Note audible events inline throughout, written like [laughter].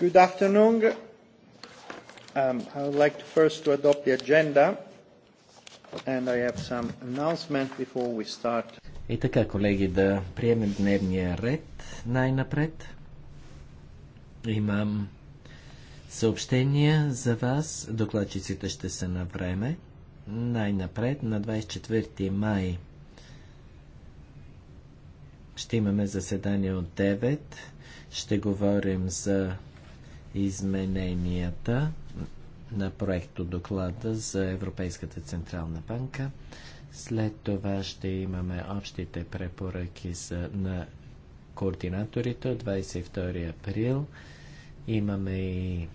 Good afternoon. Um, I would like to first to adopt the agenda and I have some announcement before we start. И така, колеги, да приемем дневния ред най-напред. Имам съобщения за вас. Докладчиците ще са на време. Най-напред на 24 май ще имаме заседание от 9. Ще говорим за измененията на проекто доклада за Европейската Централна банка. След това ще имаме общите препоръки за, на координаторите от 22 април. Имаме и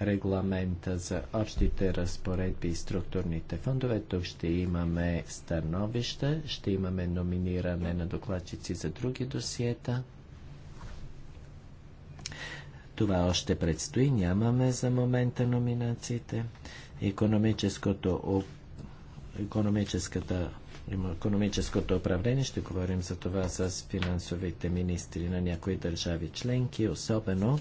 регламента за общите разпоредби и структурните фондове. Тук ще имаме становища, ще имаме номиниране на докладчици за други досиета. Това още предстои, нямаме за момента номинациите. Економическото, економическата, економическото управление, ще говорим за това с финансовите министри на някои държави членки, особено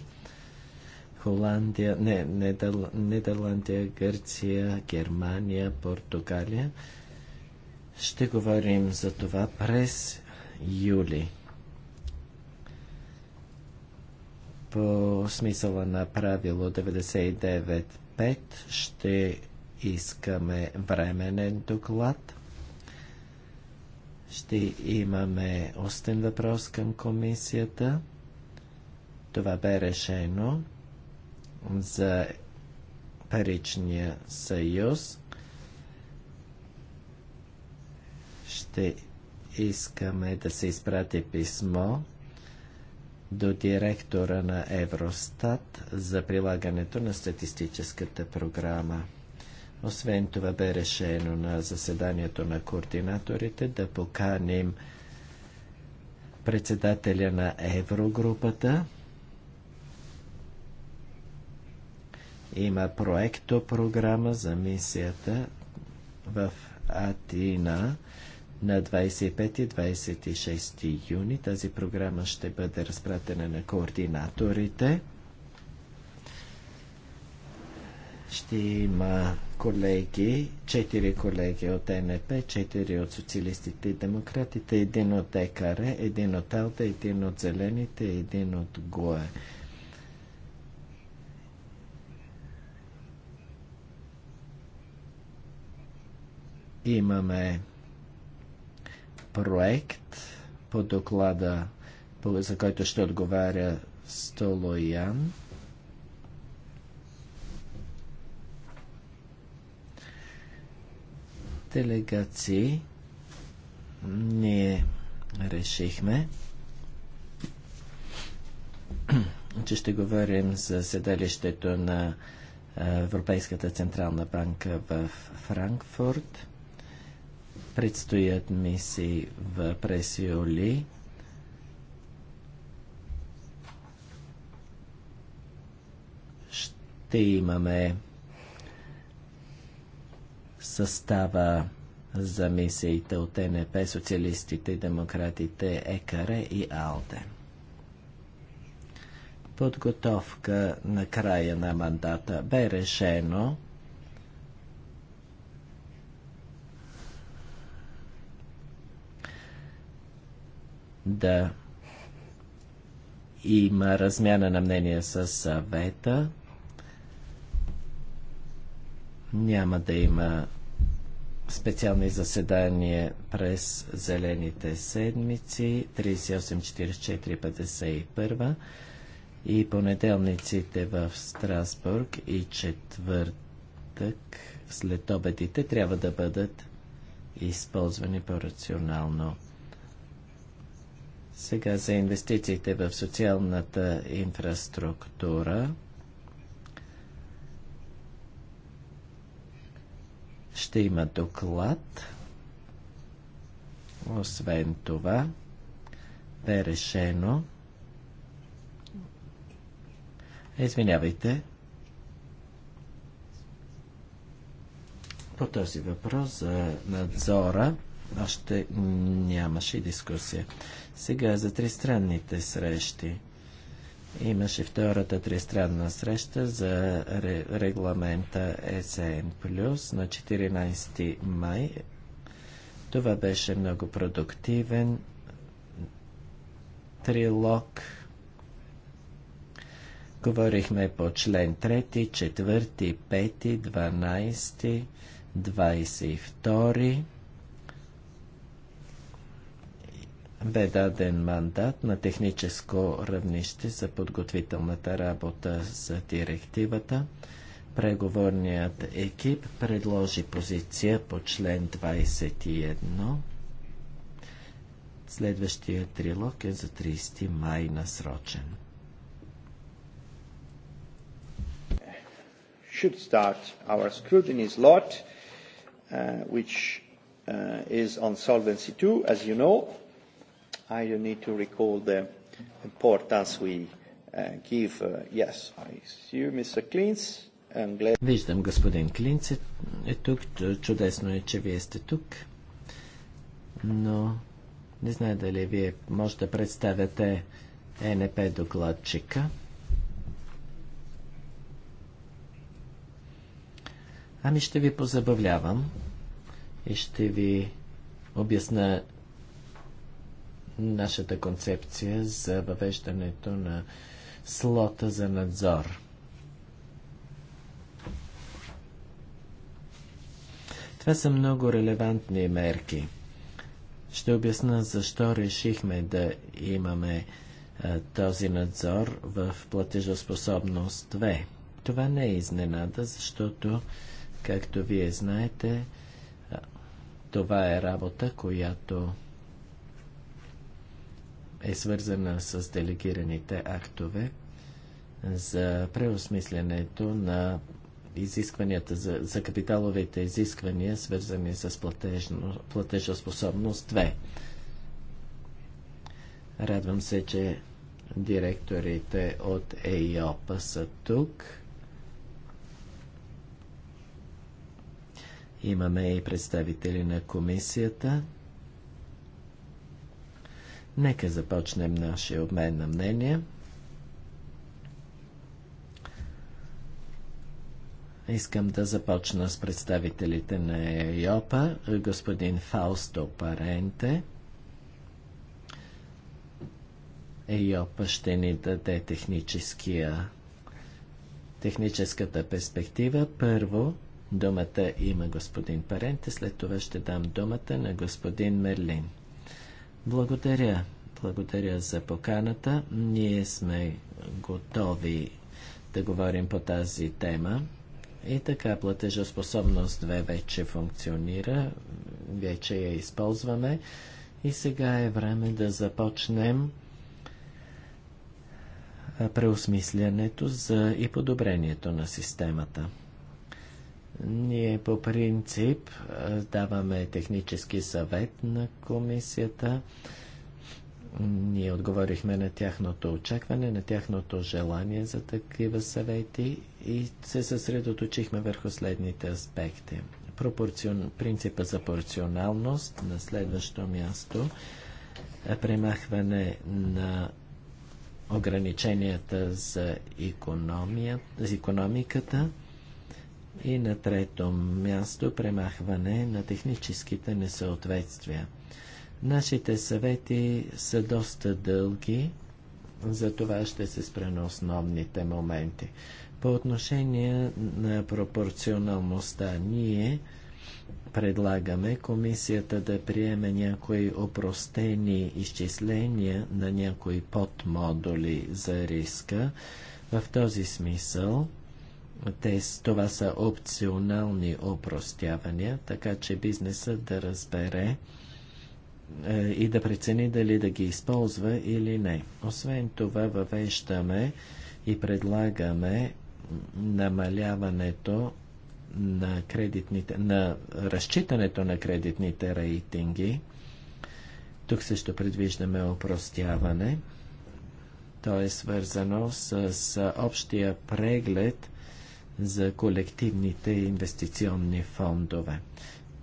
Холандия, не, Недер, Нидерландия, Гърция, Германия, Португалия. Ще говорим за това през юли. По смисъла на правило 99.5 ще искаме временен доклад. Ще имаме остен въпрос към комисията. Това бе решено за паричния съюз. Ще искаме да се изпрати писмо до директора на Евростат за прилагането на статистическата програма. Освен това бе решено на заседанието на координаторите да поканим председателя на Еврогрупата Има проекто програма за мисията в Атина на 25 и 26 юни. Тази програма ще бъде разпратена на координаторите. Ще има колеги, четири колеги от НП, четири от социалистите и демократите, един от ЕКР, един от Алта, един от Зелените, един от ГОЕ. Имаме проект по доклада, за който ще отговаря Столоян. Делегации ние решихме, че ще говорим за седалището на Европейската Централна банка в Франкфурт. Предстоят мисии в през юли. Ще имаме състава за мисиите от НП, социалистите и демократите ЕКАРЕ и АЛДЕ. Подготовка на края на мандата бе решено да има размяна на мнение с съвета. Няма да има специални заседания през зелените седмици 38.44.51, и понеделниците в Страсбург и четвъртък след обедите трябва да бъдат използвани по-рационално. Сега за инвестициите в социалната инфраструктура. Ще има доклад. Освен това, бе решено. Извинявайте. По този въпрос за надзора още нямаше дискусия. Сега за тристранните срещи. Имаше втората тристранна среща за регламента ЕСН Плюс на 14 май. Това беше много продуктивен трилог. Говорихме по член 3, 4, 5, 12, 22. бе даден мандат на техническо равнище за подготвителната работа за директивата. Преговорният екип предложи позиция по член 21. Следващия трилог е за 30 май насрочен. Should start our scrutiny slot, uh, which uh, is on Solvency 2, as you know, I don't need to recall the importance we uh, give. Uh, yes, I see you, Mr. Klintz. Glad... Виждам, господин Клинц е, е тук. Чудесно е, че вие сте тук. Но не знае дали вие може да представяте ЕНП докладчика. Ами ще ви позабавлявам и ще ви обясна нашата концепция за въвеждането на слота за надзор. Това са много релевантни мерки. Ще обясна защо решихме да имаме а, е, този надзор в платежоспособност 2. Това не е изненада, защото, както вие знаете, а, е, това е работа, която е свързана с делегираните актове за преосмислянето на изискванията за, за капиталовите изисквания, свързани с платежно, платежоспособност 2. Радвам се, че директорите от ЕИОПа са тук. Имаме и представители на комисията. Нека започнем нашия обмен на мнение. Искам да започна с представителите на ЕОПА, господин Фаусто Паренте. ЕОПА ще ни даде техническия, техническата перспектива. Първо, думата има господин Паренте, след това ще дам думата на господин Мерлин. Благодаря. Благодаря за поканата. Ние сме готови да говорим по тази тема. И така, платежоспособност 2 вече функционира, вече я използваме и сега е време да започнем преосмислянето за и подобрението на системата. Ние по принцип даваме технически съвет на комисията. Ние отговорихме на тяхното очакване, на тяхното желание за такива съвети и се съсредоточихме върху следните аспекти. Пропорцион... Принципа за порционалност на следващо място, премахване на ограниченията за, економия... за економиката, и на трето място премахване на техническите несъответствия. Нашите съвети са доста дълги, за това ще се спра на основните моменти. По отношение на пропорционалността, ние предлагаме комисията да приеме някои опростени изчисления на някои подмодули за риска. В този смисъл те, това са опционални опростявания, така че бизнесът да разбере е, и да прецени дали да ги използва или не. Освен това въвеждаме и предлагаме намаляването на, кредитните, на разчитането на кредитните рейтинги. Тук също предвиждаме опростяване. То е свързано с, с общия преглед за колективните инвестиционни фондове.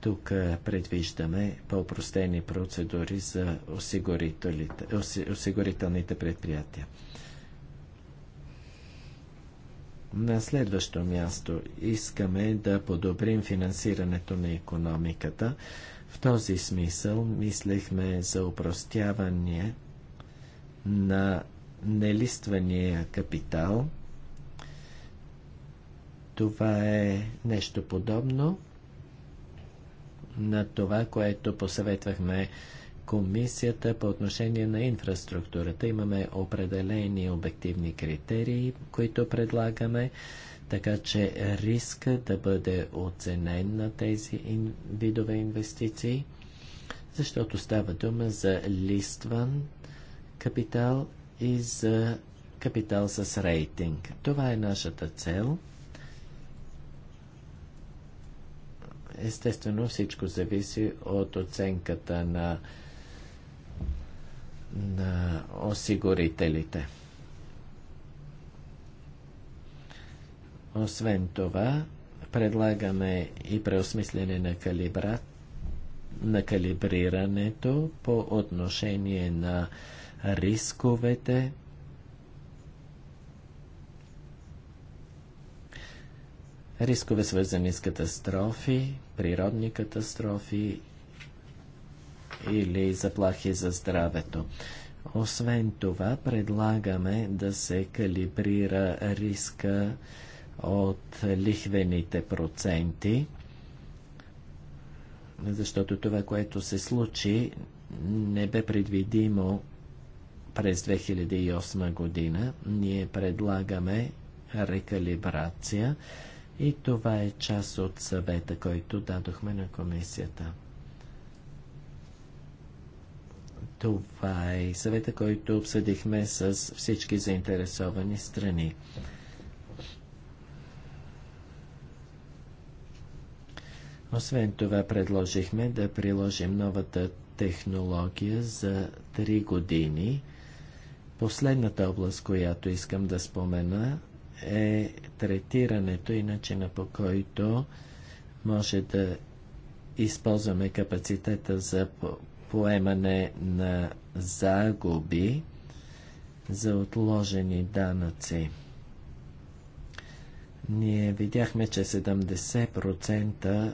Тук предвиждаме по-простени процедури за осигурителните предприятия. На следващо място искаме да подобрим финансирането на економиката. В този смисъл мислехме за упростяване на нелиствания капитал – това е нещо подобно на това, което посъветвахме комисията по отношение на инфраструктурата. Имаме определени обективни критерии, които предлагаме, така че риска да бъде оценен на тези ин... видове инвестиции, защото става дума за листван капитал и за капитал с рейтинг. Това е нашата цел – Естествено, всичко зависи от оценката на, на осигурителите. Освен това, предлагаме и преосмислене на, калибра, на калибрирането по отношение на рисковете, рискове свързани с катастрофи, природни катастрофи или заплахи за здравето. Освен това, предлагаме да се калибрира риска от лихвените проценти, защото това, което се случи, не бе предвидимо през 2008 година. Ние предлагаме рекалибрация и това е част от съвета, който дадохме на комисията. Това е съвета, който обсъдихме с всички заинтересовани страни. Освен това, предложихме да приложим новата технология за 3 години. Последната област, която искам да спомена, е третирането и начина по който може да използваме капацитета за поемане на загуби за отложени данъци. Ние видяхме, че 70%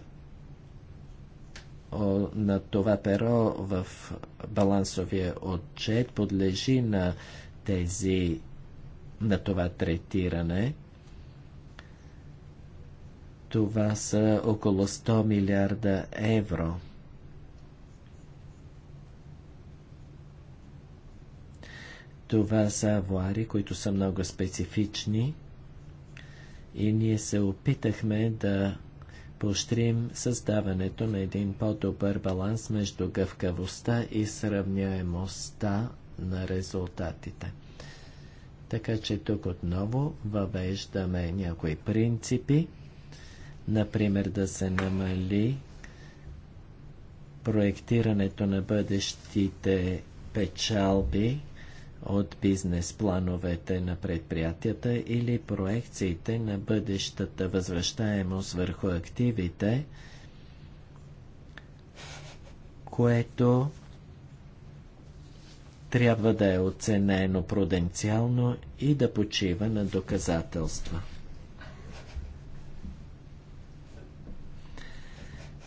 на това перо в балансовия отчет подлежи на тези на това третиране. Това са около 100 милиарда евро. Това са авуари, които са много специфични и ние се опитахме да поощрим създаването на един по-добър баланс между гъвкавостта и сравняемостта на резултатите. Така че тук отново въвеждаме някои принципи, например да се намали проектирането на бъдещите печалби от бизнес плановете на предприятията или проекциите на бъдещата възвръщаемост върху активите, което трябва да е оценено пруденциално и да почива на доказателства.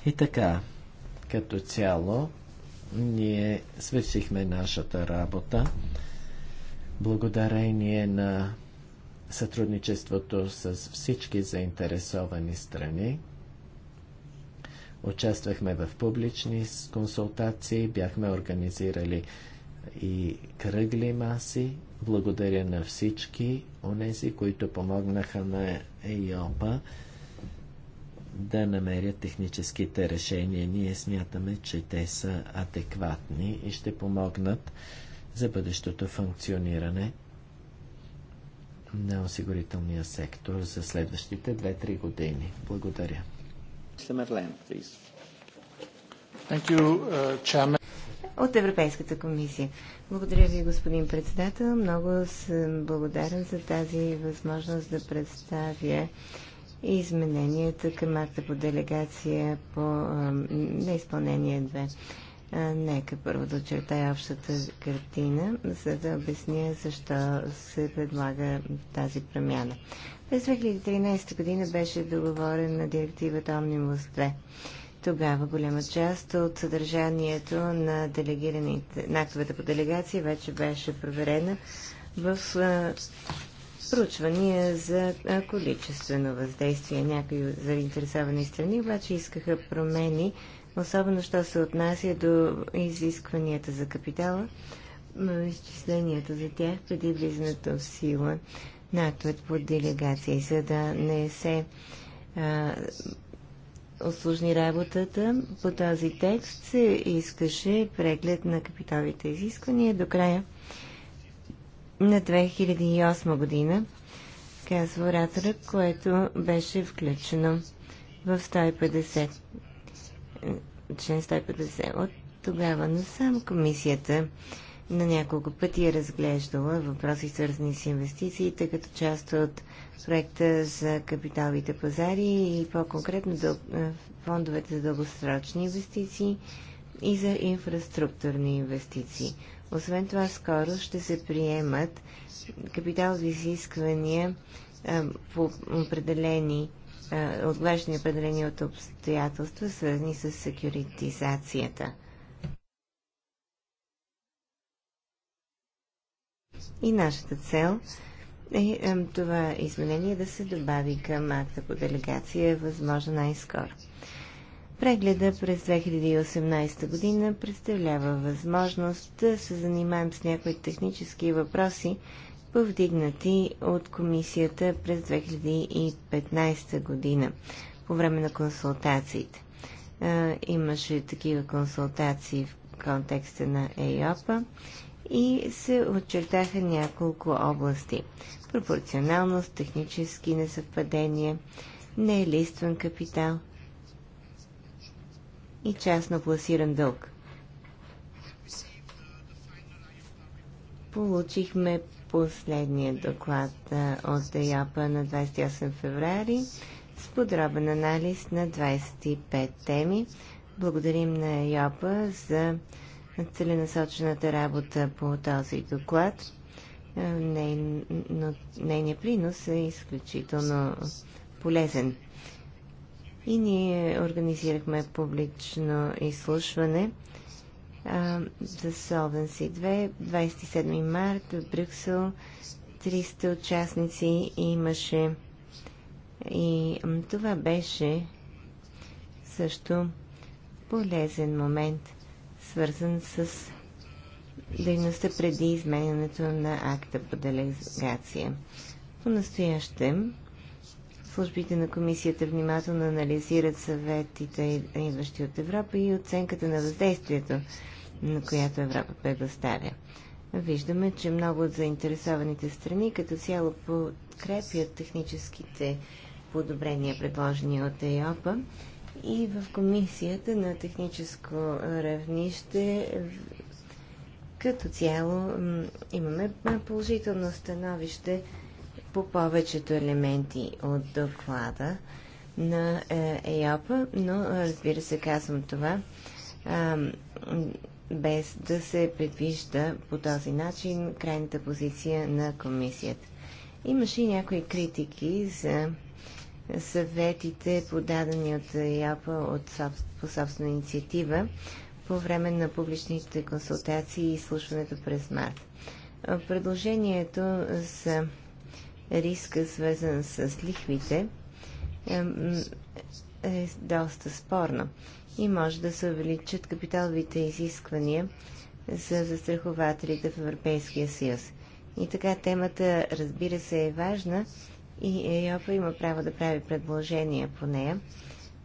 И така, като цяло, ние свършихме нашата работа благодарение на сътрудничеството с всички заинтересовани страни. Участвахме в публични консултации, бяхме организирали и кръгли маси. Благодаря на всички онези, които помогнаха на ЕИОПа да намерят техническите решения. Ние смятаме, че те са адекватни и ще помогнат за бъдещото функциониране на осигурителния сектор за следващите 2-3 години. Благодаря. Thank you, uh, от Европейската комисия. Благодаря ви, господин председател. Много съм благодарен за тази възможност да представя измененията към акта по делегация по неизпълнение 2. Нека първо да очертая общата картина, за да обясня защо се предлага тази промяна. През 2013 година беше договорена директивата Omnibus 2. Тогава голяма част от съдържанието на, делегираните, на актовете по делегация вече беше проверена в а, проучвания за а, количествено въздействие. Някои заинтересовани страни обаче искаха промени, особено що се отнася до изискванията за капитала, изчисленията за тях преди влизането в сила на актовете по делегация, за да не се а, осложни работата. По този текст се искаше преглед на капиталите изисквания до края на 2008 година, казва оратора, което беше включено в 150, член 150. От тогава Но сам комисията на няколко пъти е разглеждала въпроси, свързани с инвестициите, като част от проекта за капиталовите пазари и по-конкретно дъл... Е, фондовете за дългосрочни инвестиции и за инфраструктурни инвестиции. Освен това, скоро ще се приемат капиталови изисквания е, по определени е, отглеждани определени от обстоятелства, свързани с секюритизацията. И нашата цел е, е това изменение да се добави към акта по делегация, е възможно най-скоро. Прегледа през 2018 година представлява възможност да се занимаем с някои технически въпроси, повдигнати от комисията през 2015 година по време на консултациите. Е, имаше такива консултации в контекста на ЕИОПА и се очертаха няколко области пропорционалност, технически несъвпадения, неелиствен капитал и частно пласиран дълг. Получихме последния доклад от ДЯПА на 28 феврари с подробен анализ на 25 теми. Благодарим на ЯПА за целенасочената работа по този доклад нейният принос е изключително полезен. И ние организирахме публично изслушване а, за Solvency 2, 27 март в Брюксел. 300 участници имаше и това беше също полезен момент, свързан с дейността преди изменянето на акта по делегация. по настояще службите на комисията внимателно анализират съветите, идващи от Европа и оценката на въздействието, на която Европа предоставя. Виждаме, че много от заинтересованите страни като цяло подкрепят техническите подобрения, предложени от ЕОПА. И в комисията на техническо равнище като цяло имаме положително становище по повечето елементи от доклада на е, ЕОПА, но разбира се казвам това без да се предвижда по този начин крайната позиция на комисията. Имаше и някои критики за съветите, подадени от ЕОПА от, по собствена инициатива по време на публичните консултации и изслушването през март. Предложението за риска, свързан с лихвите, е, доста спорно и може да се увеличат капиталовите изисквания за застрахователите в Европейския съюз. И така темата, разбира се, е важна и ЕОПА има право да прави предложения по нея,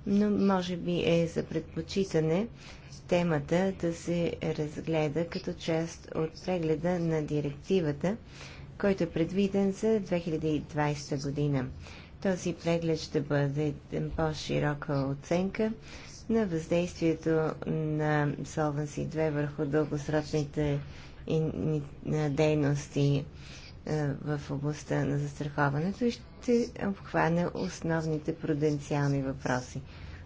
но може би е за предпочитане темата да се разгледа като част от прегледа на директивата, който е предвиден за 2020 година. Този преглед ще бъде по-широка оценка на въздействието на Solvency 2 върху дългосрочните дейности е, в областта на застраховането и ще обхване основните пруденциални въпроси.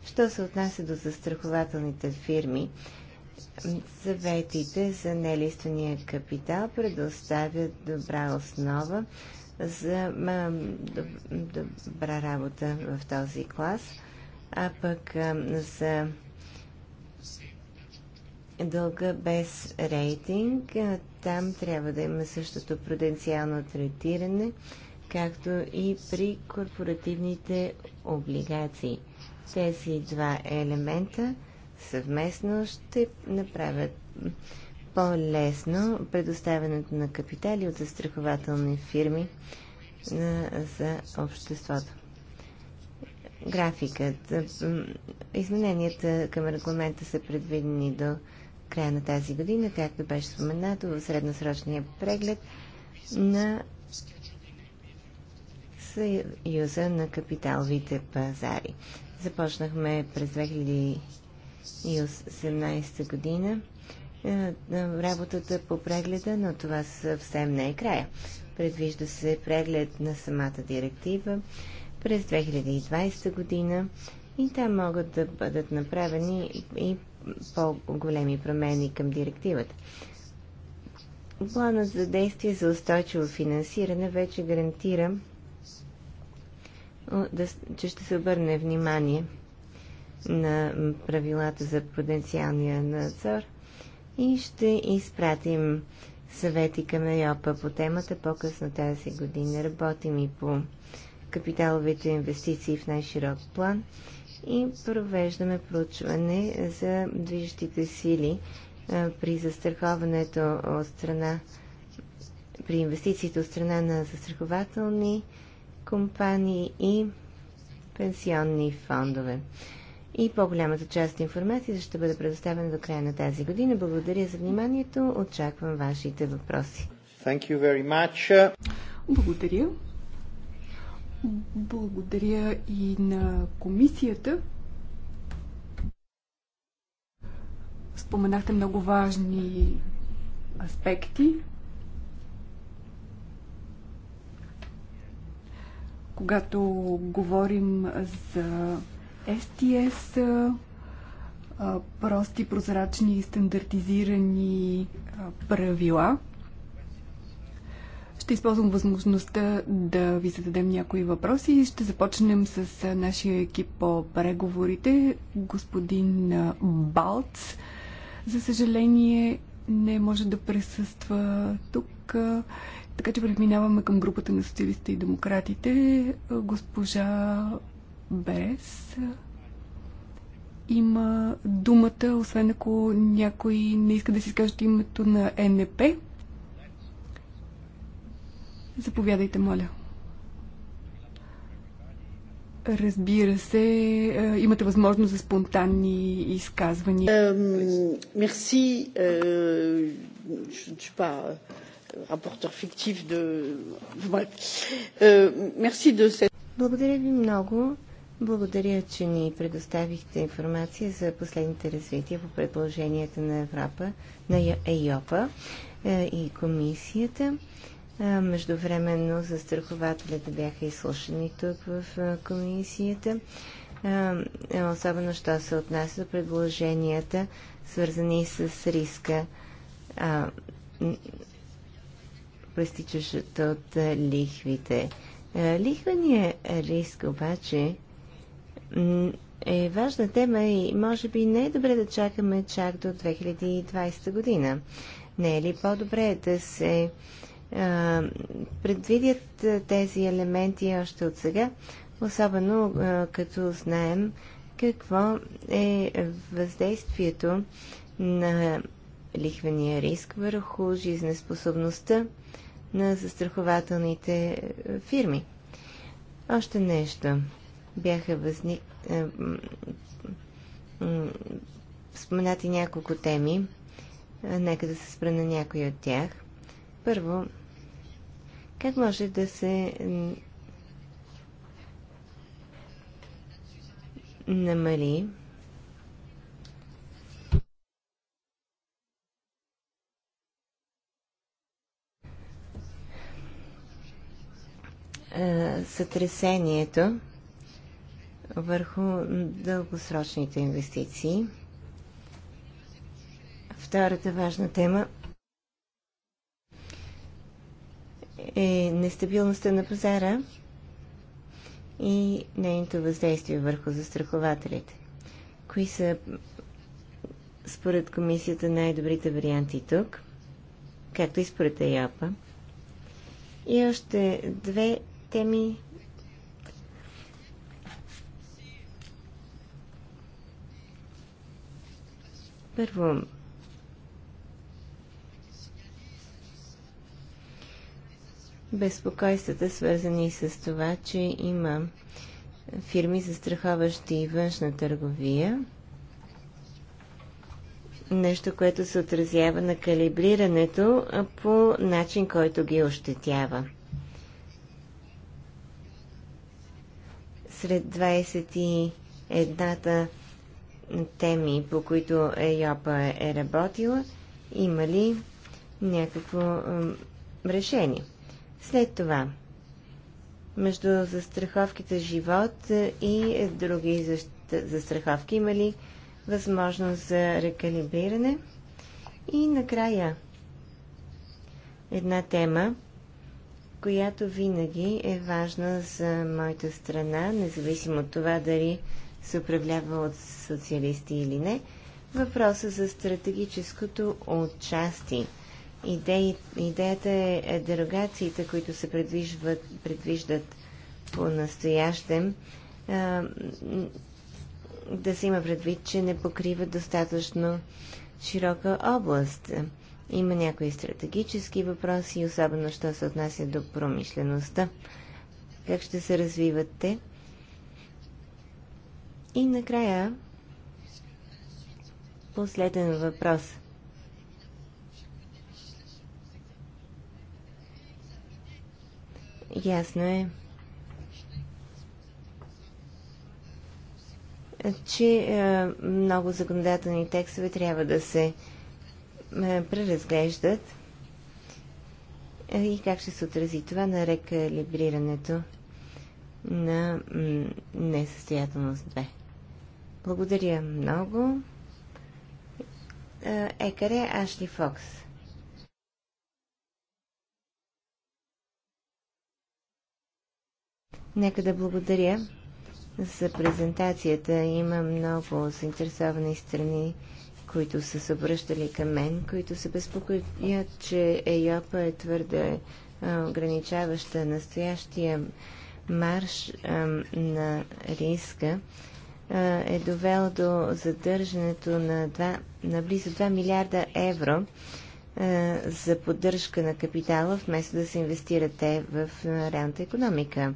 Що се отнася до застрахователните фирми, съветите за нелиствения капитал предоставят добра основа за добра работа в този клас, а пък за дълга без рейтинг, там трябва да има същото пруденциално третиране, както и при корпоративните облигации. Тези два елемента съвместно ще направят по-лесно предоставянето на капитали от застрахователни фирми за обществото. Графикът. Измененията към регламента са предвидени до края на тази година, както беше споменато в средносрочния преглед на Съюза на капиталовите пазари. Започнахме през 2018 година е, работата по прегледа, но това съвсем не е края. Предвижда се преглед на самата директива през 2020 година и там могат да бъдат направени и по-големи промени към директивата. Планът за действие за устойчиво финансиране вече гарантира да, че ще се обърне внимание на правилата за потенциалния надзор и ще изпратим съвети към ЕОПА по темата по-късно тази година. Работим и по капиталовите инвестиции в най-широк план и провеждаме проучване за движещите сили при застраховането от страна при инвестициите от страна на застрахователни компании и пенсионни фондове. И по-голямата част от ще бъде предоставена до края на тази година. Благодаря за вниманието. Очаквам вашите въпроси. Thank you very much. Благодаря. Благодаря и на комисията. Споменахте много важни аспекти. когато говорим за STS, прости, прозрачни и стандартизирани правила. Ще използвам възможността да ви зададем някои въпроси. и Ще започнем с нашия екип по преговорите. Господин Балц, за съжаление, не може да присъства тук така че преминаваме към групата на социалистите и демократите. Госпожа Берес има думата, освен ако някой не иска да си скаже името на НП. Заповядайте, моля. Разбира се, е, имате възможност за спонтанни изказвания. Мерси. Е, rapporteur фиктив de... Euh, merci de cette... Благодаря ви много. Благодаря, че ни предоставихте информация за последните развития по предложенията на Европа, на ЕЙОПА е, и комисията. Е, междувременно застрахователите бяха изслушани тук в е, комисията. Особено, що се отнася до предложенията, свързани с риска проистичащата от е, лихвите. Е, лихвения риск обаче е важна тема и може би не е добре да чакаме чак до 2020 година. Не е ли по-добре да се а, е, предвидят тези елементи още от сега, особено а, като знаем какво е въздействието на лихвения риск върху жизнеспособността на застрахователните е, фирми. Още нещо. Бяха възник... Е, споменати няколко теми. Е, нека да се спра на някои от тях. Първо, как може да се намали Е, сътресението върху дългосрочните инвестиции. Втората важна тема е нестабилността на пазара и нейното въздействие върху застрахователите. Кои са според комисията най-добрите варианти тук, както и според ЕАПА? И още две теми. Първо, безпокойствата, свързани с това, че има фирми, застраховащи външна търговия. Нещо, което се отразява на калибрирането по начин, който ги ощетява. сред 21-та теми, по които ЕЙОПА е работила, има ли някакво решение. След това, между застраховките живот е, и други застраховки, има ли възможност за рекалибриране? И накрая, една тема, която винаги е важна за моята страна, независимо от това дали се управлява от социалисти или не. Въпроса за стратегическото участие. Идеи, идеята е, е дерогациите, които се предвиждат, предвиждат по-настоящем, да се има предвид, че не покрива достатъчно широка област. Има някои стратегически въпроси, особено що се отнася до промишлеността. Как ще се развиват те? И накрая последен въпрос. Ясно е, че е, много законодателни текстове трябва да се е, преразглеждат е, и как ще се отрази това на рекалибрирането на несъстоятелност 2. Благодаря много. Е, Екаре Ашли Фокс. Нека да благодаря за презентацията. Има много заинтересовани страни които са се връщали към мен, които се безпокоят, че ЕЙОПА е твърде ограничаваща настоящия марш на риска е довел до задържането на, 2, на близо 2 милиарда евро за поддръжка на капитала, вместо да се инвестират те в реалната економика.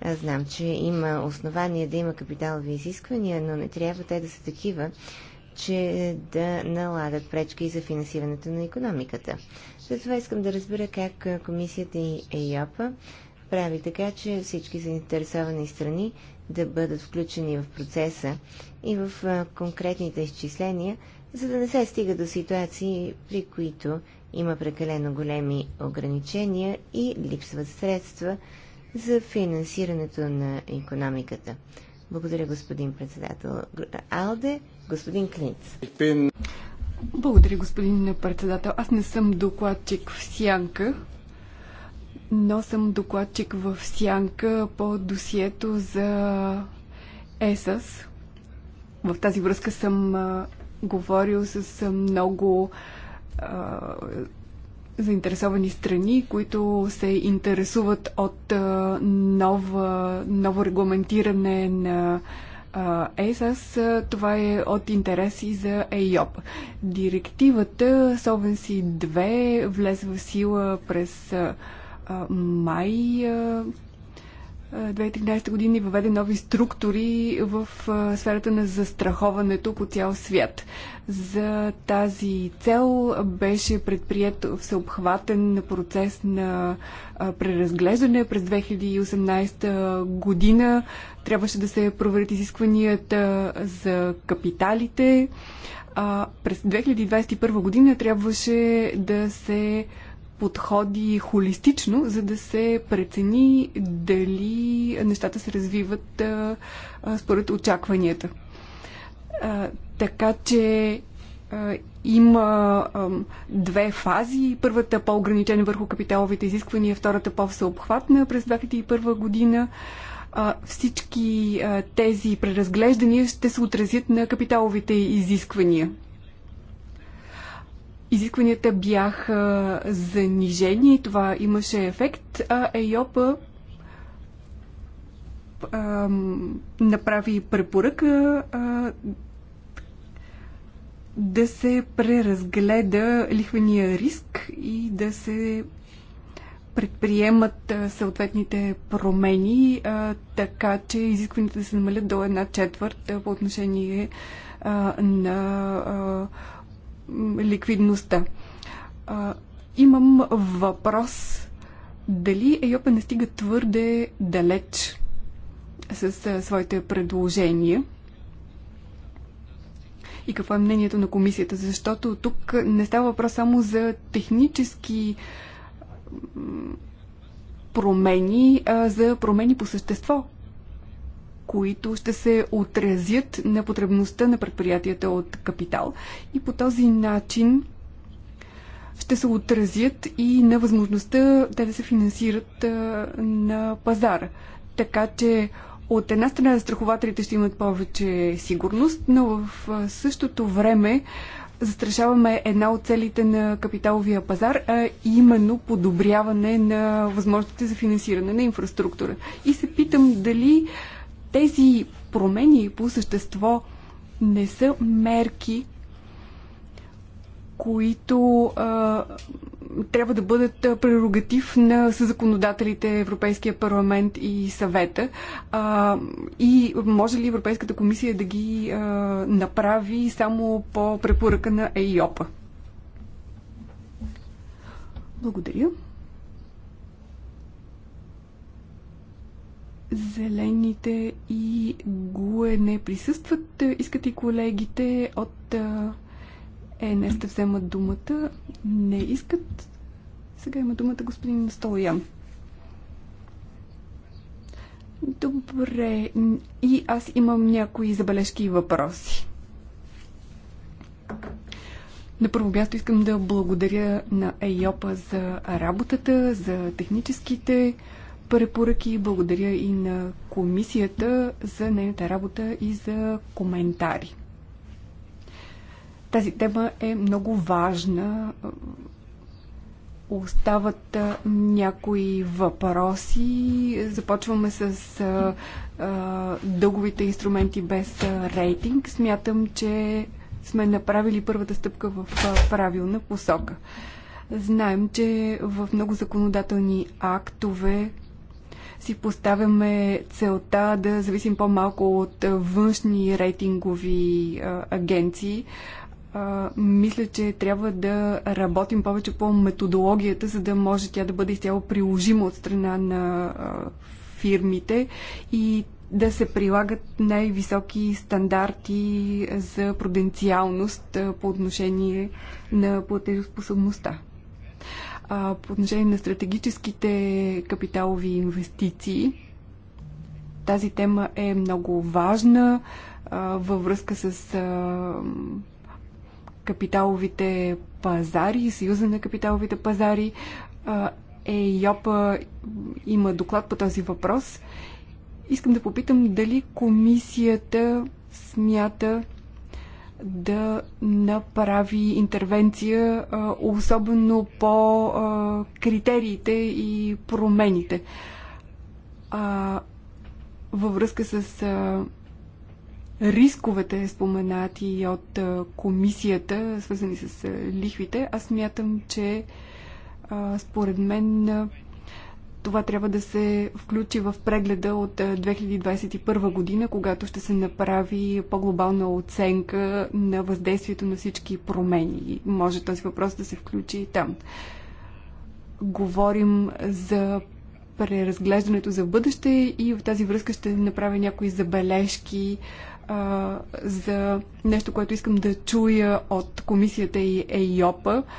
Аз знам, че има основания да има капиталови изисквания, но не трябва те да са такива, че да налагат пречки за финансирането на економиката. Затова искам да разбера как комисията и ЕЙОПА прави така, че всички заинтересовани страни да бъдат включени в процеса и в конкретните изчисления, за да не се стига до ситуации, при които има прекалено големи ограничения и липсват средства за финансирането на економиката. Благодаря, господин председател. Алде, господин Клинц. Благодаря, господин председател. Аз не съм докладчик в Сянка, но съм докладчик в Сянка по досието за ЕСАС. В тази връзка съм а, говорил с много заинтересовани страни, които се интересуват от нова, ново регламентиране на ЕСАС. Това е от интереси за ЕЙОП. Директивата Совенси 2 влезе в сила през май 2013 години въведе нови структури в сферата на застраховането по цял свят. За тази цел беше предприят всеобхватен процес на преразглеждане през 2018 година. Трябваше да се проверят изискванията за капиталите. През 2021 година трябваше да се подходи холистично, за да се прецени дали нещата се развиват а, а, според очакванията. А, така че а, има а, две фази. Първата е по-ограничена върху капиталовите изисквания, втората по-всеобхватна през 2001 година всички тези преразглеждания ще се отразят на капиталовите изисквания изискванията бяха занижени и това имаше ефект, а ЕЙОПА направи препоръка а, да се преразгледа лихвения риск и да се предприемат съответните промени, а, така че изискванията да се намалят до една четвърт по отношение а, на а, ликвидността. А, имам въпрос дали Ейопа не стига твърде далеч с а, своите предложения и какво е мнението на комисията, защото тук не става въпрос само за технически промени, а за промени по същество които ще се отразят на потребността на предприятията от капитал. И по този начин ще се отразят и на възможността те да се финансират на пазара. Така че от една страна застрахователите ще имат повече сигурност, но в същото време застрашаваме една от целите на капиталовия пазар, а именно подобряване на възможностите за финансиране на инфраструктура. И се питам дали тези промени по същество не са мерки, които а, трябва да бъдат прерогатив на законодателите Европейския парламент и съвета. А, и може ли Европейската комисия да ги а, направи само по препоръка на ЕИОПа? Благодаря. Зелените и гуене не присъстват. Искат и колегите от не да вземат думата. Не искат. Сега има думата господин Столоян. Добре. И аз имам някои забележки и въпроси. На първо място искам да благодаря на ЕЙОПа за работата, за техническите препоръки. Благодаря и на комисията за нейната работа и за коментари. Тази тема е много важна. Остават някои въпроси. Започваме с а, а, дълговите инструменти без рейтинг. Смятам, че сме направили първата стъпка в правилна посока. Знаем, че в много законодателни актове си поставяме целта да зависим по-малко от външни рейтингови а, агенции. А, мисля, че трябва да работим повече по методологията, за да може тя да бъде изцяло приложима от страна на а, фирмите и да се прилагат най-високи стандарти за пруденциалност по отношение на платежоспособността а, по отношение на стратегическите капиталови инвестиции. Тази тема е много важна а, във връзка с а, капиталовите пазари, Съюза на капиталовите пазари. А, ЕИОПа има доклад по този въпрос. Искам да попитам дали комисията смята да направи интервенция, особено по критериите и промените. Във връзка с рисковете, споменати от комисията, свързани с лихвите, аз мятам, че според мен това трябва да се включи в прегледа от 2021 е, година, когато ще се направи по-глобална оценка на въздействието на всички промени. Може този въпрос да се включи и там. Говорим за преразглеждането за бъдеще и в тази връзка ще направя някои забележки а, за нещо, което искам да чуя от комисията и ЕИОПа. А,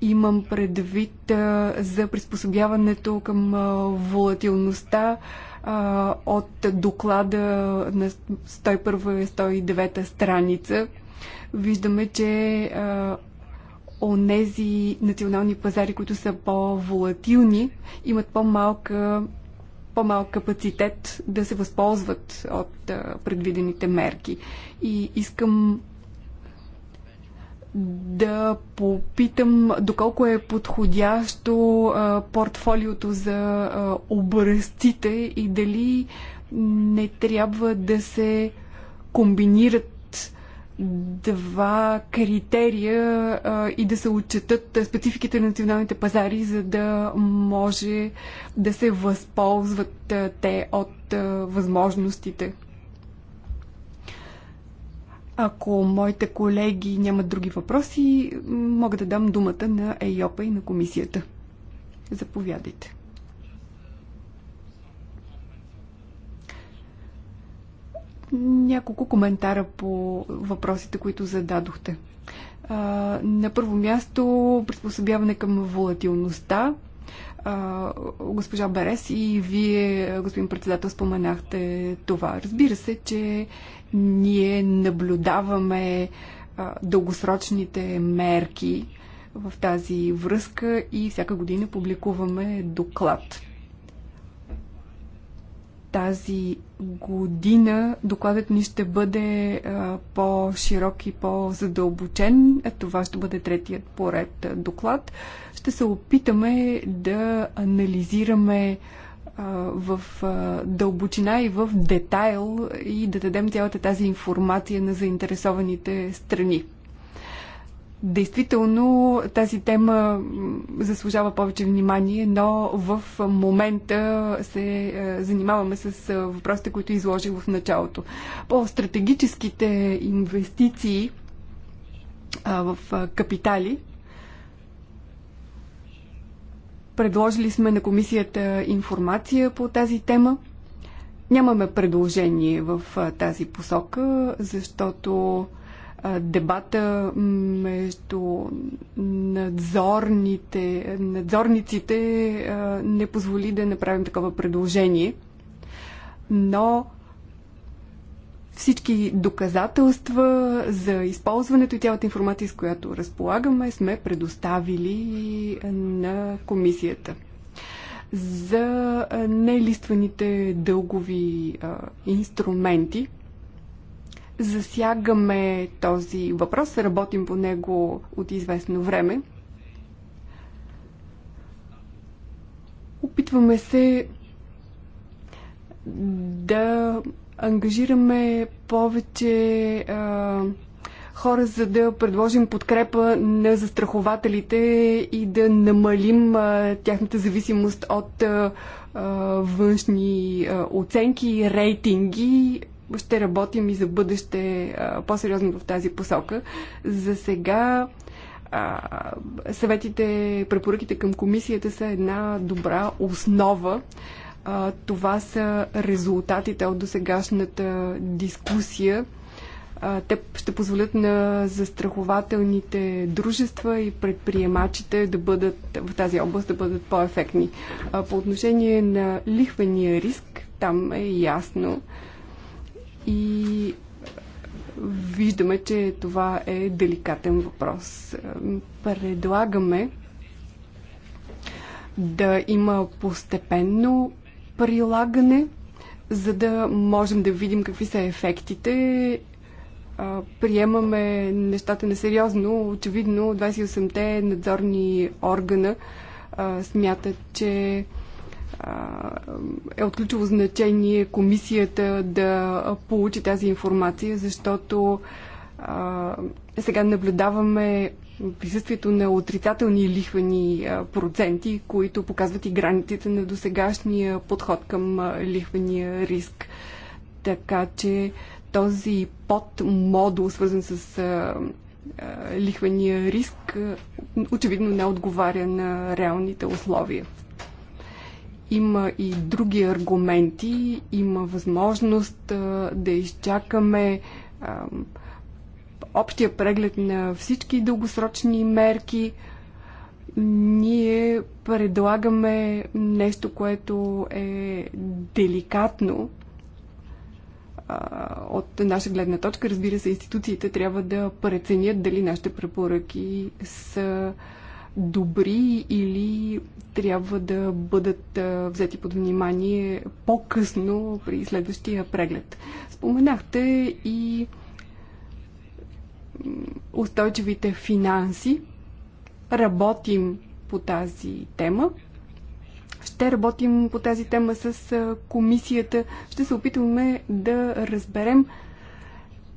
Имам предвид а, за приспособяването към а, волатилността а, от доклада на 101-109 страница. Виждаме, че а, онези национални пазари, които са по-волатилни, имат по-малка по-малък капацитет да се възползват от а, предвидените мерки. И искам да попитам доколко е подходящо а, портфолиото за а, образците и дали не трябва да се комбинират два критерия а, и да се отчетат спецификите на националните пазари, за да може да се възползват а, те от а, възможностите. Ако моите колеги нямат други въпроси, мога да дам думата на ЕЙОПа и на комисията. Заповядайте. Няколко коментара по въпросите, които зададохте. На първо място приспособяване към волатилността госпожа Берес и вие, господин председател, споменахте това. Разбира се, че ние наблюдаваме дългосрочните мерки в тази връзка и всяка година публикуваме доклад. Тази година докладът ни ще бъде по-широк и по-задълбочен. Това ще бъде третият поред доклад ще се опитаме да анализираме в дълбочина и в детайл и да дадем цялата тази информация на заинтересованите страни. Действително тази тема заслужава повече внимание, но в момента се занимаваме с въпросите, които изложих в началото. По стратегическите инвестиции в капитали Предложили сме на комисията информация по тази тема. Нямаме предложение в тази посока, защото дебата между надзорните, надзорниците не позволи да направим такова предложение. Но всички доказателства за използването и цялата информация, с която разполагаме, сме предоставили на комисията. За нелистваните дългови а, инструменти, засягаме този въпрос, работим по него от известно време. Опитваме се да ангажираме повече а, хора, за да предложим подкрепа на застрахователите и да намалим а, тяхната зависимост от а, външни а, оценки, рейтинги. Ще работим и за бъдеще по-сериозно в тази посока. За сега а, съветите, препоръките към комисията са една добра основа това са резултатите от досегашната дискусия. те ще позволят на застрахователните дружества и предприемачите да бъдат в тази област да бъдат по-ефектни. по отношение на лихвения риск, там е ясно и виждаме, че това е деликатен въпрос. Предлагаме да има постепенно прилагане, за да можем да видим какви са ефектите. Приемаме нещата несериозно. Очевидно 28-те надзорни органа смятат, че е от ключово значение комисията да получи тази информация, защото сега наблюдаваме присъствието на отрицателни лихвени проценти, които показват и границите на досегашния подход към лихвения риск. Така че този подмодул, свързан с лихвения риск, очевидно не отговаря на реалните условия. Има и други аргументи, има възможност да изчакаме общия преглед на всички дългосрочни мерки, ние предлагаме нещо, което е деликатно от наша гледна точка. Разбира се, институциите трябва да преценят дали нашите препоръки са добри или трябва да бъдат взети под внимание по-късно при следващия преглед. Споменахте и устойчивите финанси. Работим по тази тема. Ще работим по тази тема с комисията. Ще се опитваме да разберем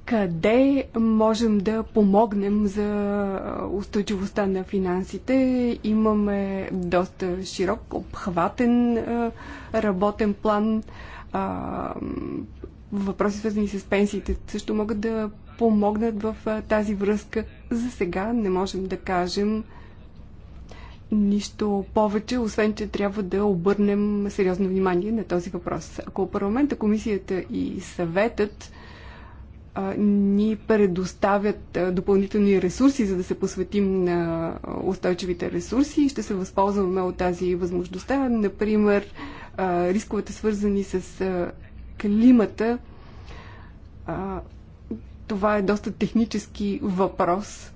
къде можем да помогнем за устойчивостта на финансите. Имаме доста широк, обхватен работен план. Въпроси, свързани с пенсиите, също могат да помогнат в тази връзка. За сега не можем да кажем нищо повече, освен че трябва да обърнем сериозно внимание на този въпрос. Ако парламента, комисията и съветът а, ни предоставят а, допълнителни ресурси, за да се посветим на устойчивите ресурси, ще се възползваме от тази възможността. Например, а, рисковете свързани с климата това е доста технически въпрос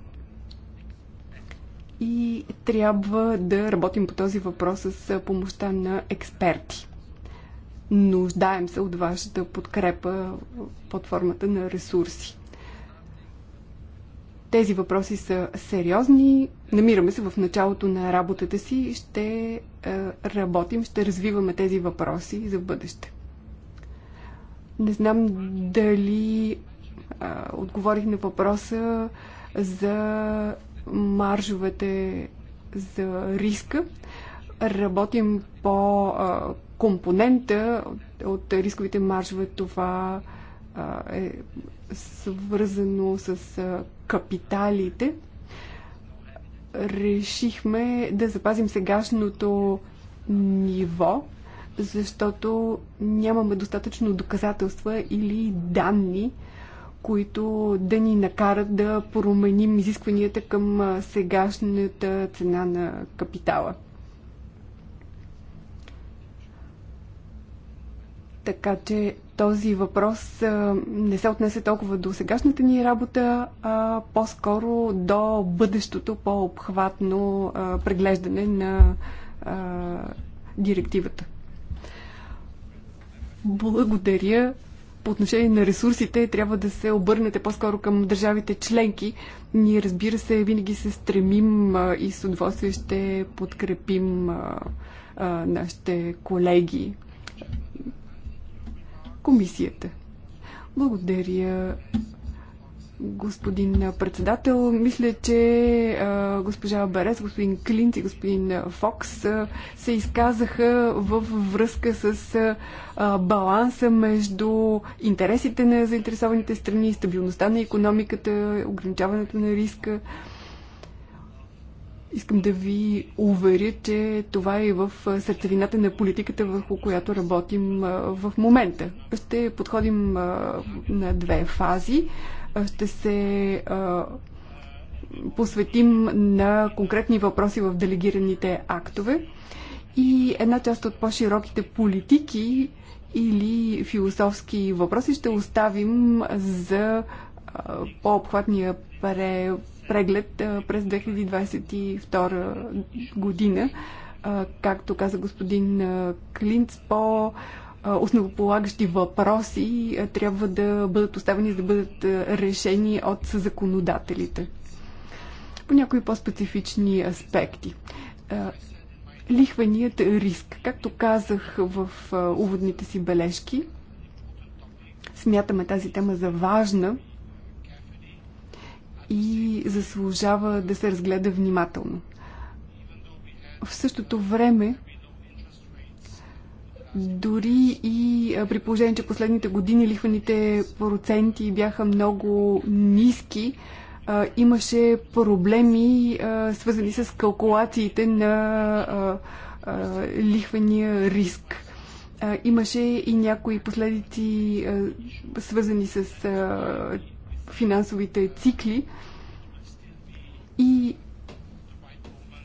и трябва да работим по този въпрос с помощта на експерти. Нуждаем се от вашата подкрепа под формата на ресурси. Тези въпроси са сериозни. Намираме се в началото на работата си. Ще работим, ще развиваме тези въпроси за бъдеще. Не знам дали отговорих на въпроса за маржовете за риска. Работим по компонента от рисковите маржове. Това е свързано с капиталите. Решихме да запазим сегашното ниво, защото нямаме достатъчно доказателства или данни, които да ни накарат да променим изискванията към сегашната цена на капитала. Така че този въпрос не се отнесе толкова до сегашната ни работа, а по-скоро до бъдещото по-обхватно преглеждане на директивата. Благодаря по отношение на ресурсите трябва да се обърнете по-скоро към държавите членки. Ние, разбира се, винаги се стремим и с удоволствие ще подкрепим нашите колеги. Комисията. Благодаря господин председател. Мисля, че а, госпожа Берес, господин Клинт и господин Фокс а, се изказаха във връзка с а, баланса между интересите на заинтересованите страни, стабилността на економиката, ограничаването на риска. Искам да ви уверя, че това е в сърцевината на политиката, върху която работим в момента. Ще подходим на две фази ще се посветим на конкретни въпроси в делегираните актове и една част от по-широките политики или философски въпроси ще оставим за по-обхватния преглед през 2022 година. Както каза господин Клинц, по основополагащи въпроси трябва да бъдат оставени, да бъдат решени от законодателите. По някои по-специфични аспекти. Лихвеният риск, както казах в уводните си бележки, смятаме тази тема за важна и заслужава да се разгледа внимателно. В същото време дори и при положение, че последните години лихвените проценти бяха много ниски, имаше проблеми, свързани с калкулациите на лихвения риск. Имаше и някои последици, свързани с финансовите цикли. И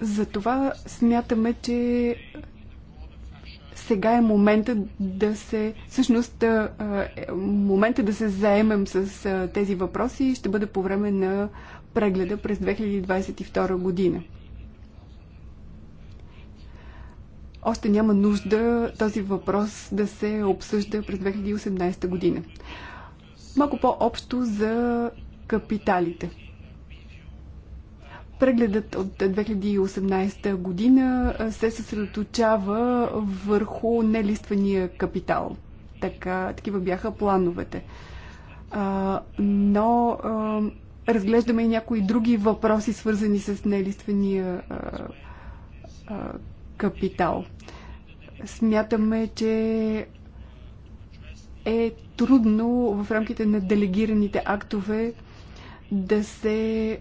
за това смятаме, че сега е момента да се, всъщност, е момента да се заемем с тези въпроси ще бъде по време на прегледа през 2022 година. Още няма нужда този въпрос да се обсъжда през 2018 година. Малко по-общо за капиталите. Прегледът от 2018 година се съсредоточава върху нелиствания капитал. Така, такива бяха плановете. А, но а, разглеждаме и някои други въпроси, свързани с нелиствения а, а, капитал. Смятаме, че е трудно в рамките на делегираните актове да се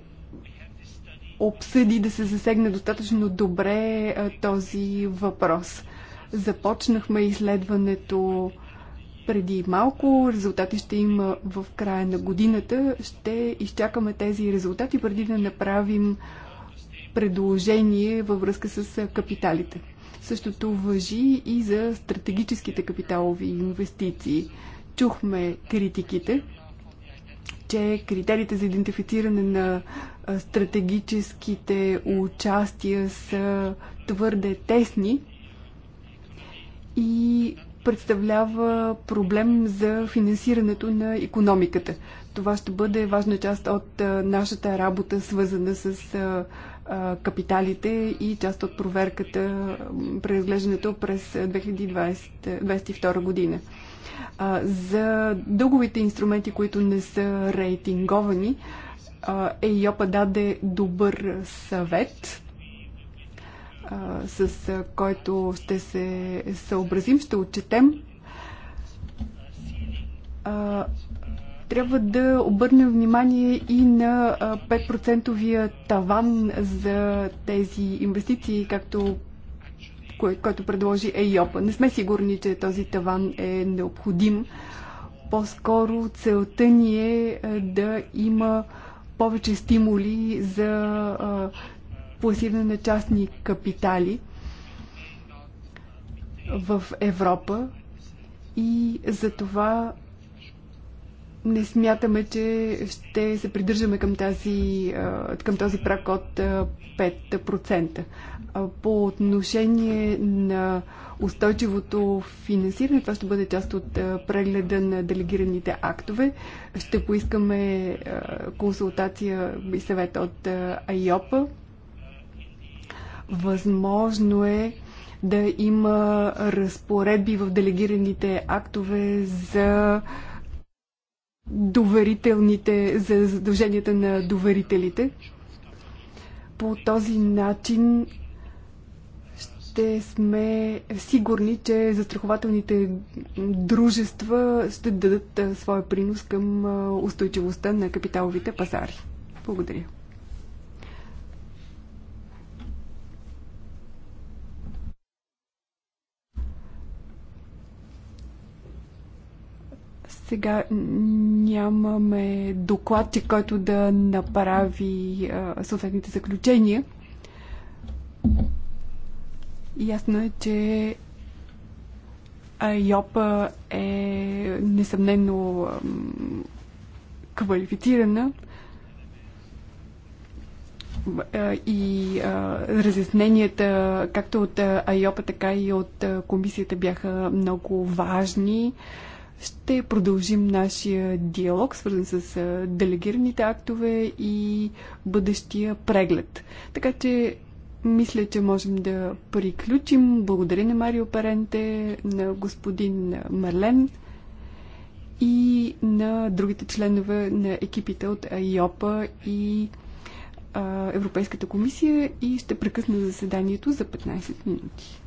обсъди, да се засегне достатъчно добре този въпрос. Започнахме изследването преди малко. Резултати ще има в края на годината. Ще изчакаме тези резултати преди да направим предложение във връзка с капиталите. Същото въжи и за стратегическите капиталови инвестиции. Чухме критиките, че критериите за идентифициране на стратегическите участия са твърде тесни и представлява проблем за финансирането на економиката. Това ще бъде важна част от нашата работа, свързана с капиталите и част от проверката, преразглеждането през 2022 година. А, за дълговите инструменти, които не са рейтинговани, ЕИОПА даде добър съвет, а, с който ще се съобразим, ще отчетем. А, трябва да обърнем внимание и на 5 таван за тези инвестиции, както кое, който предложи ЕЙОПА. Не сме сигурни, че този таван е необходим. По-скоро целта ни е, е да има повече стимули за пласиране на частни капитали в Европа и за това не смятаме, че ще се придържаме към, тази, към този прак от 5%. По отношение на устойчивото финансиране, това ще бъде част от прегледа на делегираните актове. Ще поискаме консултация и съвет от АИОПа. Възможно е да има разпоредби в делегираните актове за доверителните, за задълженията на доверителите. По този начин ще сме сигурни, че застрахователните дружества ще дадат своя принос към устойчивостта на капиталовите пазари. Благодаря. Сега нямаме докладчик, който да направи а, съответните заключения. Ясно е, че Йопа е несъмнено квалифицирана и разясненията както от Айопа, така и от комисията бяха много важни ще продължим нашия диалог, свързан с делегираните актове и бъдещия преглед. Така че мисля, че можем да приключим. Благодаря на Марио Паренте, на господин Марлен и на другите членове на екипите от АИОПА и Европейската комисия и ще прекъсна заседанието за 15 минути.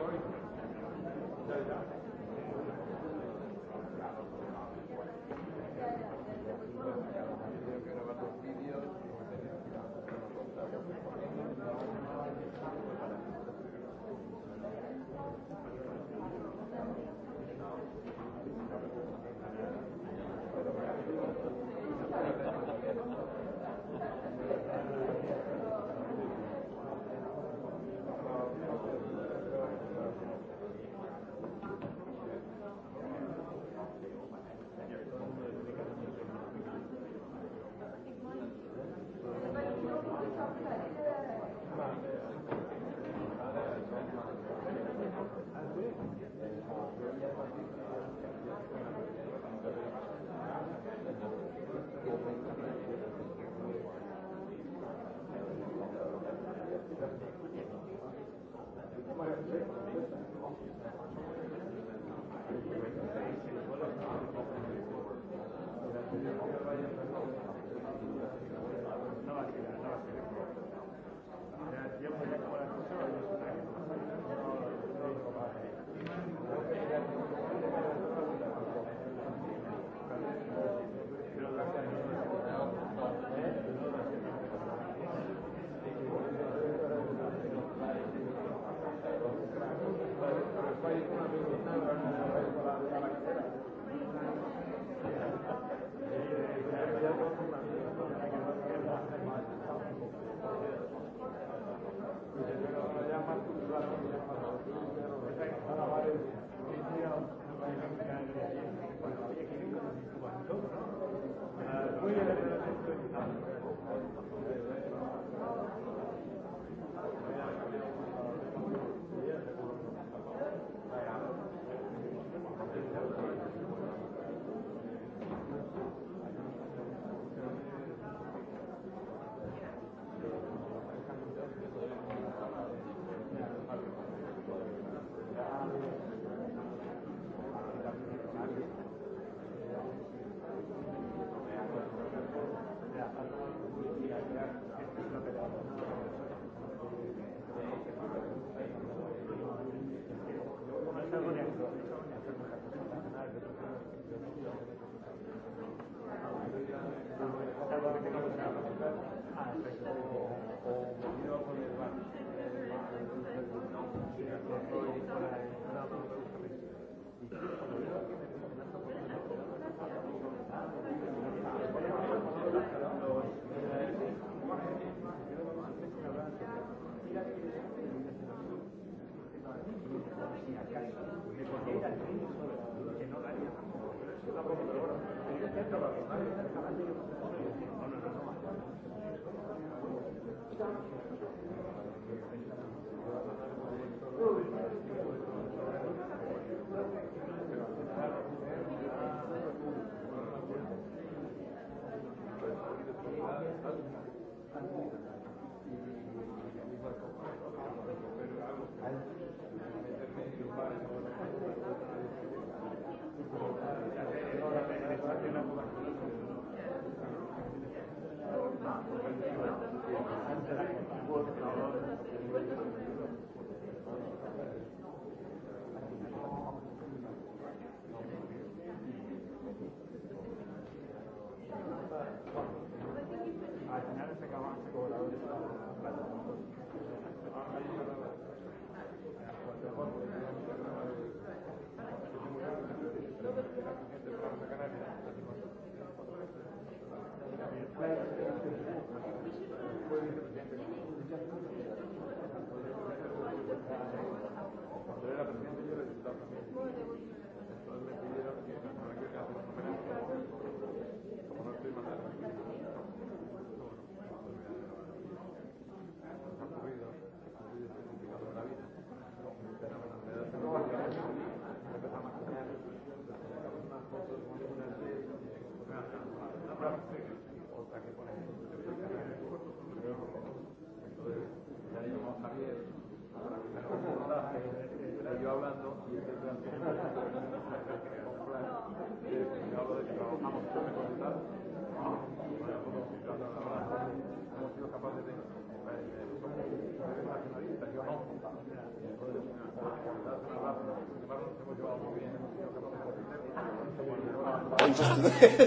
Sorry. Yeah, sure Gracias.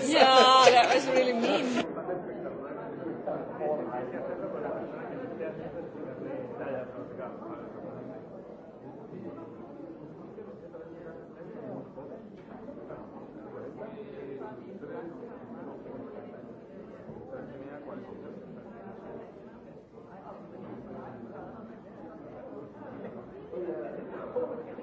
yeah, that was really mean. Thank you.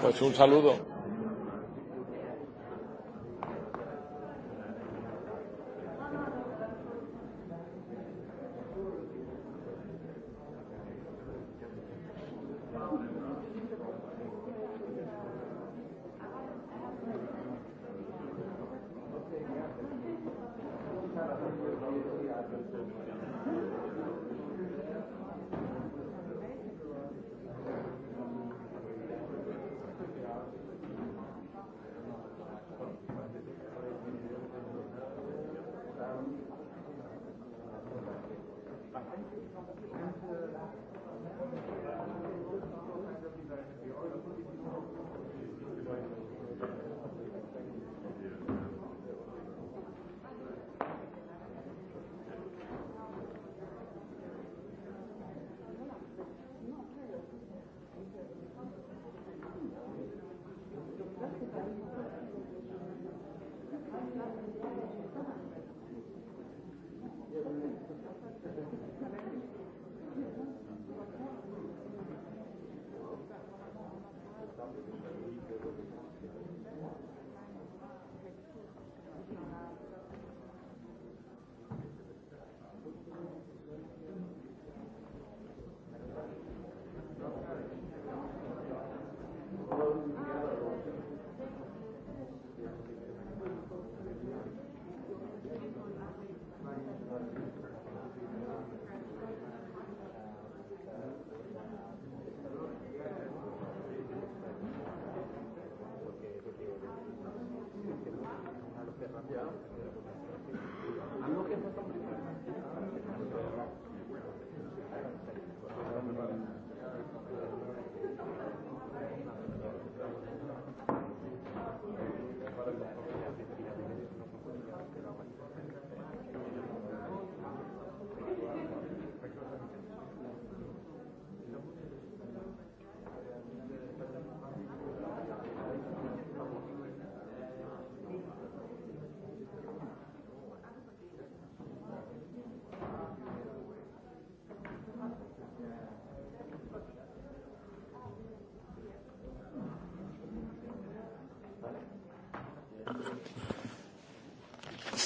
Pues un saludo. and uh,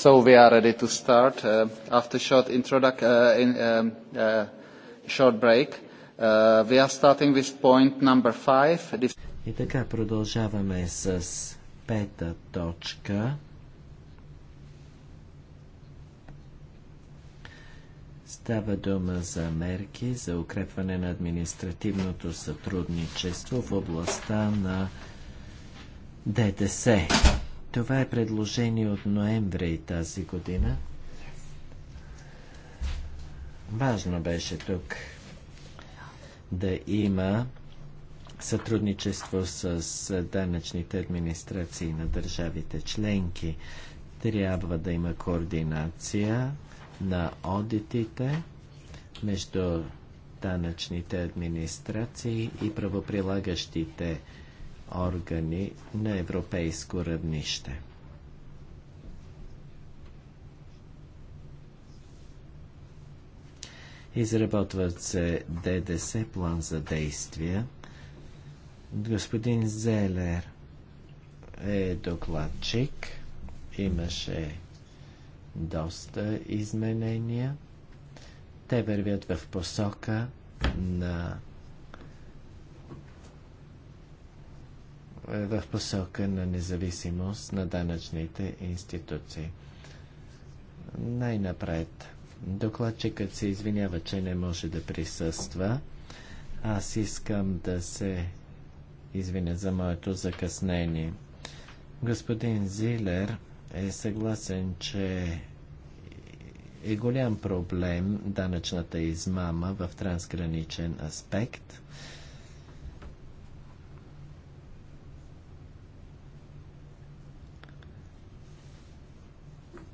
So we are ready to start. Uh, after short uh, um, uh, short break, we are starting with point number five. И така продължаваме с пета точка. Става дума за мерки за укрепване на административното сътрудничество в областта на ДДС. Това е предложение от ноември тази година. Важно беше тук да има сътрудничество с данъчните администрации на държавите членки. Трябва да има координация на одитите между данъчните администрации и правоприлагащите органи на европейско равнище. Изработват се ДДС план за действия. Господин Зелер е докладчик. Имаше доста изменения. Те вървят в посока на Е в посока на независимост на данъчните институции. Най-напред, докладчикът се извинява, че не може да присъства. Аз искам да се извиня за моето закъснение. Господин Зилер е съгласен, че е голям проблем данъчната измама в трансграничен аспект –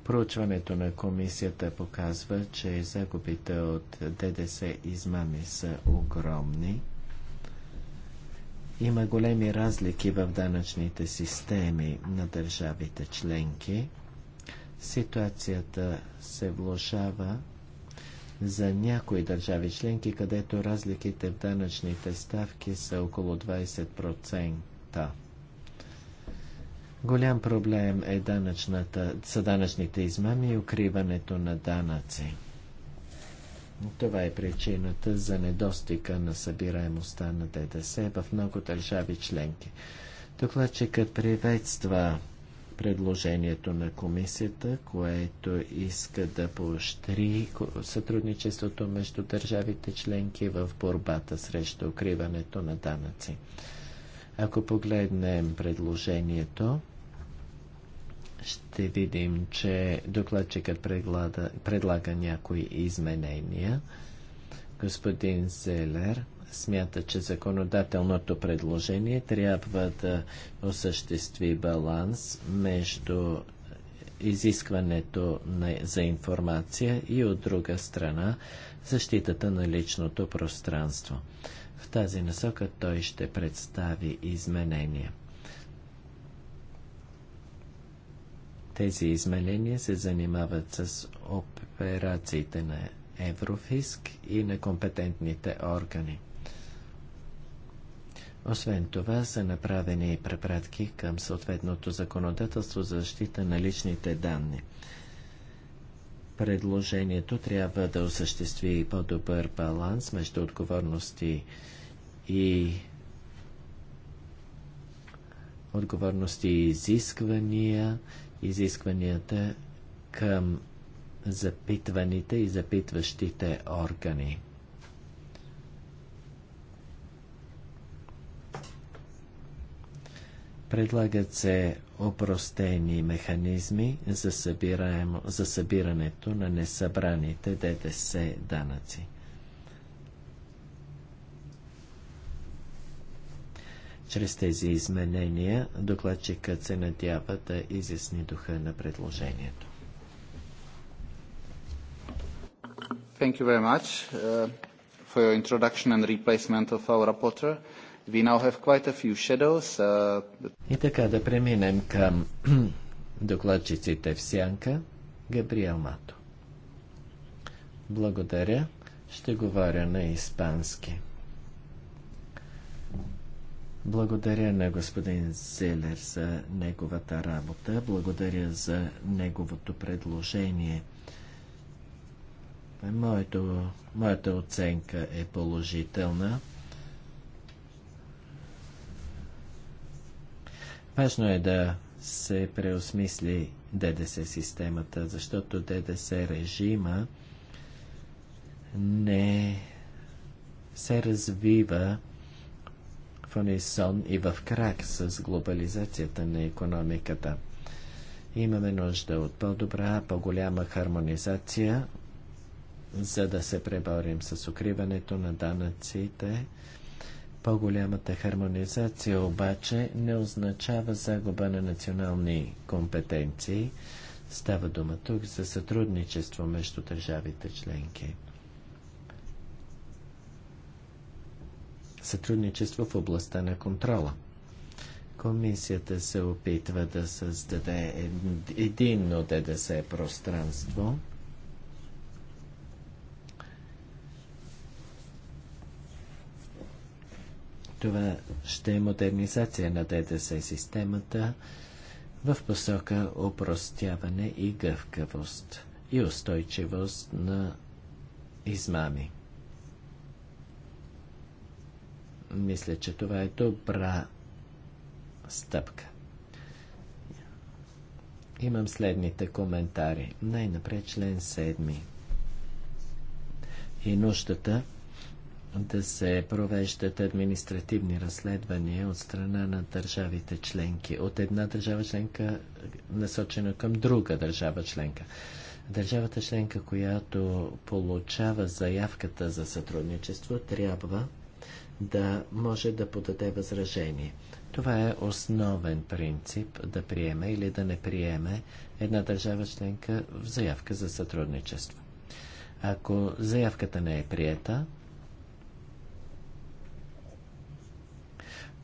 Проучването на комисията показва, че загубите от ДДС измами са огромни. Има големи разлики в данъчните системи на държавите членки. Ситуацията се влушава за някои държави членки, където разликите в данъчните ставки са около 20%. Голям проблем е данъчната, са данъчните измами и укриването на данъци. Това е причината за недостига на събираемостта на ДДС в много държави членки. Докладчикът приветства предложението на комисията, което иска да поощри сътрудничеството между държавите членки в борбата срещу укриването на данъци. Ако погледнем предложението, ще видим, че докладчикът предлага, предлага някои изменения. Господин Зелер смята, че законодателното предложение трябва да осъществи баланс между изискването на, за информация и от друга страна защитата на личното пространство. В тази насока той ще представи изменения. Тези изменения се занимават с операциите на Еврофиск и на компетентните органи. Освен това са направени и препратки към съответното законодателство за защита на личните данни. Предложението трябва да осъществи по-добър баланс между отговорности и отговорности и изисквания изискванията към запитваните и запитващите органи. Предлагат се опростени механизми за, събираемо, за събирането на несъбраните ДДС данъци. Чрез тези изменения докладчикът се надява да изясни духа на предложението. Thank you very much uh, for your introduction and replacement of our rapporteur. We now have quite a few shadows. Uh... И така да преминем към [clears throat] докладчиците в сянка. Габриел Мато. Благодаря. Ще говоря на испански. Благодаря на господин Зелер за неговата работа. Благодаря за неговото предложение. Моето, моята оценка е положителна. Важно е да се преосмисли ДДС системата, защото ДДС режима не се развива в унисон и в крак с глобализацията на економиката. Имаме нужда от по-добра, по-голяма хармонизация, за да се преборим с укриването на данъците. По-голямата хармонизация обаче не означава загуба на национални компетенции. Става дума тук за сътрудничество между държавите членки. сътрудничество в областта на контрола. Комисията се опитва да създаде единно ДДС пространство. Това ще е модернизация на ДДС системата в посока упростяване и гъвкавост и устойчивост на измами. Мисля, че това е добра стъпка. Имам следните коментари. Най-напред член 7 и нуждата да се провеждат административни разследвания от страна на държавите членки, от една държава членка, насочена към друга държава членка. Държавата членка, която получава заявката за сътрудничество, трябва да може да подаде възражение. Това е основен принцип да приеме или да не приеме една държава членка в заявка за сътрудничество. Ако заявката не е приета,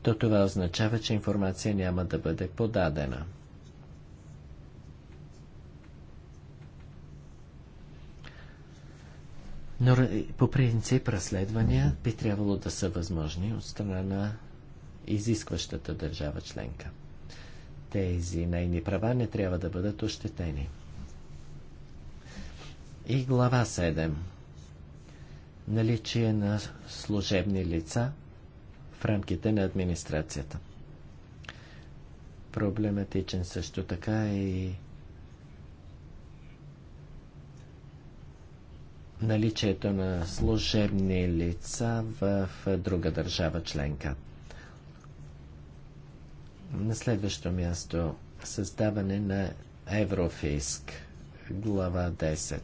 то това означава, че информация няма да бъде подадена. Но по принцип разследвания би трябвало да са възможни от страна на изискващата държава членка. Тези нейни права не трябва да бъдат ощетени. И глава 7. Наличие на служебни лица в рамките на администрацията. Проблематичен също така е и наличието на служебни лица в друга държава членка. На следващо място създаване на Еврофиск, глава 10.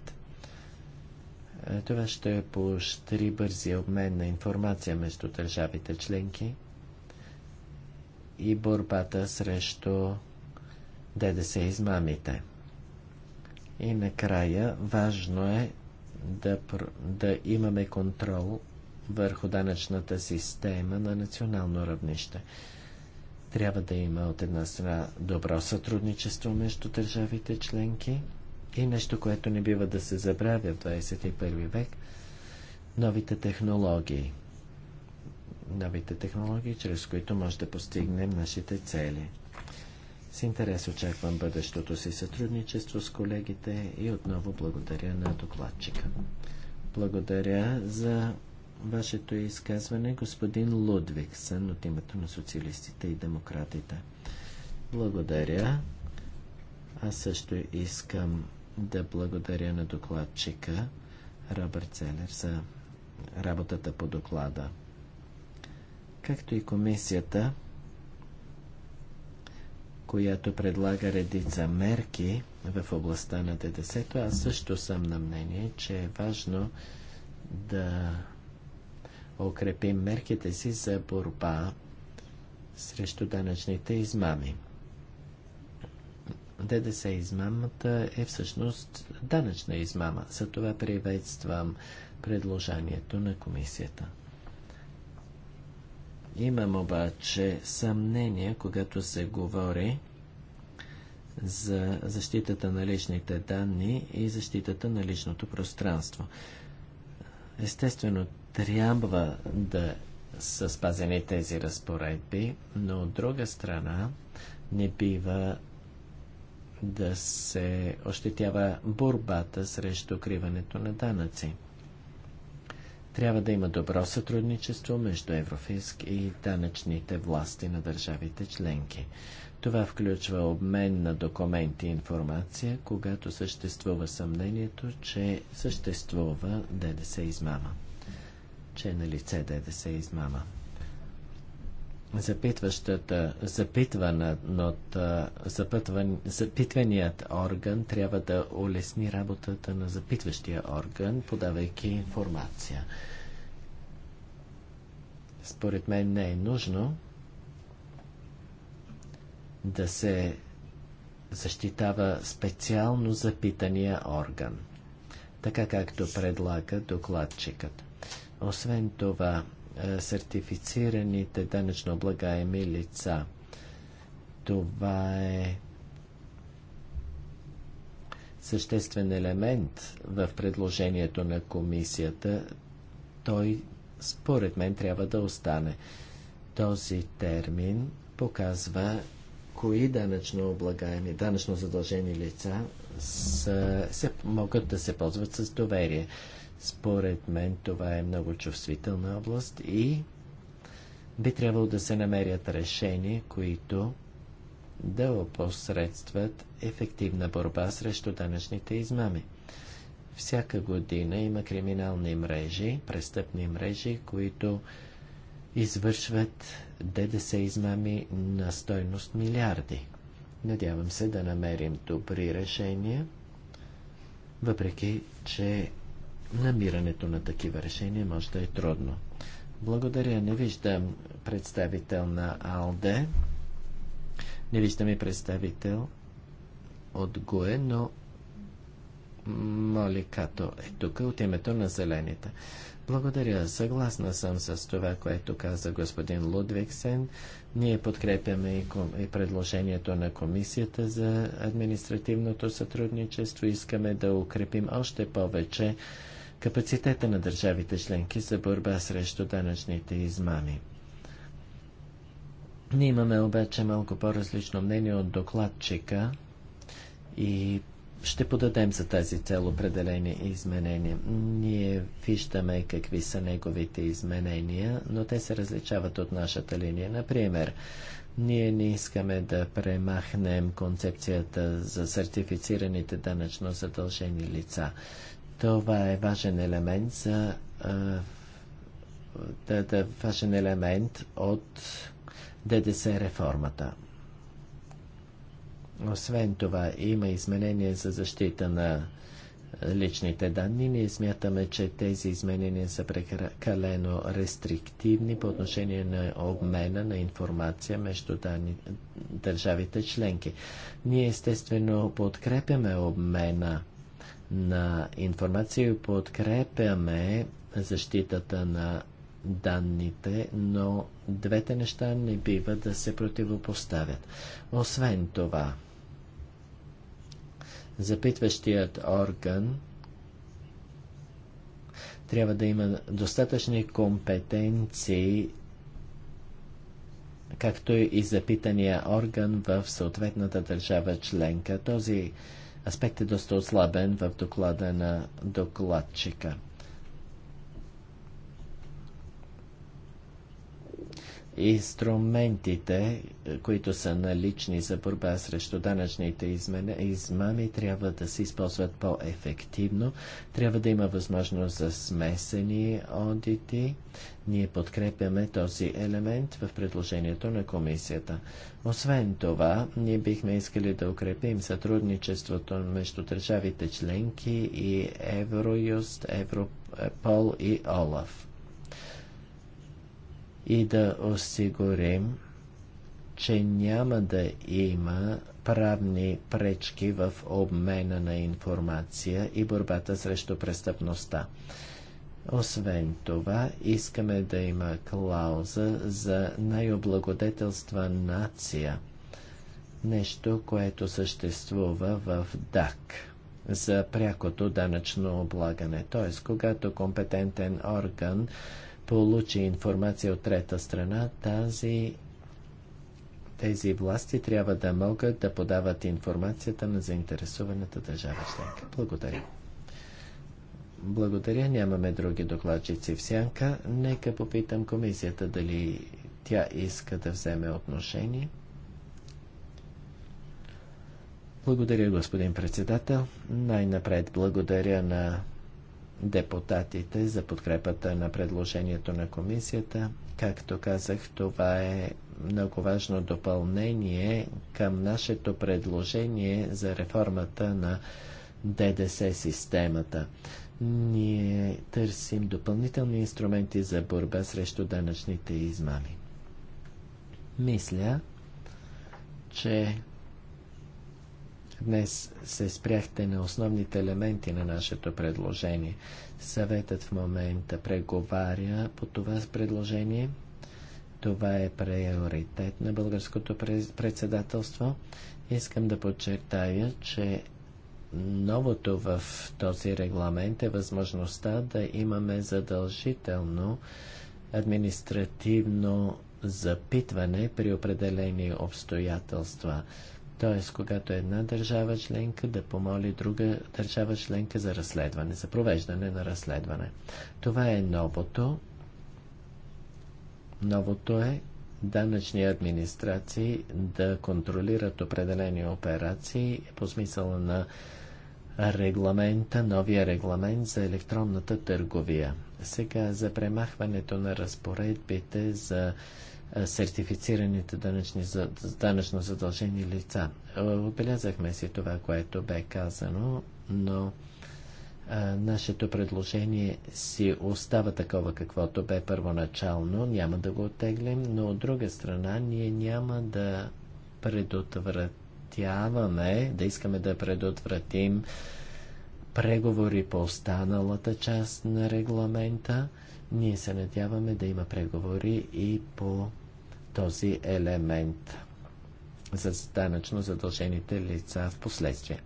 Е, това ще е поощри бързи обмен на информация между държавите членки и борбата срещу ДДС измамите. И накрая важно е да, да имаме контрол върху данъчната система на национално равнище. Трябва да има от една страна добро сътрудничество между държавите членки и нещо, което не бива да се забравя в 21 век новите технологии. Новите технологии, чрез които може да постигнем нашите цели. С интерес очаквам бъдещото си сътрудничество с колегите и отново благодаря на докладчика. Благодаря за вашето изказване, господин Лудвигсън от името на социалистите и демократите. Благодаря. Аз също искам да благодаря на докладчика Робърт Целер за работата по доклада. Както и комисията, която предлага редица мерки в областта на ДДС-то. Аз също съм на мнение, че е важно да укрепим мерките си за борба срещу данъчните измами. ДДС измамата е всъщност данъчна измама. За това приветствам предложението на комисията. Имам обаче съмнение, когато се говори за защитата на личните данни и защитата на личното пространство. Естествено, трябва да са спазени тези разпоредби, но от друга страна не бива да се ощетява борбата срещу криването на данъци. Трябва да има добро сътрудничество между Еврофиск и данъчните власти на държавите членки. Това включва обмен на документи и информация, когато съществува съмнението, че съществува ДДС измама, че е на лице ДДС измама запитващата, запитван, запитваният орган трябва да улесни работата на запитващия орган, подавайки информация. Според мен не е нужно да се защитава специално запитания орган, така както предлага докладчикът. Освен това, е, сертифицираните данъчно облагаеми лица. Това е съществен елемент в предложението на комисията. Той, според мен, трябва да остане. Този термин показва кои данъчно облагаеми, данъчно задължени лица са, се, могат да се ползват с доверие. Според мен това е много чувствителна област и би трябвало да се намерят решения, които да опосредстват ефективна борба срещу данъчните измами. Всяка година има криминални мрежи, престъпни мрежи, които извършват ДДС измами на стойност милиарди. Надявам се да намерим добри решения, въпреки че намирането на такива решения може да е трудно. Благодаря. Не виждам представител на АЛДЕ. Не виждам и представител от ГУЕ, но моли като е тук от името на зелените. Благодаря. Съгласна съм с това, което каза господин Лудвиксен. Ние подкрепяме и, ком... и предложението на Комисията за административното сътрудничество. Искаме да укрепим още повече капацитета на държавите членки за борба срещу данъчните измами. Ние имаме обаче малко по-различно мнение от докладчика и ще подадем за тази цел определени изменения. Ние виждаме какви са неговите изменения, но те се различават от нашата линия. Например, ние не искаме да премахнем концепцията за сертифицираните данъчно задължени лица. Това е важен елемент за да, да, важен елемент от ДДС реформата. Освен това, има изменения за защита на личните данни. Ние смятаме, че тези изменения са прекалено рестриктивни по отношение на обмена на информация между данни, държавите членки. Ние естествено подкрепяме обмена на информация и подкрепяме защитата на данните, но двете неща не бива да се противопоставят. Освен това, запитващият орган трябва да има достатъчни компетенции, както и запитания орган в съответната държава членка. Този Аспектът е доста ослабен в доклада на докладчика. Инструментите, е, които са налични за борба срещу данъчните измами, трябва да се използват по-ефективно. Трябва да има възможност за смесени одити. Ние подкрепяме този елемент в предложението на комисията. Освен това, ние бихме искали да укрепим сътрудничеството между държавите членки и Евроюст, Европол и ОЛАФ и да осигурим, че няма да има правни пречки в обмена на информация и борбата срещу престъпността. Освен това, искаме да има клауза за най-облагодетелства нация, нещо, което съществува в ДАК за прякото данъчно облагане. Т.е. когато компетентен орган получи информация от трета страна, тази, тези власти трябва да могат да подават информацията на заинтересованата държава членка. Благодаря. Благодаря, нямаме други докладчици в сянка. Нека попитам комисията дали тя иска да вземе отношение. Благодаря, господин председател. Най-напред благодаря на депутатите за подкрепата на предложението на комисията. Както казах, това е много важно допълнение към нашето предложение за реформата на ДДС системата. Ние търсим допълнителни инструменти за борба срещу данъчните измами. Мисля, че Днес се спряхте на основните елементи на нашето предложение. Съветът в момента преговаря по това предложение. Това е приоритет на българското председателство. Искам да подчертая, че новото в този регламент е възможността да имаме задължително административно запитване при определени обстоятелства. Т.е. когато една държава членка да помоли друга държава членка за разследване, за провеждане на разследване. Това е новото. Новото е данъчни администрации да контролират определени операции по смисъла на регламента, новия регламент за електронната търговия. Сега за премахването на разпоредбите за сертифицираните данъчни, данъчно задължени лица. Обелязахме си това, което бе казано, но нашето предложение си остава такова, каквото бе първоначално. Няма да го оттеглим, но от друга страна ние няма да предотвратяваме, да искаме да предотвратим преговори по останалата част на регламента. Ние се надяваме да има преговори и по този елемент за данъчно задължените лица в последствие.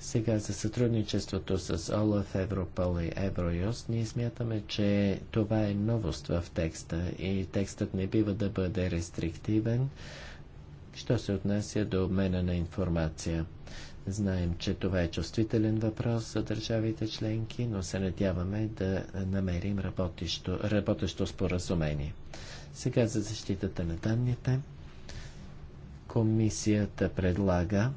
Сега за сътрудничеството с ОЛАФ, Европол и Евроюст, ние смятаме, че това е новост в текста и текстът не бива да бъде рестриктивен, що се отнася до обмена на информация. Знаем, че това е чувствителен въпрос за държавите членки, но се надяваме да намерим работещо, работещо споразумение. Сега за защитата на данните. Комисията предлага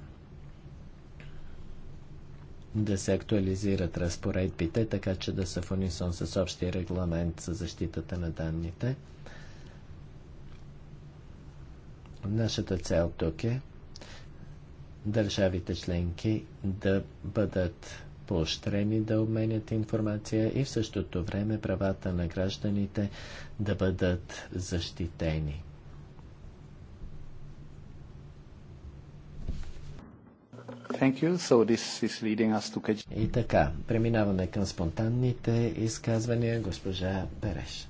да се актуализират разпоредбите, така че да са в унисон с общия регламент за защитата на данните. Нашата цел тук е държавите членки да бъдат поощрени да обменят информация и в същото време правата на гражданите да бъдат защитени. Thank you. So this is leading us to... И така, преминаваме към спонтанните изказвания. Госпожа Переш.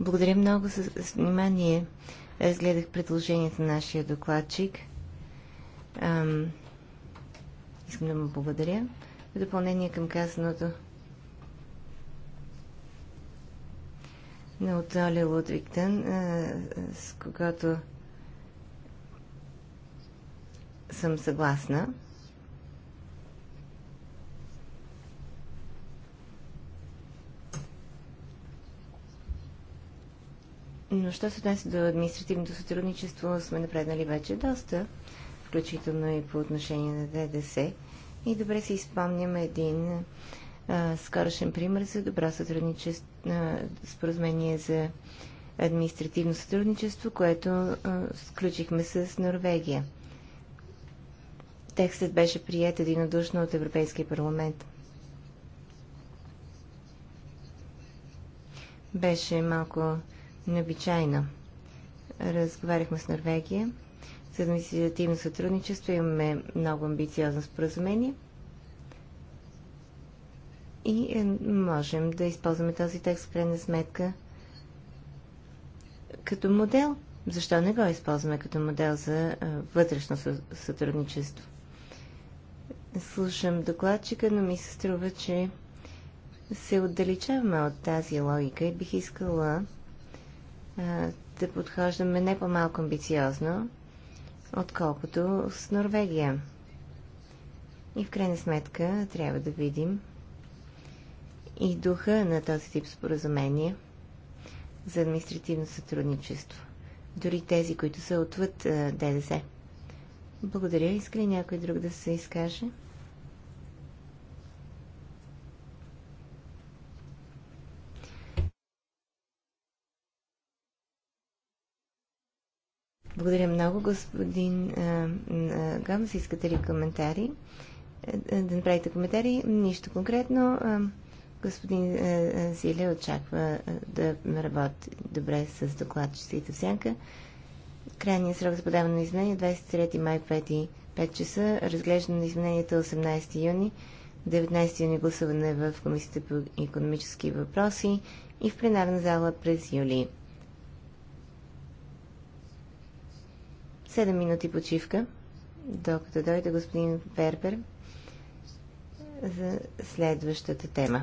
Благодаря много за внимание разгледах предложението на нашия докладчик. Ам, искам да му благодаря. В допълнение към казаното на отоли Лудвиктън, с когато съм съгласна. Но що се отнася до административното сътрудничество, сме напреднали вече доста, включително и по отношение на ДДС. И добре си изпомням един а, скорошен пример за добро сътрудничество, споразумение за административно сътрудничество, което а, сключихме с Норвегия. Текстът беше прият единодушно от Европейския парламент. Беше малко необичайно. Разговаряхме с Норвегия за административно сътрудничество. Имаме много амбициозно споразумение и е, можем да използваме този текст в крайна сметка като модел. Защо не го използваме като модел за е, вътрешно сътрудничество? Слушам докладчика, но ми се струва, че се отдалечаваме от тази логика и бих искала да подхождаме не по-малко амбициозно, отколкото с Норвегия. И в крайна сметка трябва да видим и духа на този тип споразумение за административно сътрудничество. Дори тези, които са отвъд ДДС. Благодаря. Иска ли някой друг да се изкаже? Благодаря много, господин Гамс. Искате ли коментари? Е, е, да направите коментари. Нищо конкретно. Господин Зиле е, очаква да работи добре с докладчиците в сянка. Крайният срок за подаване на изменение 23 май 5, 5 часа. Разглеждане на измененията 18 юни. 19 юни гласуване в Комисията по економически въпроси и в пленарна зала през юли. 7 минути почивка, докато дойде господин Вербер за следващата тема.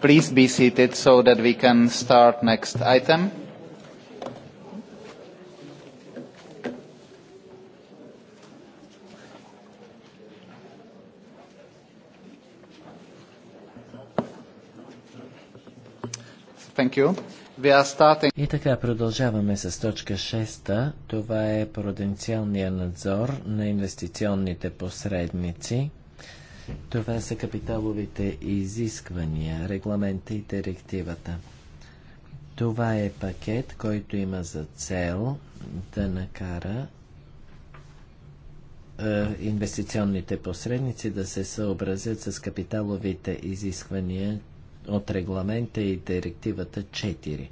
Please be seated so that we can start next item. Thank you. We are starting... И така продължаваме с точка 6. Това е пруденциалния надзор на инвестиционните посредници. Това са капиталовите изисквания, регламента и директивата. Това е пакет, който има за цел да накара е, инвестиционните посредници да се съобразят с капиталовите изисквания от регламента и директивата 4.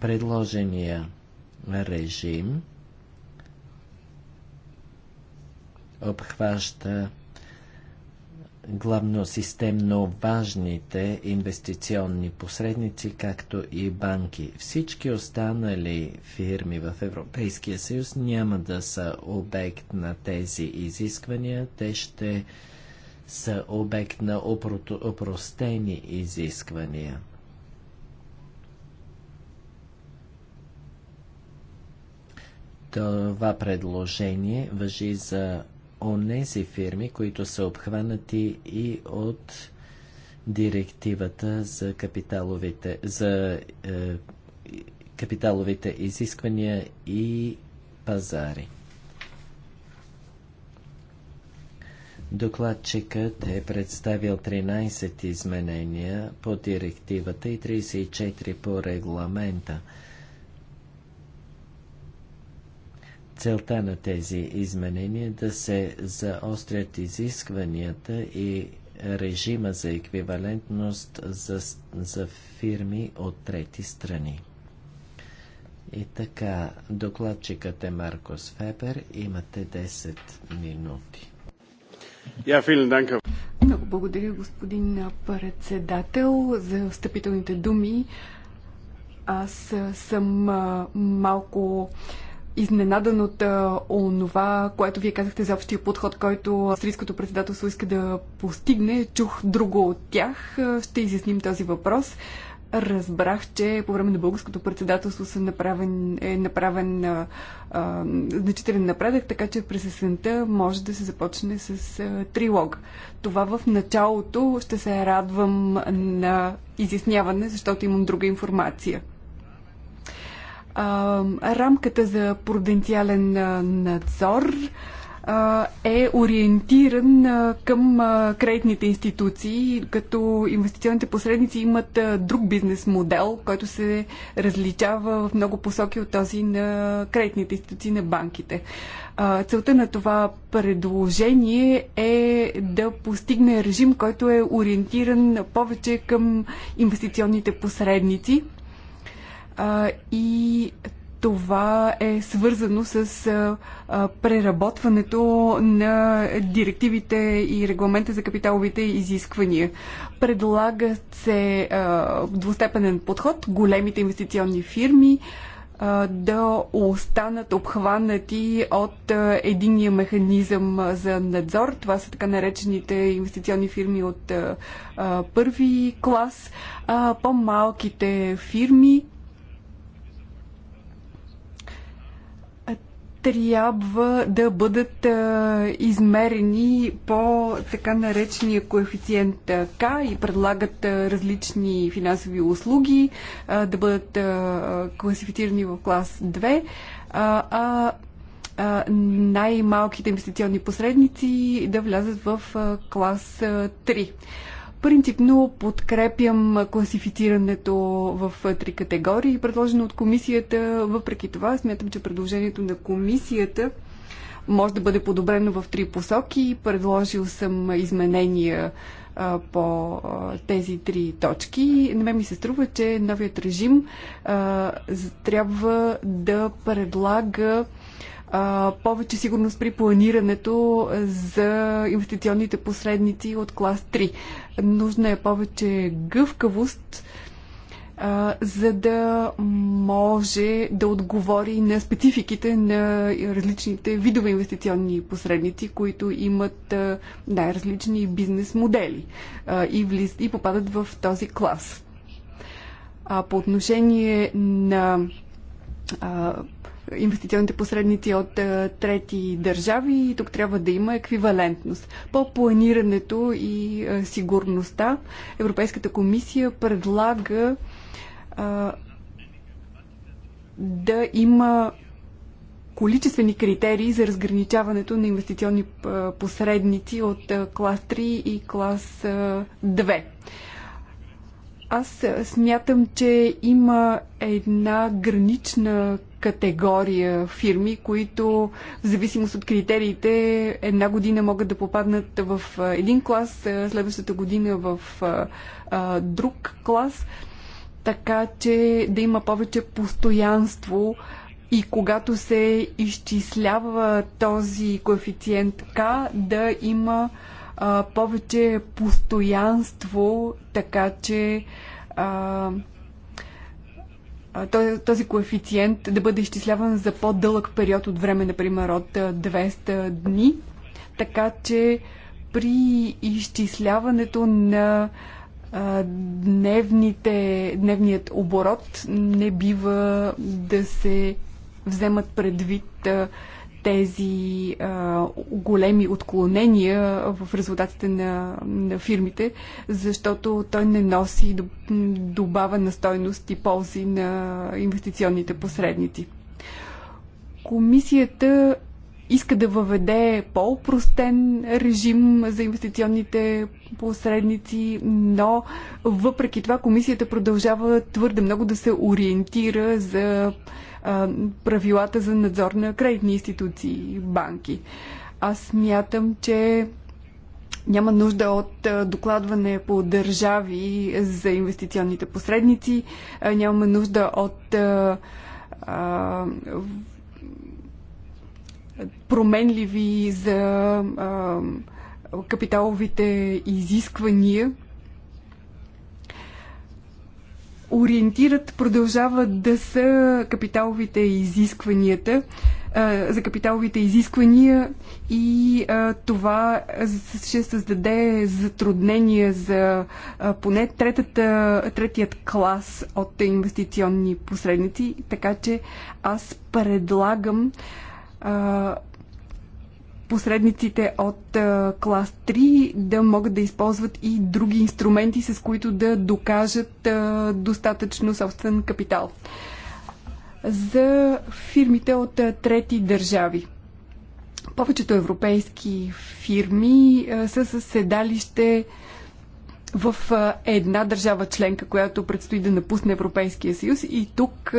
Предложения режим обхваща главно системно важните инвестиционни посредници, както и банки. Всички останали фирми в Европейския съюз няма да са обект на тези изисквания. Те ще са обект на опростени изисквания. Това предложение въжи за онези фирми, които са обхванати и от директивата за капиталовите, за, е, капиталовите изисквания и пазари. Докладчикът е представил 13 изменения по директивата и 34 по регламента. целта на тези изменения е да се заострят изискванията и режима за еквивалентност за, за фирми от трети страни. И така, докладчикът е Маркос Фебер. Имате 10 минути. Yeah, Много благодаря, господин председател, за встъпителните думи. Аз съм малко изненадан от а, онова, което вие казахте за общия подход, който австрийското председателство иска да постигне. Чух друго от тях. Ще изясним този въпрос. Разбрах, че по време на българското председателство са направен, е направен а, а, значителен напредък, така че през есента може да се започне с а, трилог. Това в началото ще се радвам на изясняване, защото имам друга информация а, рамката за пруденциален надзор а, е ориентиран а, към а, кредитните институции, като инвестиционните посредници имат а, друг бизнес модел, който се различава в много посоки от този на кредитните институции на банките. А, целта на това предложение е да постигне режим, който е ориентиран повече към инвестиционните посредници а, и това е свързано с а, преработването на директивите и регламента за капиталовите изисквания. Предлагат се а, двустепенен подход. Големите инвестиционни фирми а, да останат обхванати от а, механизъм за надзор. Това са така наречените инвестиционни фирми от а, първи клас. по-малките фирми трябва да бъдат а, измерени по така наречения коефициент К и предлагат а, различни финансови услуги а, да бъдат а, класифицирани в клас 2. А, а, най-малките инвестиционни посредници да влязат в а, клас а, 3. Принципно подкрепям класифицирането в три категории, предложено от комисията. Въпреки това, смятам, че предложението на комисията може да бъде подобрено в три посоки. Предложил съм изменения по тези три точки. На мен ми се струва, че новият режим а, трябва да предлага а, повече сигурност при планирането за инвестиционните посредници от клас 3. Нужна е повече гъвкавост, а, за да може да отговори на спецификите на различните видове инвестиционни посредници, които имат най-различни бизнес модели а, и, влиз, и попадат в този клас. А по отношение на а, инвестиционните посредници от е, трети държави и тук трябва да има еквивалентност. По планирането и е, сигурността Европейската комисия предлага а, е, да има количествени критерии за разграничаването на инвестиционни посредници от клас 3 и клас 2. Аз смятам, че има една гранична категория фирми, които в зависимост от критериите една година могат да попаднат в един клас, следващата година в друг клас, така че да има повече постоянство и когато се изчислява този коефициент К, да има а, повече постоянство, така че а, този коефициент да бъде изчисляван за по-дълъг период от време, например от 200 дни, така че при изчисляването на дневните, дневният оборот не бива да се вземат предвид тези а, големи отклонения в резултатите на, на фирмите, защото той не носи добавена стойност и ползи на инвестиционните посредници. Комисията иска да въведе по-простен режим за инвестиционните посредници, но въпреки това комисията продължава твърде много да се ориентира за правилата за надзор на кредитни институции и банки. Аз смятам, че няма нужда от докладване по държави за инвестиционните посредници, нямаме нужда от променливи за капиталовите изисквания ориентират продължават да са капиталовите изискванията, за капиталовите изисквания и това ще създаде затруднения за поне третата, третият клас от инвестиционни посредници, така че аз предлагам посредниците от е, клас 3 да могат да използват и други инструменти, с които да докажат е, достатъчно собствен капитал. За фирмите от е, трети държави. Повечето европейски фирми са със седалище в една държава членка, която предстои да напусне Европейския съюз. И тук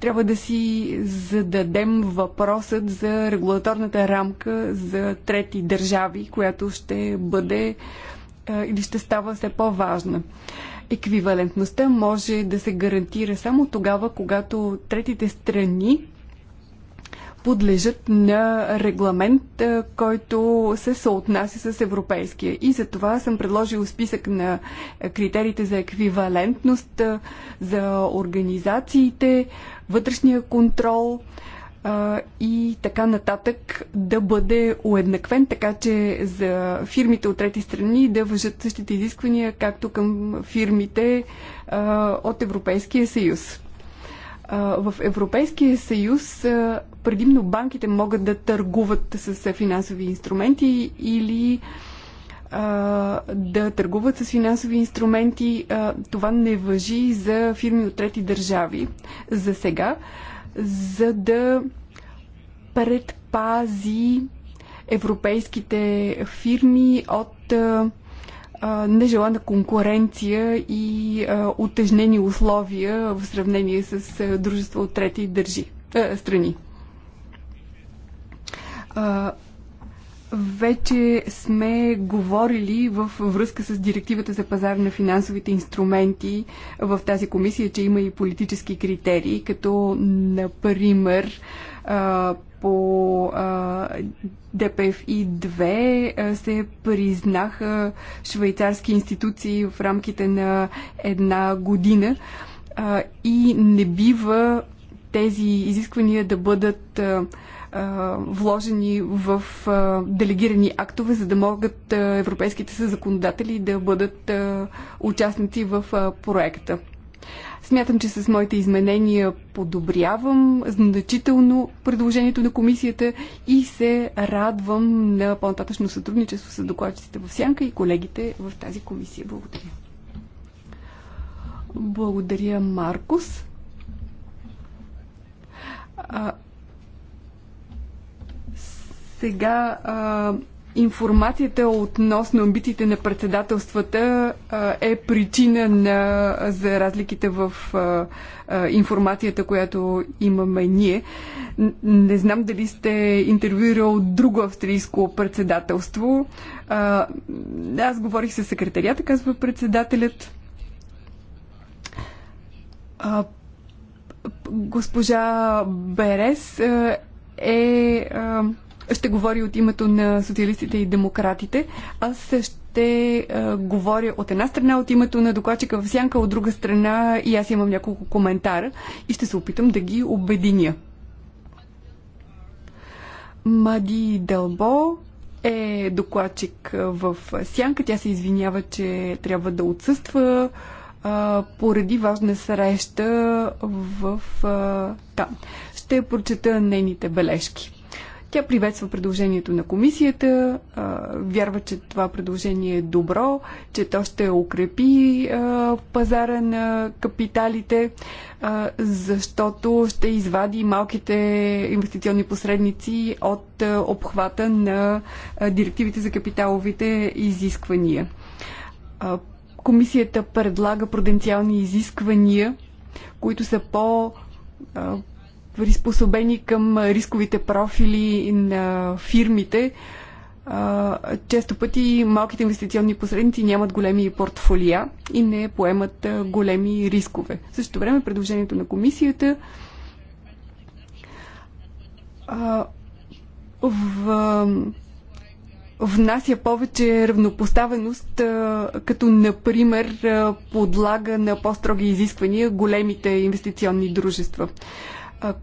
трябва да си зададем въпросът за регулаторната рамка за трети държави, която ще бъде или ще става все по-важна. Еквивалентността може да се гарантира само тогава, когато третите страни подлежат на регламент, който се съотнася с европейския. И за това съм предложил списък на критериите за еквивалентност, за организациите, вътрешния контрол и така нататък да бъде уеднаквен, така че за фирмите от трети страни да въжат същите изисквания, както към фирмите от Европейския съюз. В Европейския съюз предимно банките могат да търгуват с финансови инструменти или да търгуват с финансови инструменти. това не въжи за фирми от трети държави за сега, за да предпази европейските фирми от нежелана конкуренция и отежнени условия в сравнение с дружество дружества от трети държи, страни вече сме говорили в връзка с директивата за пазар на финансовите инструменти в тази комисия, че има и политически критерии, като например по ДПФИ 2 се признаха швейцарски институции в рамките на една година и не бива тези изисквания да бъдат вложени в делегирани актове, за да могат европейските се законодатели да бъдат участници в проекта. Смятам, че с моите изменения подобрявам значително предложението на комисията и се радвам на по-нататъчно сътрудничество с докладчиците в Сянка и колегите в тази комисия. Благодаря. Благодаря, Маркус. Сега а, информацията относно амбициите на председателствата а, е причина на, за разликите в а, а, информацията, която имаме ние. Не знам дали сте интервюирал друго австрийско председателство. А, аз говорих с секретарията, казва председателят. А, госпожа Берес е. А, ще говори от името на социалистите и демократите. Аз ще а, говоря от една страна от името на докладчика в сянка, от друга страна и аз имам няколко коментара и ще се опитам да ги обединя. Мади Дълбо е докладчик в сянка. Тя се извинява, че трябва да отсъства а, поради важна среща в а, там. Ще прочета нейните бележки. Тя приветства предложението на комисията, вярва, че това предложение е добро, че то ще укрепи пазара на капиталите, защото ще извади малките инвестиционни посредници от обхвата на директивите за капиталовите изисквания. Комисията предлага пруденциални изисквания, които са по приспособени към рисковите профили на фирмите. Често пъти малките инвестиционни посредници нямат големи портфолия и не поемат големи рискове. В същото време предложението на комисията в внася повече равнопоставеност, като например подлага на по-строги изисквания големите инвестиционни дружества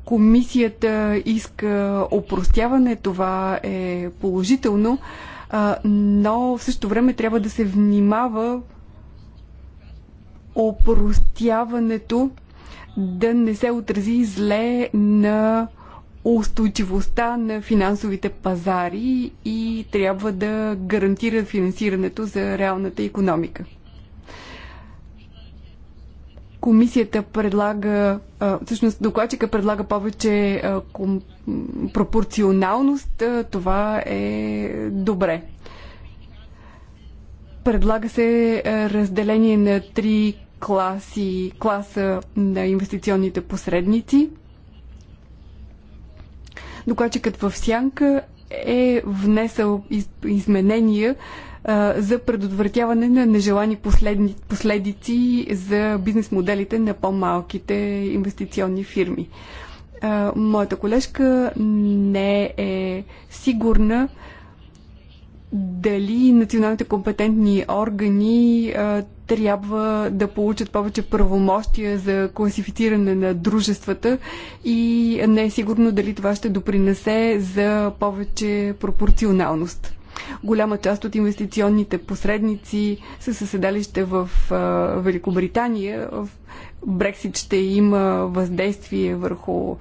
комисията иска опростяване, това е положително, но в същото време трябва да се внимава опростяването да не се отрази зле на устойчивостта на финансовите пазари и трябва да гарантира финансирането за реалната економика комисията предлага, всъщност докладчика предлага повече пропорционалност, това е добре. Предлага се разделение на три класи, класа на инвестиционните посредници. Докладчикът в Сянка е внесъл изменения, за предотвратяване на нежелани последици за бизнес моделите на по-малките инвестиционни фирми. Моята колежка не е сигурна дали националните компетентни органи трябва да получат повече правомощия за класифициране на дружествата и не е сигурно дали това ще допринесе за повече пропорционалност. Голяма част от инвестиционните посредници са със седалище в Великобритания. Брексит ще има въздействие върху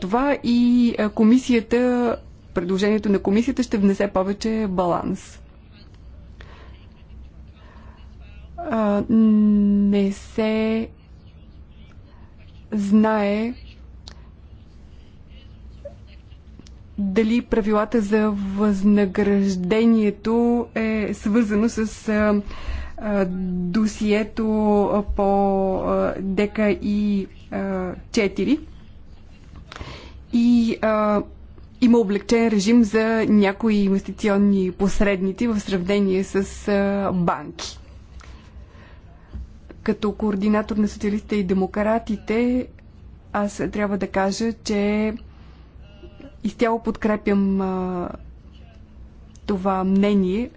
това и комисията, предложението на комисията ще внесе повече баланс. не се знае дали правилата за възнаграждението е свързано с а, а, досието по а, и а, 4 и а, има облегчен режим за някои инвестиционни посредници в сравнение с а, банки. Като координатор на социалистите и демократите, аз трябва да кажа, че Изцяло подкрепям а, това мнение,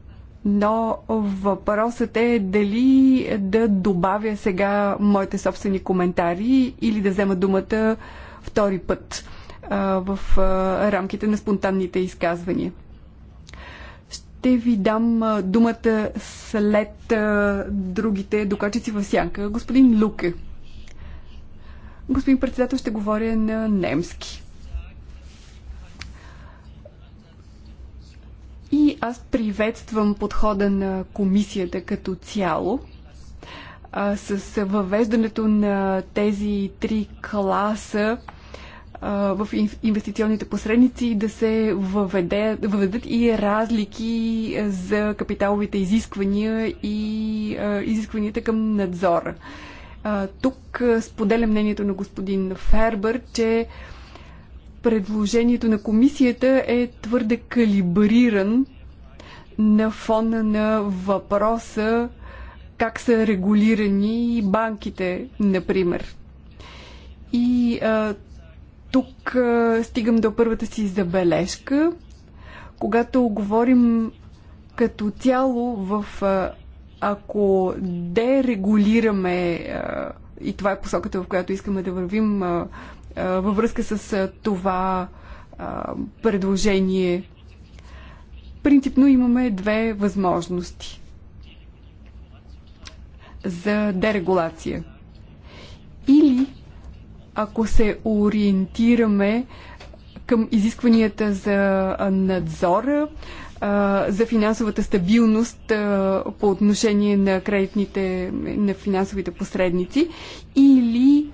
но въпросът е дали да добавя сега моите собствени коментари или да взема думата втори път а, в а, рамките на спонтанните изказвания. Ще ви дам а, думата след а, другите докачици в сянка. Господин Луке. Господин председател, ще говоря на немски. аз приветствам подхода на комисията като цяло. А, с въвеждането на тези три класа а, в инвестиционните посредници да се въведе, въведат и разлики за капиталовите изисквания и а, изискванията към надзора. А, тук споделя мнението на господин Фербър, че предложението на комисията е твърде калибриран на фона на въпроса как са регулирани банките, например. И а, тук а, стигам до първата си забележка. Когато говорим като цяло в а, ако дерегулираме а, и това е посоката, в която искаме да вървим а, а, във връзка с а, това а, предложение Принципно имаме две възможности за дерегулация. Или ако се ориентираме към изискванията за надзора, за финансовата стабилност по отношение на кредитните, на финансовите посредници или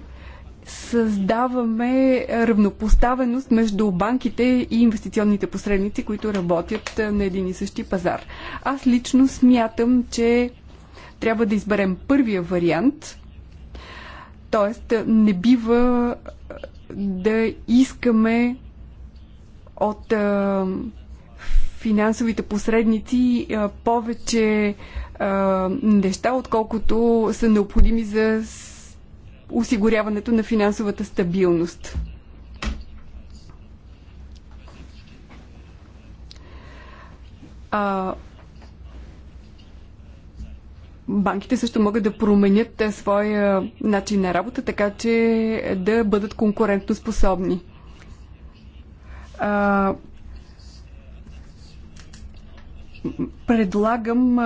създаваме равнопоставеност между банките и инвестиционните посредници, които работят на един и същи пазар. Аз лично смятам, че трябва да изберем първия вариант, т.е. не бива да искаме от финансовите посредници повече неща, отколкото са необходими за осигуряването на финансовата стабилност. А, банките също могат да променят своя начин на работа, така че да бъдат конкурентно способни предлагам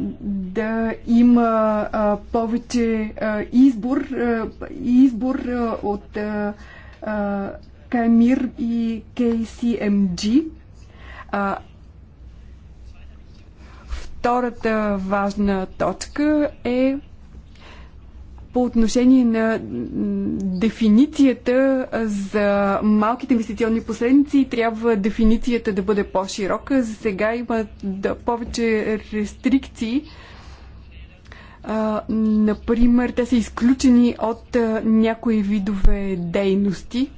да има повече избор, избор от Каймир и KCMG. Втората важна точка е по отношение на дефиницията за малките инвестиционни посредници трябва дефиницията да бъде по-широка. За сега има да, повече рестрикции. А, например, те са изключени от а, някои видове дейности.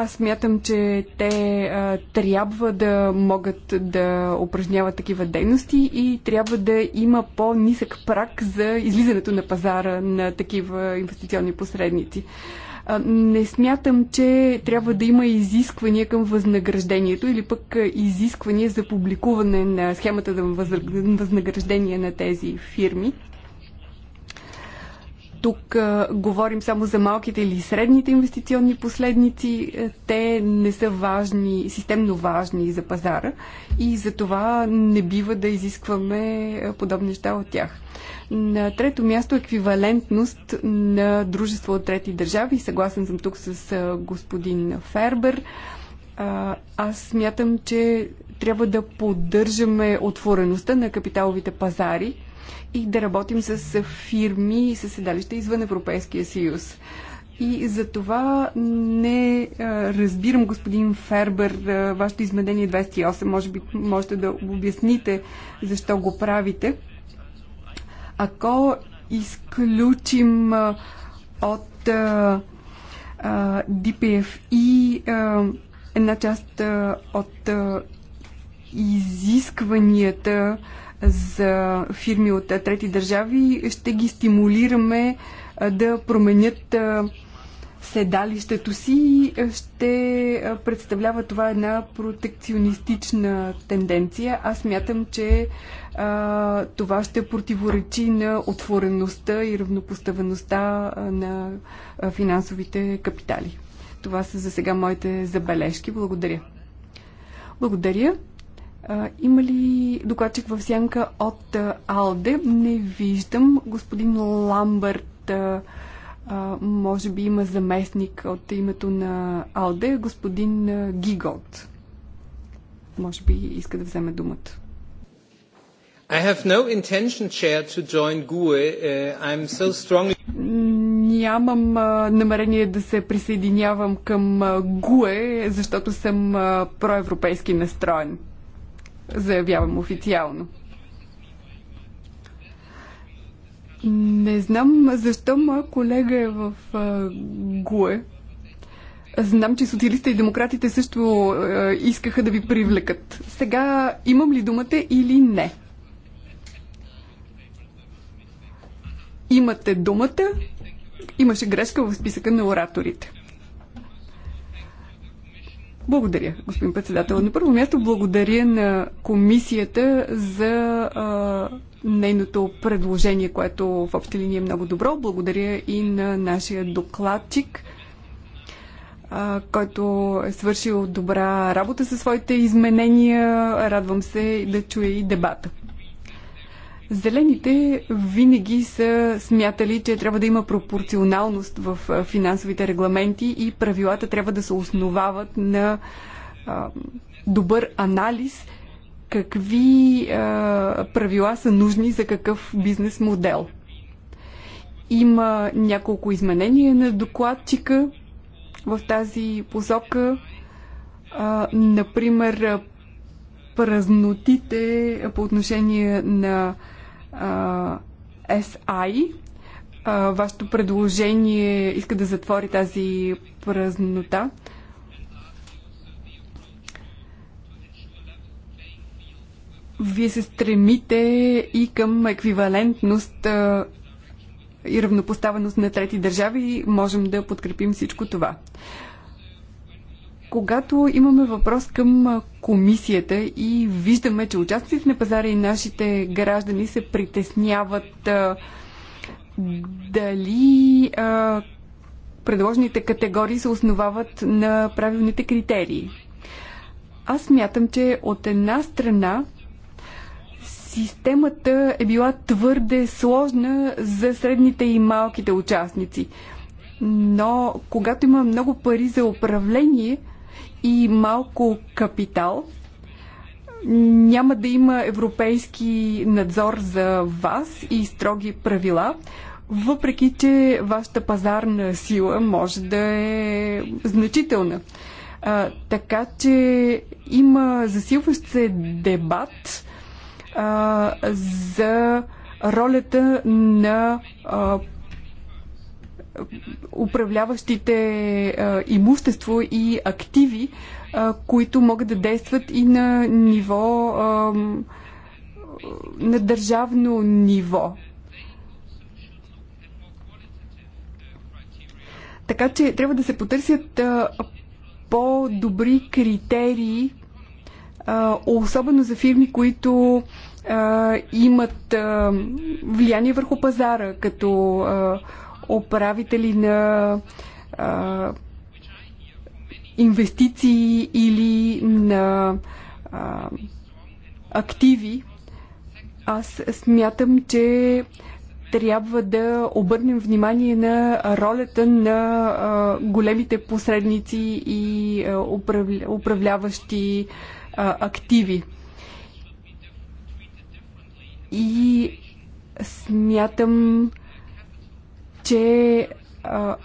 Аз мятам, че те а, трябва да могат да упражняват такива дейности и трябва да има по-нисък прак за излизането на пазара на такива инвестиционни посредници. А, не смятам, че трябва да има изисквания към възнаграждението или пък изисквания за публикуване на схемата за възнаграждение на тези фирми тук а, говорим само за малките или средните инвестиционни последници. Е, те не са важни, системно важни за пазара и за това не бива да изискваме подобни неща от тях. На трето място еквивалентност на дружество от трети държави. Съгласен съм тук с господин Фербер. Аз смятам, че трябва да поддържаме отвореността на капиталовите пазари и да работим с фирми и с седалища извън Европейския съюз. И за това не разбирам, господин Фербер, вашето изменение 28. Може би можете да обясните защо го правите. Ако изключим от DPFI една част от изискванията, за фирми от трети държави, ще ги стимулираме да променят седалището си и ще представлява това една протекционистична тенденция. Аз мятам, че а, това ще противоречи на отвореността и равнопоставеността на финансовите капитали. Това са за сега моите забележки. Благодаря. Благодаря. Има ли докладчик в сянка от Алде? Не виждам. Господин Ламбърт може би има заместник от името на Алде, господин Гигот. Може би иска да вземе думата. I have no intention, Chair, to join GUE. Uh, I'm so strongly... Нямам намерение да се присъединявам към ГУЕ, защото съм проевропейски настроен заявявам официално. Не знам защо моя колега е в а, ГУЕ. Знам, че социалистите и демократите също а, искаха да ви привлекат. Сега имам ли думата или не? Имате думата. Имаше грешка в списъка на ораторите. Благодаря, господин председател. На първо място благодаря на комисията за а, нейното предложение, което в общи линии е много добро. Благодаря и на нашия докладчик, а, който е свършил добра работа със своите изменения. Радвам се да чуя и дебата. Зелените винаги са смятали, че трябва да има пропорционалност в финансовите регламенти и правилата трябва да се основават на а, добър анализ какви а, правила са нужни за какъв бизнес модел. Има няколко изменения на докладчика в тази посока. А, например, празнотите по отношение на SI. Вашето предложение иска да затвори тази празнота. Вие се стремите и към еквивалентност и равнопоставеност на трети държави. Можем да подкрепим всичко това. Когато имаме въпрос към комисията и виждаме, че участниците на пазара и нашите граждани се притесняват дали а, предложените категории се основават на правилните критерии. Аз мятам, че от една страна системата е била твърде сложна за средните и малките участници. Но когато има много пари за управление, и малко капитал, няма да има европейски надзор за вас и строги правила, въпреки че вашата пазарна сила може да е значителна. А, така че има засилващ се дебат а, за ролята на а, управляващите а, имущество и активи, а, които могат да действат и на ниво а, на държавно ниво. Така че трябва да се потърсят по-добри критерии, а, особено за фирми, които а, имат а, влияние върху пазара, като а, управители на а, инвестиции или на а, активи, аз смятам, че трябва да обърнем внимание на ролята на а, големите посредници и а, управля, управляващи а, активи. И смятам, че а,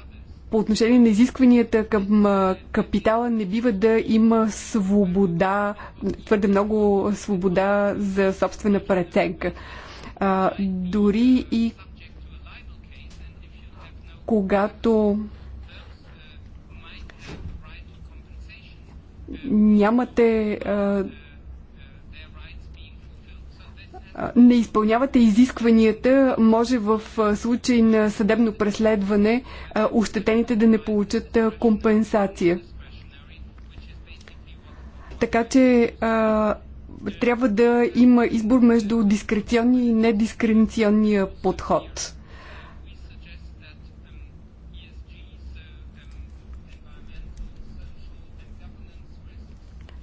по отношение на изискванията към а, капитала не бива да има свобода, твърде много свобода за собствена преценка. А, дори и когато нямате а, не изпълнявате изискванията, може в случай на съдебно преследване ощетените да не получат компенсация. Така че а, трябва да има избор между дискреционния и недискреционния подход.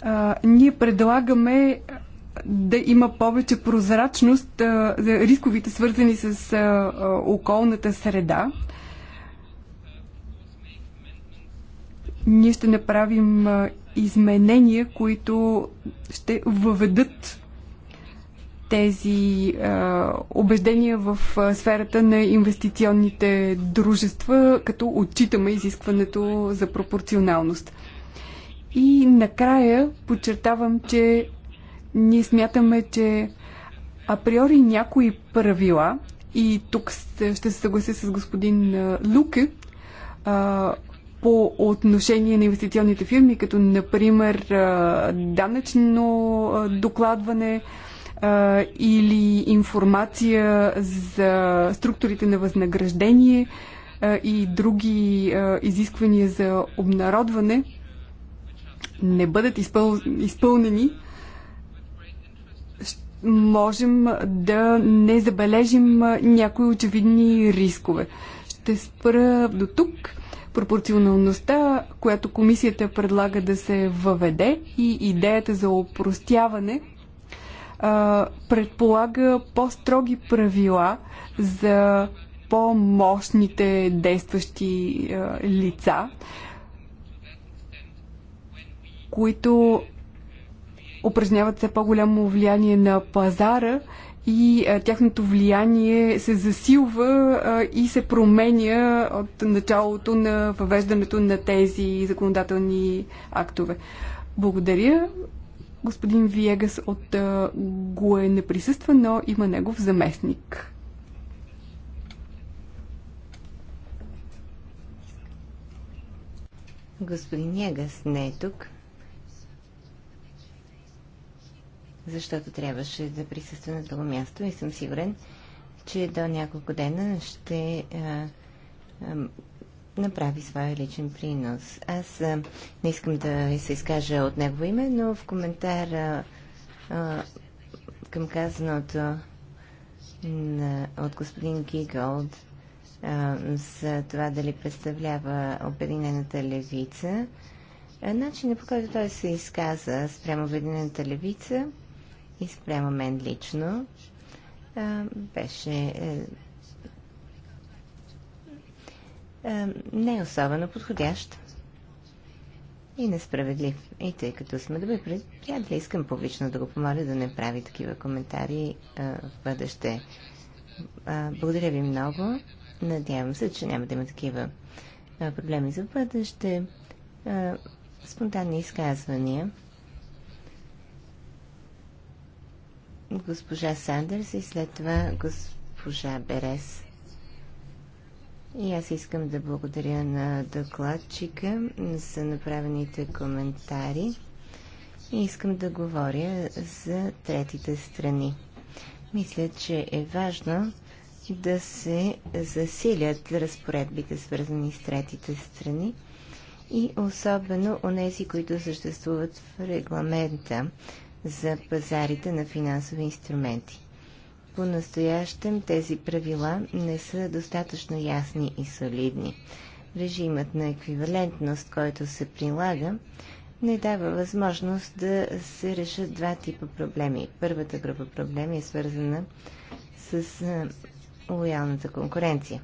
А, ние предлагаме да има повече прозрачност за рисковите, свързани с околната среда. Ние ще направим изменения, които ще въведат тези а, убеждения в а, сферата на инвестиционните дружества, като отчитаме изискването за пропорционалност. И накрая подчертавам, че ние смятаме, че априори някои правила, и тук ще се съглася с господин Луке, по отношение на инвестиционните фирми, като например данъчно докладване или информация за структурите на възнаграждение и други изисквания за обнародване не бъдат изпълнени можем да не забележим някои очевидни рискове. Ще спра до тук пропорционалността, която комисията предлага да се въведе и идеята за опростяване предполага по-строги правила за по-мощните действащи лица, които упражняват все по-голямо влияние на пазара и а, тяхното влияние се засилва а, и се променя от началото на въвеждането на тези законодателни актове. Благодаря. Господин Виегас от а, ГУЕ не присъства, но има негов заместник. Господин Ягас не е тук. защото трябваше да присъства на друго място и съм сигурен, че до няколко дена ще а, а, направи своя личен принос. Аз а, не искам да се изкажа от негово име, но в коментар а, към казаното на, от господин Гиголд а, за това дали представлява Обединената левица, начинът по който той се изказа спрямо Обединената левица и спрямо мен лично беше е, е, не особено подходящ и несправедлив. И тъй като сме добри приятели, искам публично да го помоля да не прави такива коментари а, е, в бъдеще. А, благодаря ви много. Надявам се, че няма да има такива а, проблеми за бъдеще. А, спонтанни изказвания. госпожа Сандърс и след това госпожа Берес. И аз искам да благодаря на докладчика за направените коментари и искам да говоря за третите страни. Мисля, че е важно да се засилят разпоредбите, свързани с третите страни и особено у нези, които съществуват в регламента за пазарите на финансови инструменти. По-настоящем тези правила не са достатъчно ясни и солидни. Режимът на еквивалентност, който се прилага, не дава възможност да се решат два типа проблеми. Първата група проблеми е свързана с лоялната конкуренция.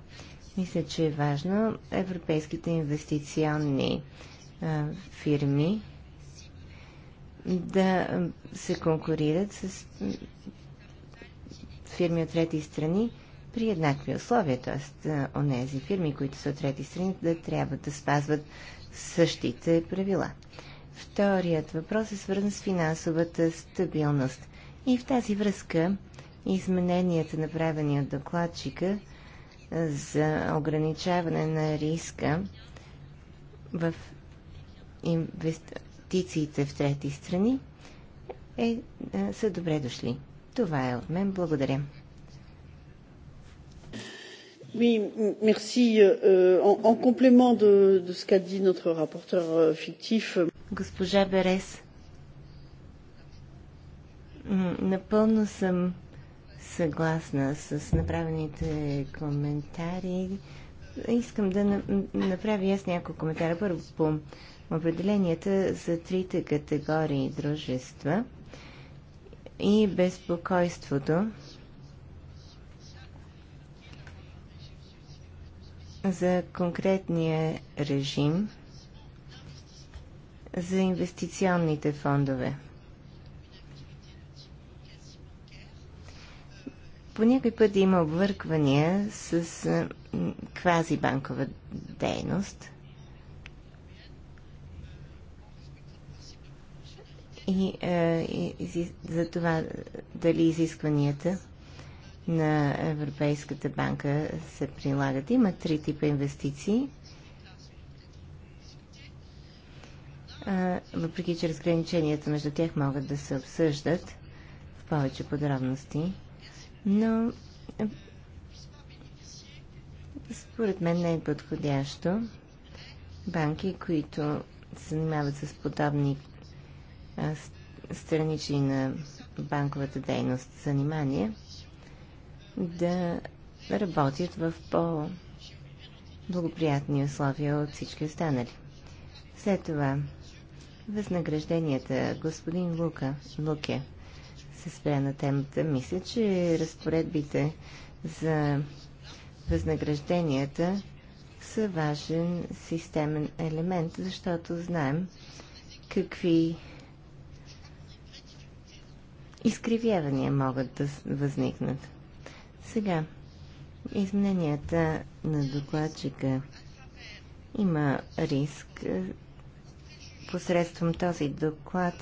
Мисля, че е важно европейските инвестиционни фирми да се конкурират с фирми от трети страни при еднакви условия, т.е. онези фирми, които са от трети страни, да трябва да спазват същите правила. Вторият въпрос е свързан с финансовата стабилност. И в тази връзка измененията, направени от докладчика за ограничаване на риска в инвест инвестициите в трети страни е, е, са добре дошли. Това е от мен. Благодаря. Oui, merci. Euh, euh en, en complément de, de ce qu'a dit notre rapporteur euh, fictif. Euh, Госпожа Берес, напълно съм съгласна с направените коментари. Искам да направя аз няколко коментара. Първо по определенията за трите категории дружества и безпокойството за конкретния режим за инвестиционните фондове. по някой път има обвърквания с квазибанкова дейност. и, е, и, и за това е, дали изискванията на Европейската банка се прилагат. Има три типа инвестиции. А, въпреки, че разграниченията между тях могат да се обсъждат в повече подробности, но е, според мен не е подходящо банки, които се занимават с подобни странични на банковата дейност занимания да работят в по-благоприятни условия от всички останали. След това възнагражденията господин Лука, Луке се спря на темата. Мисля, че разпоредбите за възнагражденията са важен системен елемент, защото знаем какви изкривявания могат да възникнат. Сега, измененията на докладчика има риск е, посредством този доклад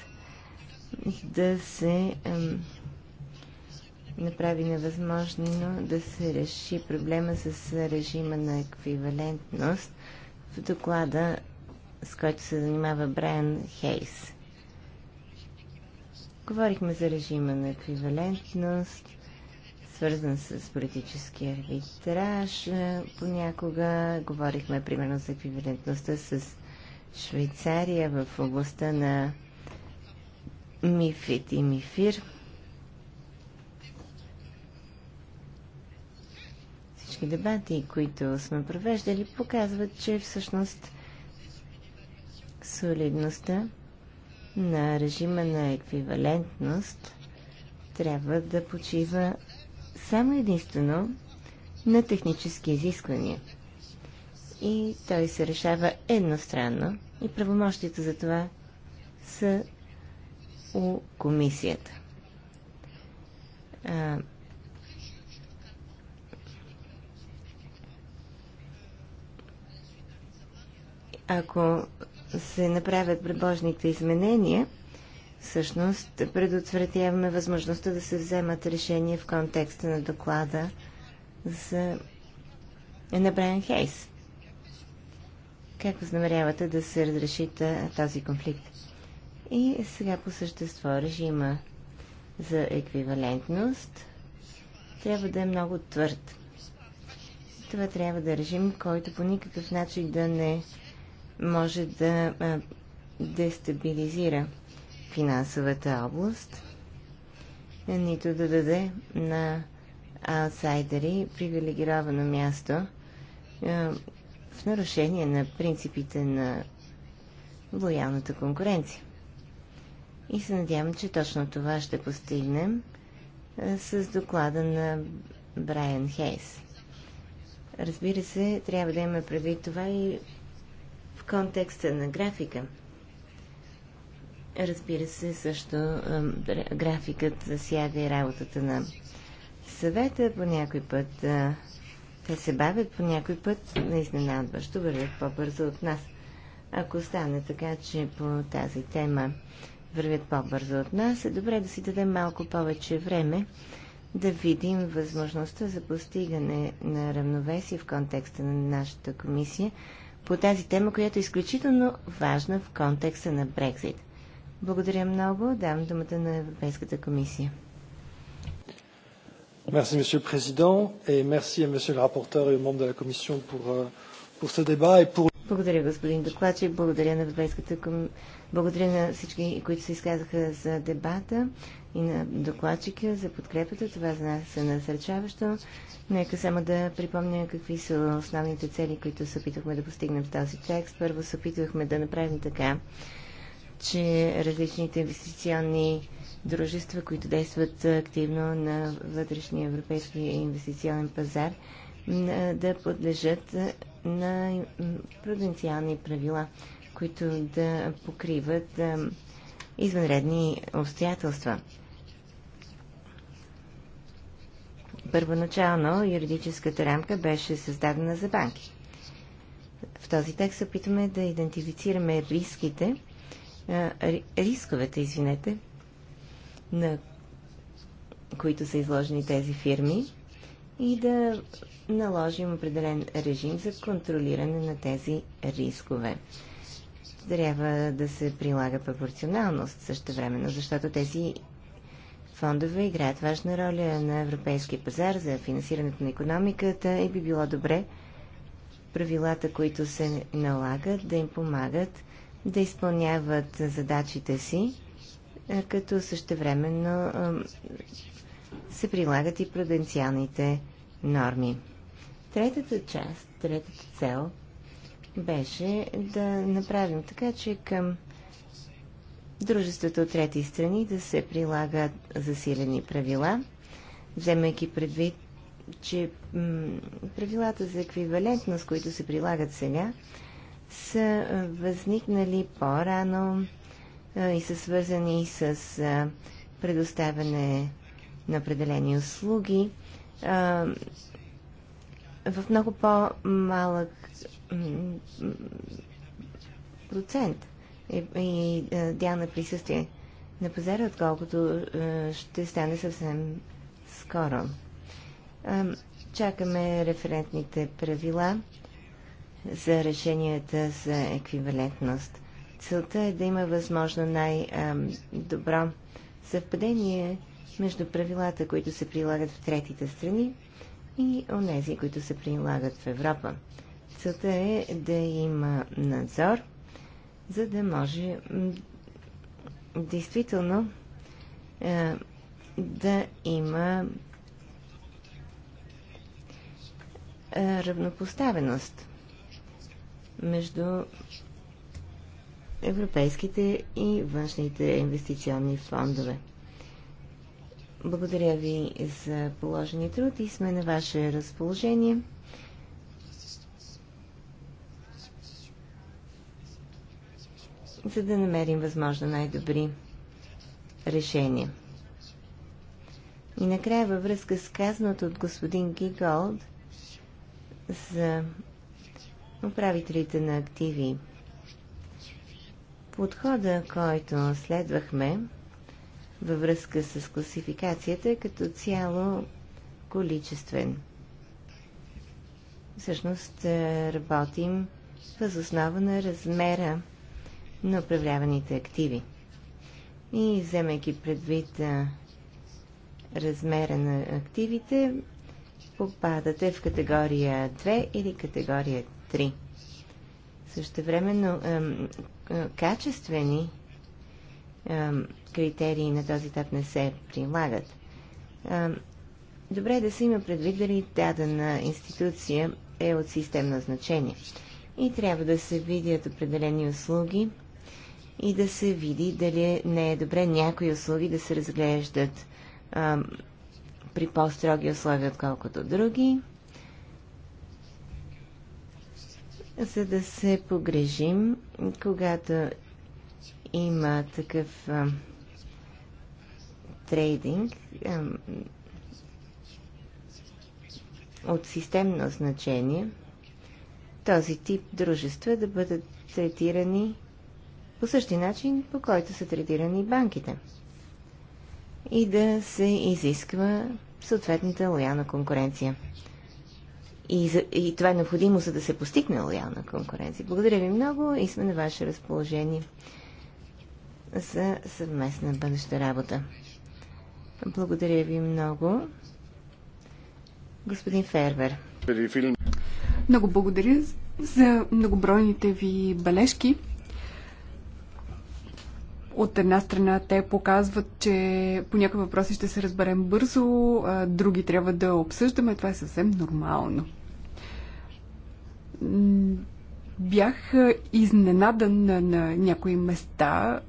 да се направи невъзможно да се реши проблема с режима на еквивалентност в доклада, с който се занимава Брайан Хейс. Говорихме за режима на еквивалентност, свързан с политически арбитраж. Е, понякога говорихме примерно за еквивалентността с Швейцария в областта на Мифит и Мифир. Всички дебати, които сме провеждали, показват, че всъщност солидността на режима на еквивалентност трябва да почива само единствено на технически изисквания. И той се решава едностранно и правомощите за това са у комисията. А, ако се направят пребожните изменения, всъщност предотвратяваме възможността да се вземат решения в контекста на доклада за... на Брайан Хейс. Как възнамерявате да се разрешите този конфликт? И сега по същество режима за еквивалентност трябва да е много твърд. Това трябва да е режим, който по никакъв начин да не може да дестабилизира финансовата област, нито да даде на аутсайдери привилегировано място в нарушение на принципите на лоялната конкуренция. И се надявам, че точно това ще постигнем с доклада на Брайан Хейс. Разбира се, трябва да имаме предвид това и в контекста на графика. Разбира се, също графикът засяга и работата на съвета. По някой път те се бавят, по някой път изненадващо вървят по-бързо от нас. Ако стане така, че по тази тема вървят по-бързо от нас, е добре да си дадем малко повече време да видим възможността за постигане на равновесие в контекста на нашата комисия по тази тема, която е изключително важна в контекста на Брекзит. Благодаря много. Давам думата на Европейската комисия. Merci, Monsieur le Président, et merci à Monsieur le rapporteur et aux membres de la Commission pour, euh, pour ce débat et pour... Благодаря, господин докладчик. Благодаря на Европейската комисия благодаря на всички, които се изказаха за дебата и на докладчика за подкрепата. Това за нас е насърчаващо. Нека само да припомня какви са основните цели, които се опитахме да постигнем в този текст. Първо се опитвахме да направим така, че различните инвестиционни дружества, които действат активно на вътрешния европейски инвестиционен пазар, да подлежат на провинциални правила които да покриват а, извънредни обстоятелства. Първоначално юридическата рамка беше създадена за банки. В този текст опитваме да идентифицираме риските, а, рисковете, извинете, на които са изложени тези фирми и да наложим определен режим за контролиране на тези рискове трябва да се прилага пропорционалност също времено, защото тези фондове играят важна роля на европейския пазар за финансирането на економиката и би било добре правилата, които се налагат, да им помагат да изпълняват задачите си, като същевременно се прилагат и пруденциалните норми. Третата част, третата цел – беше да направим така, че към дружеството от трети страни да се прилагат засилени правила, вземайки предвид, че правилата за еквивалентност, които се прилагат сега, са възникнали по-рано и са свързани с предоставяне на определени услуги в много по-малък процент и, и е, дял на присъствие на пазара, отколкото е, ще стане съвсем скоро. Е, чакаме референтните правила за решенията за еквивалентност. Целта е да има възможно най-добро съвпадение между правилата, които се прилагат в третите страни и онези, които се прилагат в Европа. Целта е да има надзор, за да може действително е, да има е, равнопоставеност между европейските и външните инвестиционни фондове. Благодаря ви за положени труд и сме на ваше разположение. за да намерим възможно най-добри решения. И накрая във връзка с казаното от господин Гиголд за управителите на активи. Подхода, който следвахме във връзка с класификацията е като цяло количествен. Всъщност е, работим възоснова основа на размера на управляваните активи. И вземайки предвид а, размера на активите, попадате в категория 2 или категория 3. Също времено, качествени критерии на този етап не се прилагат. добре е да се има предвид дали дадена институция е от системно значение. И трябва да се видят определени услуги, и да се види дали е, не е добре някои услуги да се разглеждат а, при по-строги условия, отколкото други, за да се погрежим, когато има такъв а, трейдинг а, от системно значение, този тип дружества да бъдат третирани по същия начин, по който са третирани банките. И да се изисква съответната лоялна конкуренция. И, за, и това е необходимо, за да се постигне лоялна конкуренция. Благодаря ви много и сме на ваше разположение за съвместна бъдеща работа. Благодаря ви много. Господин Фервер. Много благодаря за многобройните ви бележки. От една страна те показват, че по някои въпроси ще се разберем бързо, а други трябва да обсъждаме. Това е съвсем нормално. Бях изненадан на, на някои места.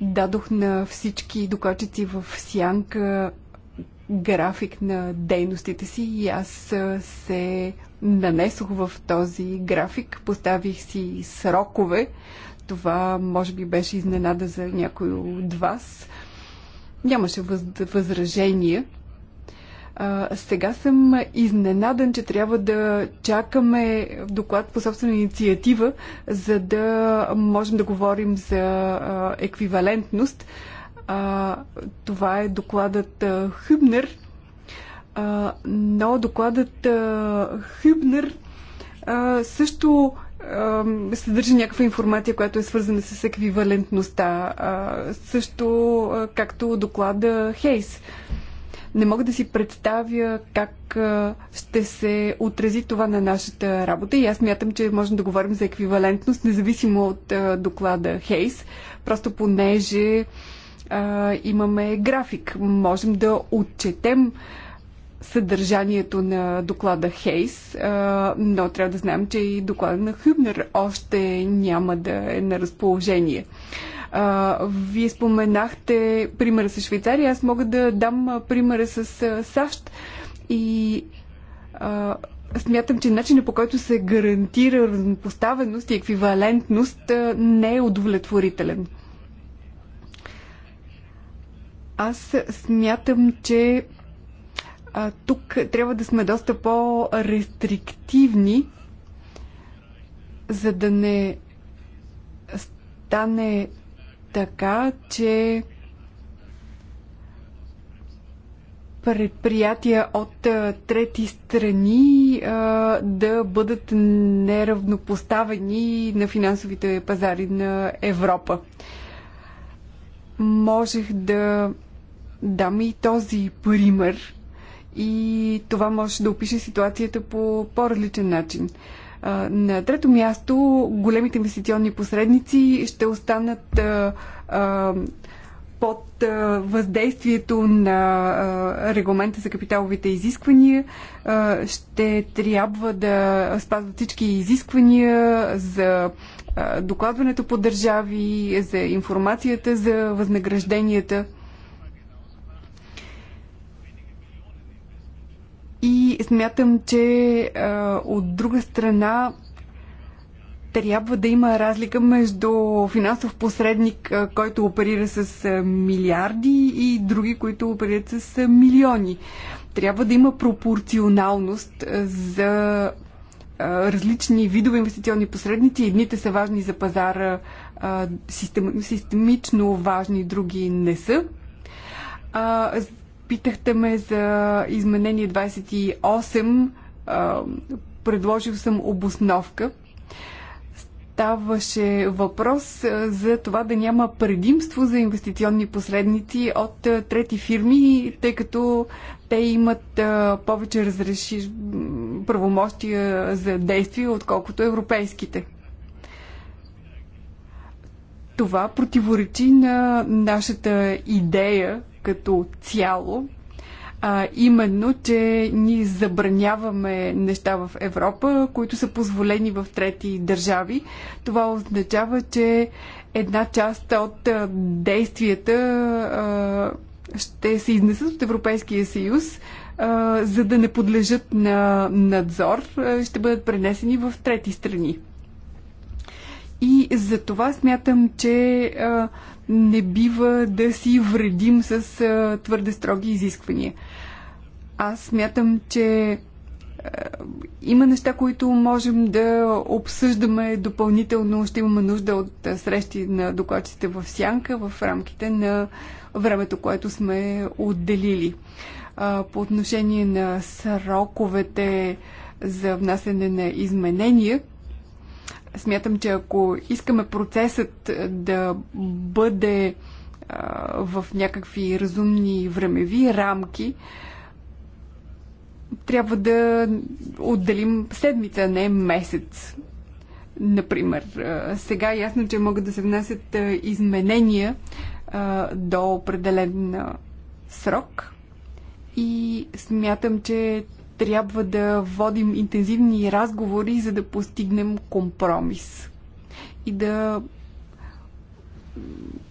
Дадох на всички докачици в Сянка график на дейностите си и аз се нанесох в този график, поставих си срокове, това може би беше изненада за някой от вас. Нямаше въз, възражение. А, сега съм изненадан, че трябва да чакаме доклад по собствена инициатива, за да можем да говорим за а, еквивалентност. А, това е докладът а, Хюбнер, а, но докладът а, Хюбнер а, също съдържа някаква информация, която е свързана с еквивалентността. Също както доклада Хейс. Не мога да си представя как ще се отрази това на нашата работа и аз мятам, че можем да говорим за еквивалентност, независимо от доклада Хейс, просто понеже а, имаме график. Можем да отчетем съдържанието на доклада Хейс, но трябва да знаем, че и доклада на Хюбнер още няма да е на разположение. Вие споменахте примера с Швейцария, аз мога да дам примера с САЩ и смятам, че начинът по който се гарантира равнопоставеност и еквивалентност не е удовлетворителен. Аз смятам, че а, тук трябва да сме доста по-рестриктивни, за да не стане така, че предприятия от трети страни а, да бъдат неравнопоставени на финансовите пазари на Европа. Можех да дам и този пример и това може да опише ситуацията по по-различен начин. На трето място, големите инвестиционни посредници ще останат под въздействието на регламента за капиталовите изисквания. Ще трябва да спазват всички изисквания за докладването по държави, за информацията, за възнагражденията. И смятам, че а, от друга страна трябва да има разлика между финансов посредник, а, който оперира с а, милиарди и други, които оперират с а, милиони. Трябва да има пропорционалност а, за различни видове инвестиционни посредници. Едните са важни за пазара, систем, системично важни, други не са. Питахте ме за изменение 28. Предложил съм обосновка. Ставаше въпрос за това да няма предимство за инвестиционни посредници от трети фирми, тъй като те имат повече разреши правомощия за действие, отколкото европейските. Това противоречи на нашата идея като цяло, а именно, че ни забраняваме неща в Европа, които са позволени в трети държави. Това означава, че една част от действията ще се изнесат от Европейския съюз, за да не подлежат на надзор, ще бъдат пренесени в трети страни. И за това смятам, че а, не бива да си вредим с а, твърде строги изисквания. Аз смятам, че има неща, които можем да обсъждаме допълнително. Ще имаме нужда от срещи на докладчите в Сянка в рамките на времето, което сме отделили. По отношение на сроковете за внасене на изменения, Смятам, че ако искаме процесът е, да бъде е, в някакви разумни времеви рамки, трябва да отделим седмица, не месец. Например, е, сега е ясно, че могат да се внасят изменения до определен срок и смятам, че трябва да водим интензивни разговори, за да постигнем компромис и да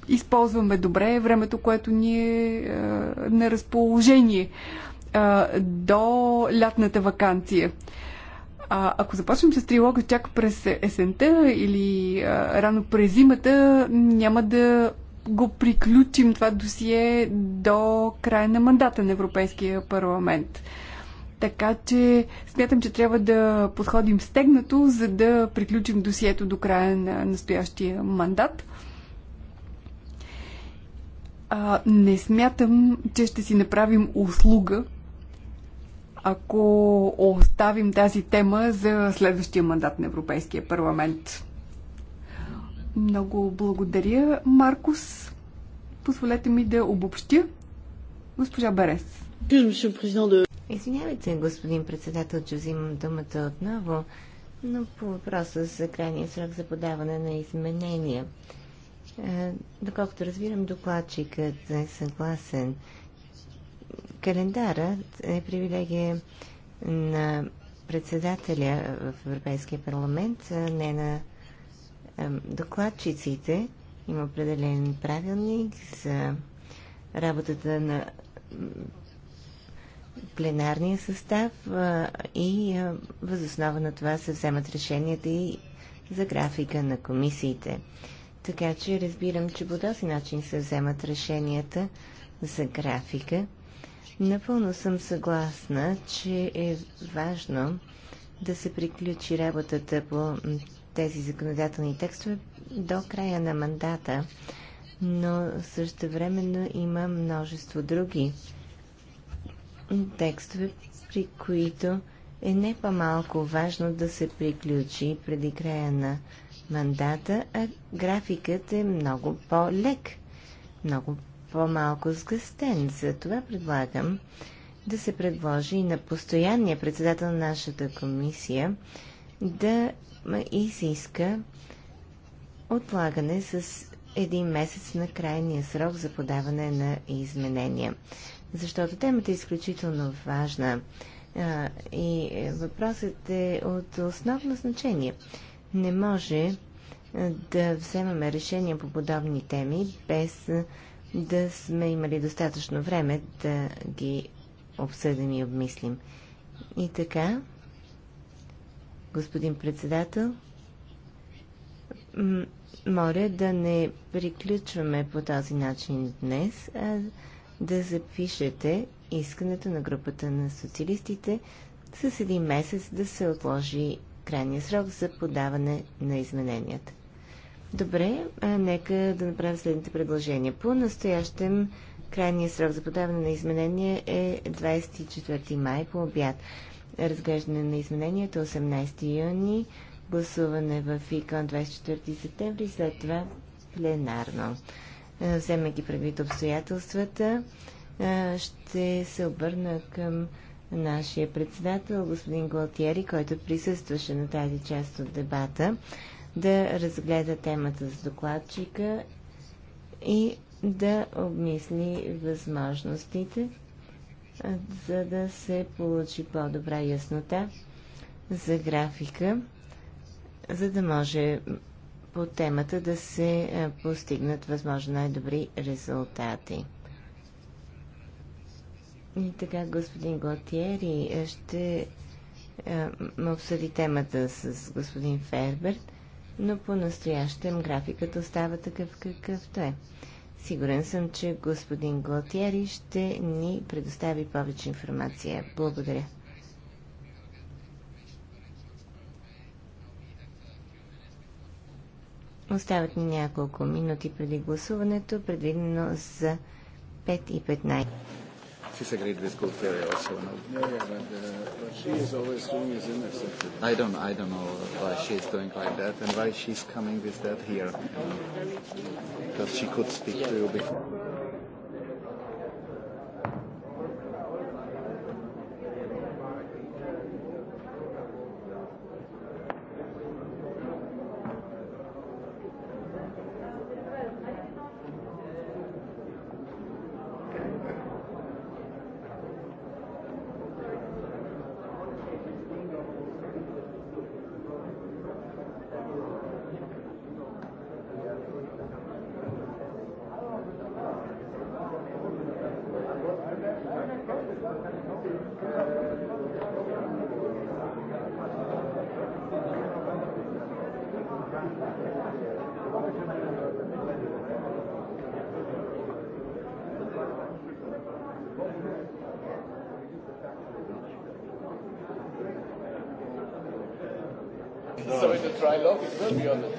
използваме добре времето, което ни е, е на разположение е, до лятната вакансия. А, ако започнем с трилога чак през есента или а, е, рано през зимата, няма да го приключим това досие до края на мандата на Европейския парламент. Така че смятам, че трябва да подходим стегнато, за да приключим досието до края на настоящия мандат. А, не смятам, че ще си направим услуга, ако оставим тази тема за следващия мандат на Европейския парламент. Много благодаря, Маркус. Позволете ми да обобщя госпожа Берес. Извинявайте, господин председател, че взимам думата отново, но по въпроса за крайния срок за подаване на изменения. Е, доколкото разбирам, докладчикът е съгласен. Календарът е привилегия на председателя в Европейския парламент, не на докладчиците. Има определен правилник за работата на пленарния състав и възоснова на това се вземат решенията и за графика на комисиите. Така че разбирам, че по този начин се вземат решенията за графика. Напълно съм съгласна, че е важно да се приключи работата по тези законодателни текстове до края на мандата, но времено има множество други текстове, при които е не по-малко важно да се приключи преди края на мандата, а графикът е много по-лек, много по-малко сгъстен. Затова предлагам да се предложи на постоянния председател на нашата комисия да изиска отлагане с един месец на крайния срок за подаване на изменения защото темата е изключително важна а, и въпросът е от основно значение. Не може да вземаме решения по подобни теми без да сме имали достатъчно време да ги обсъдим и обмислим. И така, господин председател, моля да не приключваме по този начин днес, а да запишете искането на групата на социалистите с един месец да се отложи крайния срок за подаване на измененията. Добре, нека да направя следните предложения. По настоящем крайният срок за подаване на изменения е 24 май по обяд. Разглеждане на измененията 18 е юни, гласуване в ИКОН 24 септември, и след това пленарно. Е, вземайки предвид обстоятелствата, е, ще се обърна към нашия председател, господин Галтиери, който присъстваше на тази част от дебата, да разгледа темата с докладчика и да обмисли възможностите, е, за да се получи по-добра яснота за графика, за да може по темата да се е, постигнат възможно най-добри резултати. И така, господин Готиери, е, ще ме обсъди темата с господин Ферберт, но по-настоящем графикът остава такъв какъвто е. Сигурен съм, че господин Готиери ще ни предостави повече информация. Благодаря. Остават ни няколко минути преди гласуването, предвидено за 5 и 15. I don't, I don't know why she is doing like that and why she's coming with that here. Because she could speak to you before. trilogue, it will be on the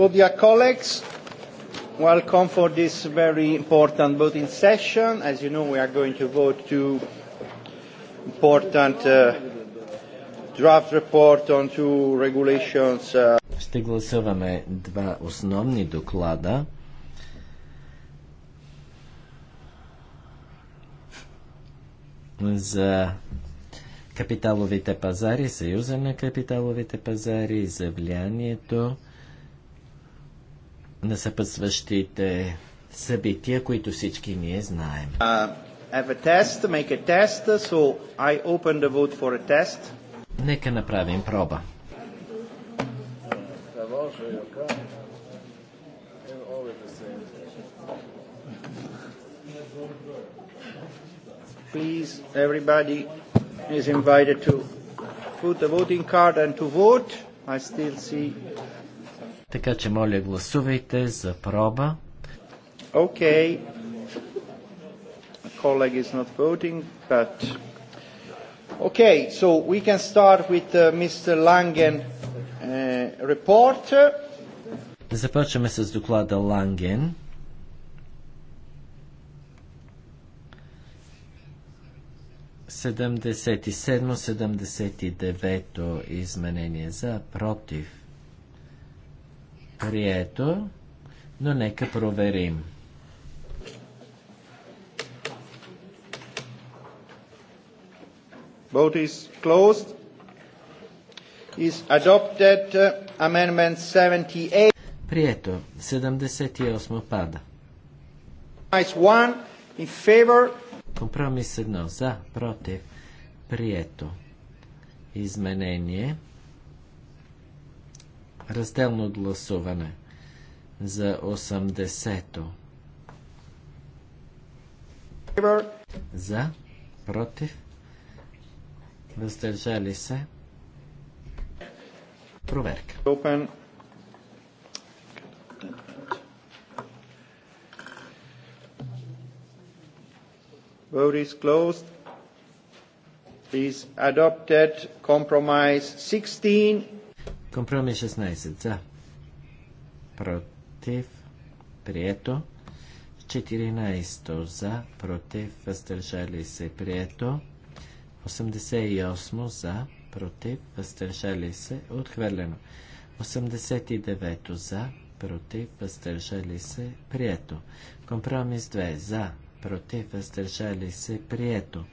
So, dear colleagues, welcome for this very important voting session. As you know, we are going to vote two important uh, draft report on two regulations. Uh... Ще гласуваме два основни доклада. за капиталовите пазари, съюза на капиталовите пазари, за влиянието на съпътстващите събития, които всички ние знаем. Нека направим проба. Please, everybody is invited to put the voting card and to vote. I still see така че моля гласувайте за проба. Okay. Colleague is not voting, but okay, so we can start with uh, Mr. Langen uh, report. Започваме с доклада Ланген. Седемдесет и седмо, седемдесет и девето изменение за против Прието, но нека проверим. Vote is closed. Is adopted uh, amendment 78. Прието. 78 пада. Компромис 1. За. Против. Прието. Изменение Разделно гласуване за 80-то. За, против, въздържали се. Проверка. Open. Vote is closed. Is adopted compromise 16 Компромис 16 за. Против. Прието. 14 за. Против. Въздържали се. Прието. 88 за. Против. Въздържали се. Отхвърлено. 89 за. Против. Въздържали се. Прието. Компромис 2 за. Против. Въздържали се. Прието.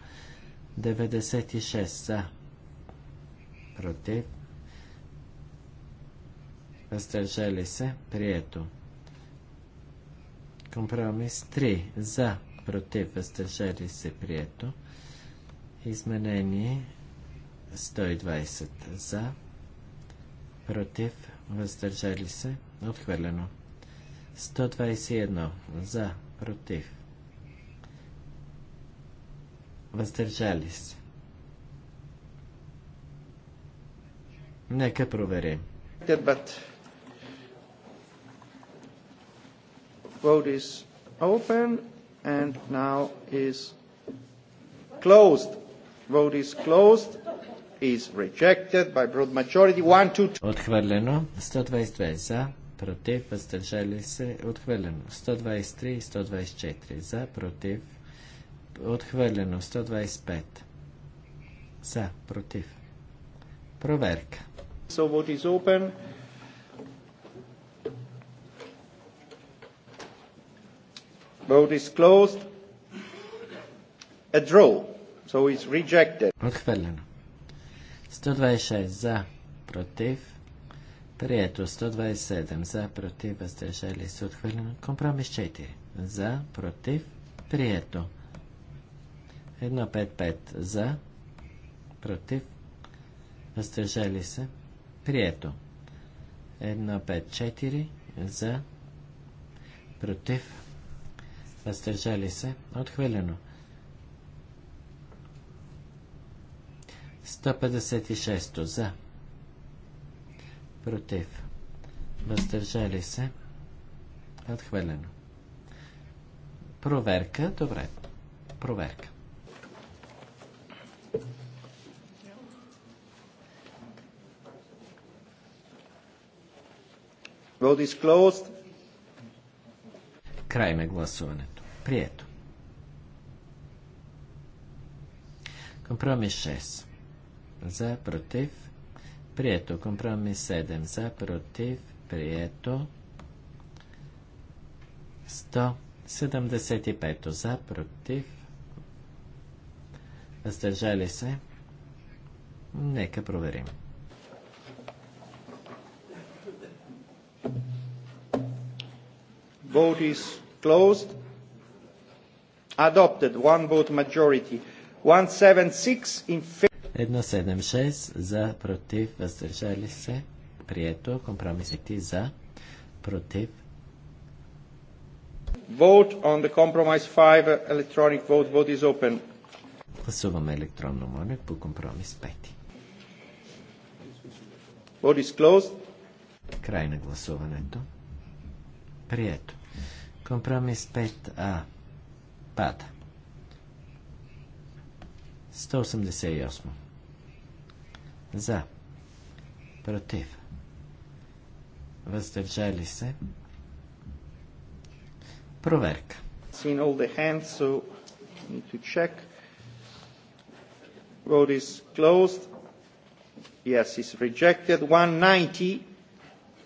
96 за. Против въздържали се, прието. Компромис 3 за, против, въздържали се, прието. Изменение 120 за, против, въздържали се, отхвърлено. 121 за, против, въздържали се. Нека проверим. Дебат. Vote is open and now is closed. Vote is closed. Is rejected by broad majority. One, two, Отхвърлено. 122 за, против, въздържали се. Отхвърлено. 123 124 за, против. Отхвърлено. 125 за, против. Проверка. So vote is open. Vote is closed. A draw. So it's rejected. Отхвърлено. 126 за, против. Прието 127 за, против, въздържали се отхвърлено. Компромис 4 за, против, прието. 155 за, против, въздържали се, прието. 154 за, против, въздържали се, отхвърлено. 156 за, против, въздържали се, отхвърлено. Проверка, добре, проверка. Vote is closed. Край на гласуването. Прието. Компромис 6. За, против. Прието. Компромис 7. За, против. Прието. 175. За, против. Въздържали се. Нека проверим. Vote is closed adopted one vote majority 176 in 176 за против въздържали се прието компромисите за против Vote on the compromise 5 electronic vote vote is open Гласуваме електронно моля по компромис 5 Vote is closed Край на гласуването Прието Компромис 5А Отпада. 188. За. Против. Въздържали се. Проверка. Seen all the hands, so need to check. Vote is closed. Yes, it's rejected. 190.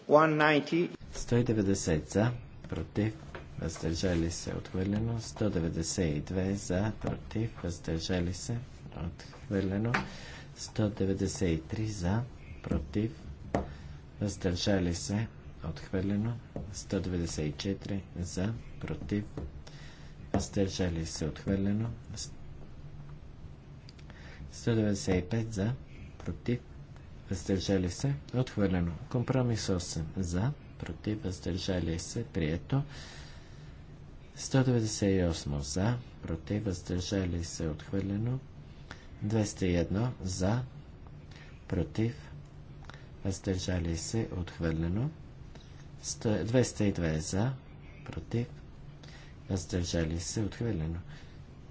190. 190 за, против, въздържали се, отхвърлено. 192 за, против, въздържали се, отхвърлено. 193 за, против, въздържали се, отхвърлено. 194 за, против, въздържали се, отхвърлено. 195 за, против, въздържали се, отхвърлено. Компромис 8 за, против, въздържали се, прието. 198 за, против, въздържали се, отхвърлено. 201 за, против, въздържали се, отхвърлено. 202 за, против, въздържали се, отхвърлено.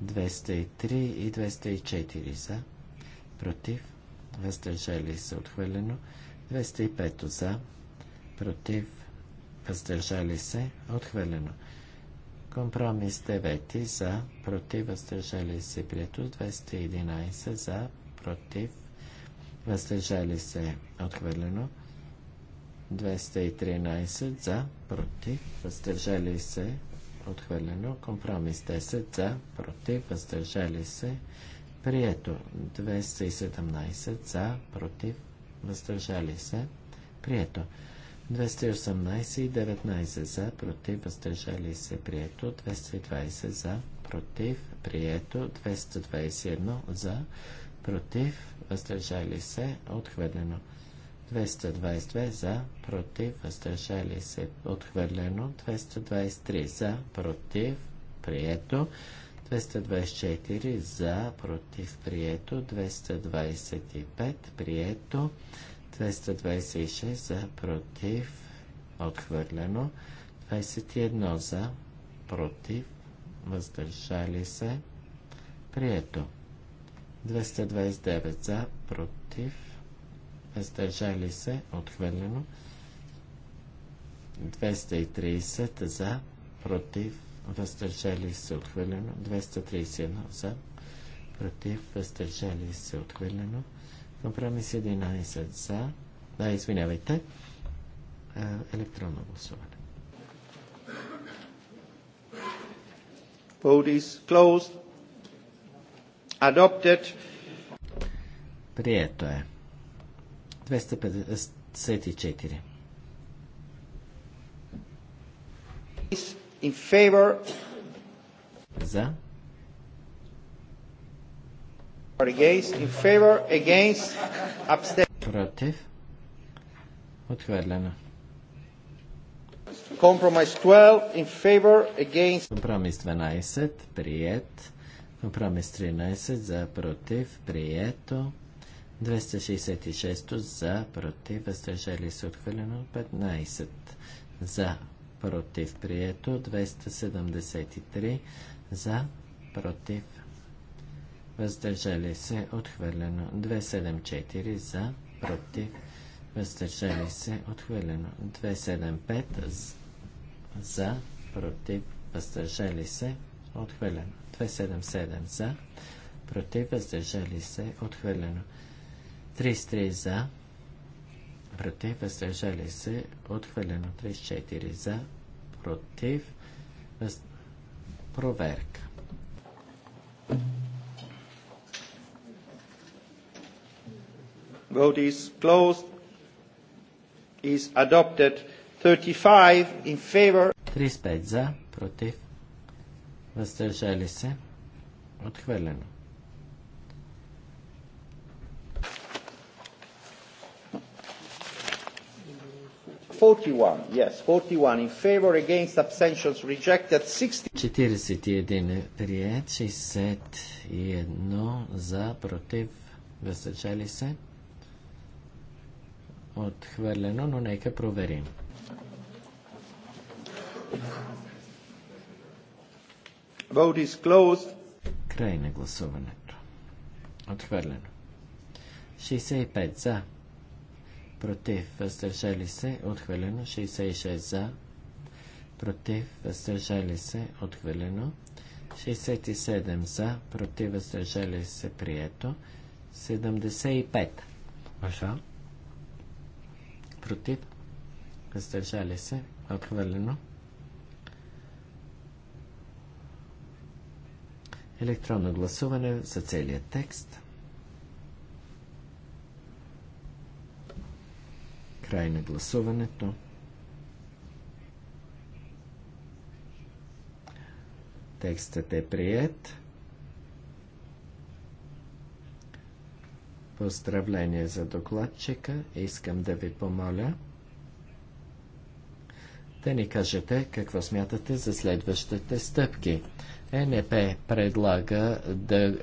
203 и 204 за, против, въздържали се, отхвърлено. 205 за, против, въздържали се, отхвърлено. Компромис 9 за, против, въздържали се, прието. 211 за, против, въздържали се, отхвърлено. 213 за, против, въздържали се, отхвърлено. Компромис 10 за, против, въздържали се, прието. 217 за, против, въздържали се, прието. 218 и 19 за, против, въздържали се, прието, 220 за, против, прието, 221 за, против, въздържали се, отхвърлено. 222 за, против, въздържали се, отхвърлено. 223 за, против, прието. 224 за, против, прието. 225 прието. 226 за, против, отхвърлено. 21 за, против, въздържали се, прието. 229 за, против, въздържали се, отхвърлено. 230 за, против, въздържали се, отхвърлено. 231 за, против, въздържали се, отхвърлено. Компромис 11 за. Да, извинявайте. Електронно гласуване. Vote is closed. Adopted. Прието е. 254. In favor. За. Против. Отхвърлено. Компромис 12 прият. Компромис 13 за против, прието. 266 за против, въздържали се отхвърлено. 15 за против, прието. 273 за против, въздържали се, отхвърлено. 274 за, против, въздържали се, отхвърлено. 275 за, против, въздържали се, отхвърлено. 277 за, против, въздържали се, отхвърлено. 33 за, против, въздържали се, отхвърлено. 34 за, против, въз... проверка. Thank you. Vote is closed. Is adopted. 35 in favor. 35 за, против. Въздържали се. Отхвърлено. Forty one, yes, forty one in favor against abstentions rejected sixty. 41 за, против, въздържали се отхвърлено, но нека проверим. Vote is closed. Край на гласуването. Отхвърлено. 65 за. Против. Въздържали се. Отхвърлено. 66 за. Против. Въздържали се. Отхвърлено. 67 за. Против. Въздържали се. Прието. 75. Аша против, въздържали се, отхвърлено. Електронно гласуване за целият текст. Край на гласуването. Текстът е прият. Поздравление за докладчика. Искам да ви помоля да ни кажете какво смятате за следващите стъпки. Е НП предлага да е,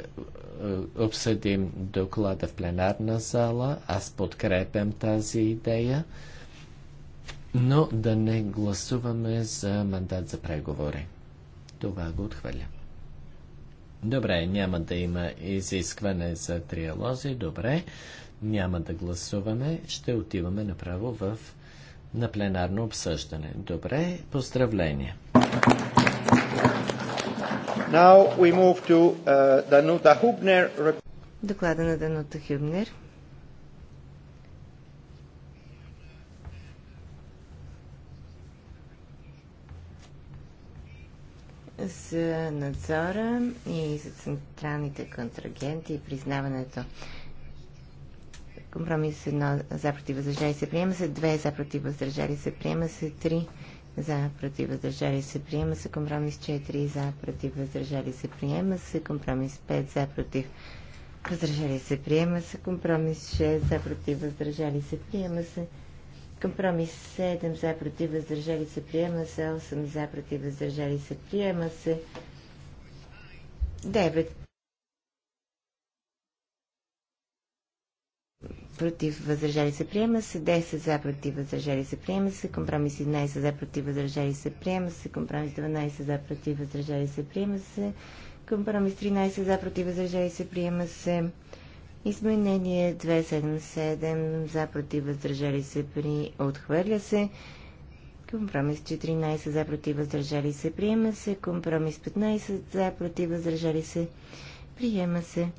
обсъдим доклада в пленарна зала. Аз подкрепям тази идея, но да не гласуваме за мандат за преговори. Това го отхвърлям. Добре, няма да има изискване за триалози. Добре, няма да гласуваме. Ще отиваме направо в, на пленарно обсъждане. Добре, поздравления. Now we move to, uh, Danuta Hubner. Доклада на Данута Хюбнер. с надзора и за централните контрагенти и признаването. Компромис едно за против въздържали се приема се, две за против въздържали се приема се, три за против въздържали се приема се, компромис 4 за против въздържали се приема се, компромис 5 за против въздържали се приема се, компромис 6 за против въздържали се приема се, Компромис 7 за против въздържали се приема се, 8 за против въздържали се приема се, 9 против въздържали се приема се, 10 за против възражали се приема се, компромис 11 за против възражали се приема се, компромис 12 за против въздържали се приема се, компромис 13 за против възражали се приема се, Изменение 277 за против въздържали се при отхвърля се. Компромис 14 за против въздържали се приема се. Компромис 15 за против въздържали се приема се.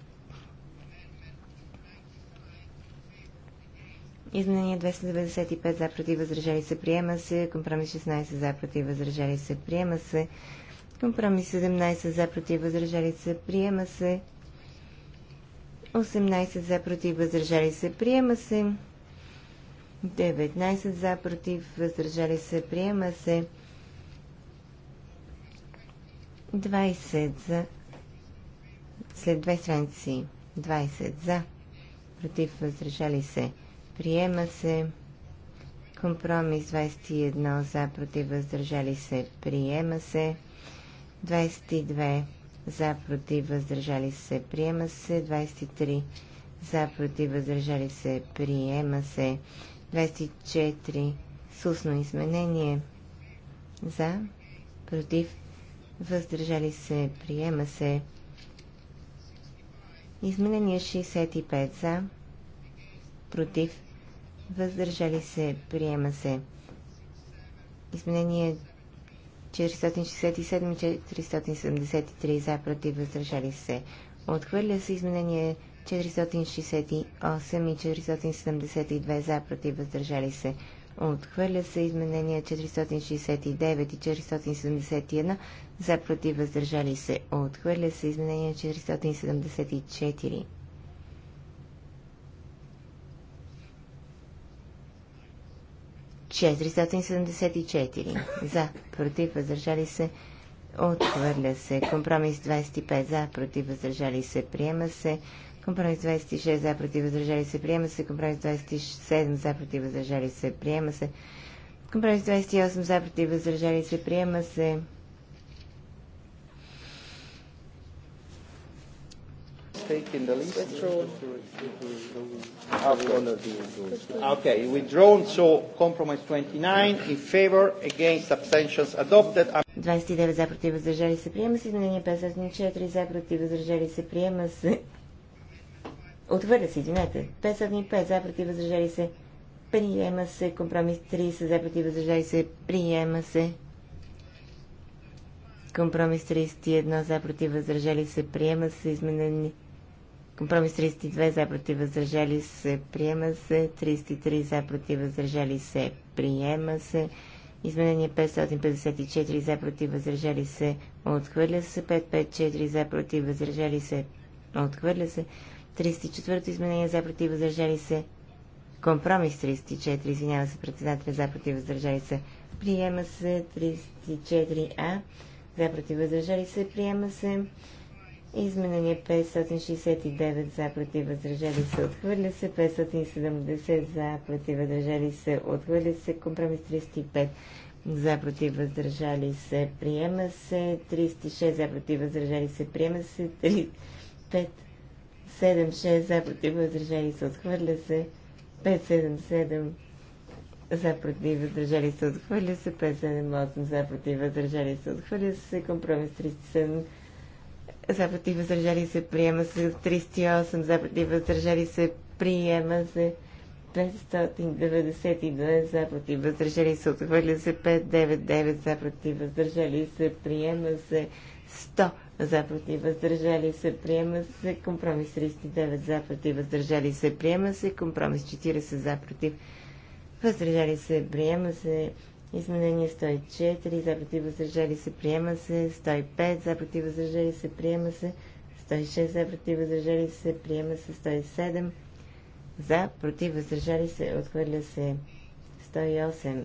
Изменение 295 за против въздържали се приема се. Компромис 16 за против въздържали се приема се. Компромис 17 за против въздържали се приема се. 18 за против въздържали се приема се. 19 за против въздържали се приема се. 20 за след две страници 20 за против въздържали се приема се. Компромис 21 за против въздържали се приема се. 22 за против въздържали се, приема се 23 за против въздържали се, приема се 24 сусно изменение за против въздържали се, приема се изменение 65 за против въздържали се, приема се изменение 467 473 за, против, въздържали се. Отхвърля се изменение 468 и 472 за, против, въздържали се. Отхвърля се изменения 469 и 471 за, против, въздържали се. Отхвърля се изменения 474. 474 за, против, въздържали се, отхвърля се. Компромис 25 за, против, въздържали се, приема се. Компромис 26 за, против, въздържали се, приема се. Компромис 27 за, против, въздържали се, приема се. Компромис 28 за, против, въздържали се, приема се. taken the list? Withdrawn. Okay. withdrawn, so compromise 29, in favor, against, abstentions adopted. 29 за, против, въздържали се, приема с Изменение 504 за, против, въздържали се, приема с... Отвърля се, извинете. 505 за, против, въздържали се, приема се. Компромис 30 за, против, въздържали се, приема се. Компромис 31 за против въздържали се приема с изменени Компромис 32 за против въздържали се приема се. 33 за против въздържали се приема се. Изменение 554 за против възражали се отхвърля се. 554 за против възражали се отхвърля се. 34 изменение за против възражали се. Компромис 34, извинява се председателя за против въздържали се. Приема се 34А. За против въздържали се приема се. Изменение 569 за против въздържали се отхвърля се, 570 за против въздържали се отхвърля се, компромис 35 за против въздържали се приема се, 36 за против въздържали се приема се, 576 за против въздържали се отхвърля се, 577 за против въздържали се отхвърля се, 578 за против въздържали се отхвърля се, компромис 37 за против въздържали се приема се 308, за против въздържали се приема се 592, за против въздържали се отхвърля се 599, за против въздържали се приема се 100, за против въздържали се приема се компромис 39, за против въздържали се приема се компромис 40, за против въздържали се приема се Изменение 104 за против въздържали се приема се 105 за против въздържали се приема се 106 за против въздържали се приема се 107 за против въздържали се отхвърля се 108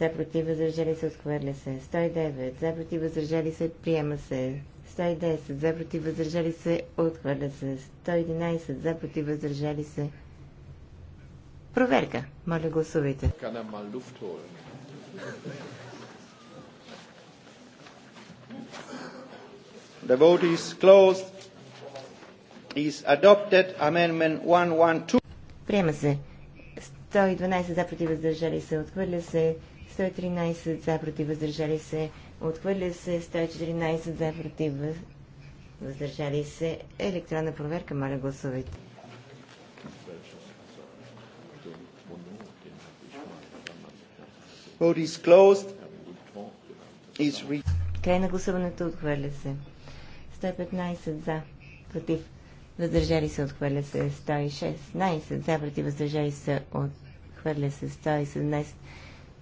за против въздържали се отхвърля се 109 за против въздържали се приема се 110 за против въздържали се отхвърля се 111 за против въздържали се Проверка. Моля гласувайте. The vote is closed. Is adopted amendment 112. Приема се. 112 за против въздържали се. Отхвърля се. 113 за против въздържали се. Отхвърля се. 114 за против въздържали се. Електронна проверка. Моля гласувайте. Vote is closed. Is re... Край на гласуването отхвърля се. 115 за, против, въздържали се, отхвърля се 116 за, против, въздържали се, отхвърля се 117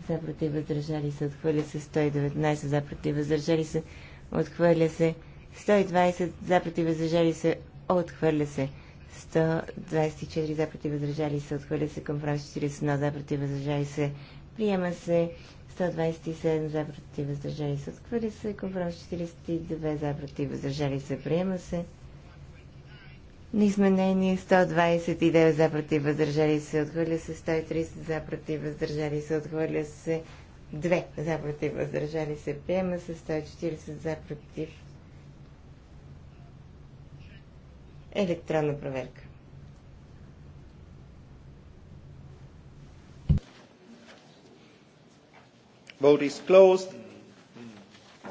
за, против, въздържали се, отхвърля се 119 за, против, въздържали се, отхвърля се 120 за, против, въздържали се, отхвърля се 124 за, против, въздържали се, отхвърля се към 41 за, против, въздържали се, Приема се 127 за против въздържали се. Отхвърля се. Компромис 42 за против въздържали се. Приема се. На изменение 129 за против въздържали се. Отхвърля се. 130 за против въздържали се. Отхвърля се. 2 за против въздържали се. Приема се. 140 за против. Електронна проверка. Vote is closed.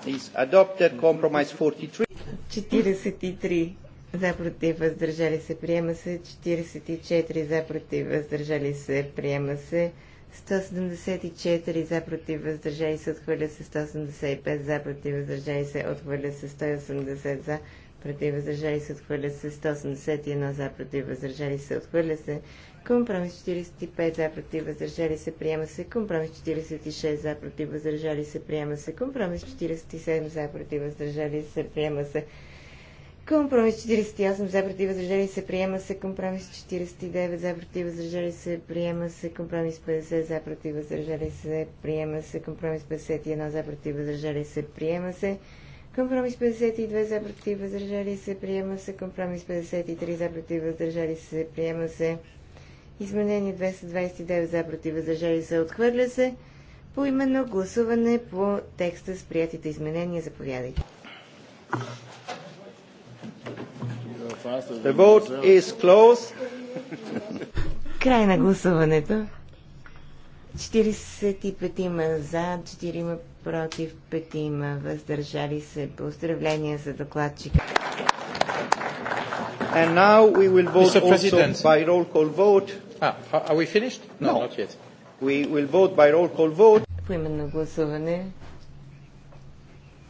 Is adopted. Compromise 43. 43 за против въздържали се приема се 44 за против въздържали се приема се 174 за против въздържали се отхвърля се 175 за против въздържали се отхвърля се 180 за против въздържали се отхвърля се 181 за против въздържали се отхвърля се Компромис 45 за против въздържали се приема се. Компромис 46 за против въздържали се приема се. Компромис 47 за против въздържали се приема се. Компромис 48 за против въздържали се приема се. Компромис 49 за против въздържали се приема се. Компромис 50 за против въздържали се приема се. Компромис 51 за против въздържали се приема се. Компромис 52 за против въздържали се приема се. Компромис 53 за против въздържали се приема се. Изменение 229 за против въздържали се отхвърля се. По именно гласуване по текста с приятите изменения. Заповядайте. The vote is closed. [laughs] Край на гласуването. 45 има за, 4 има против, 5 има въздържали се. Поздравления за докладчика. And now we will vote also by roll call vote Ah, are we finished? No, no. not yet. We will vote by roll call vote. Поименно гласуване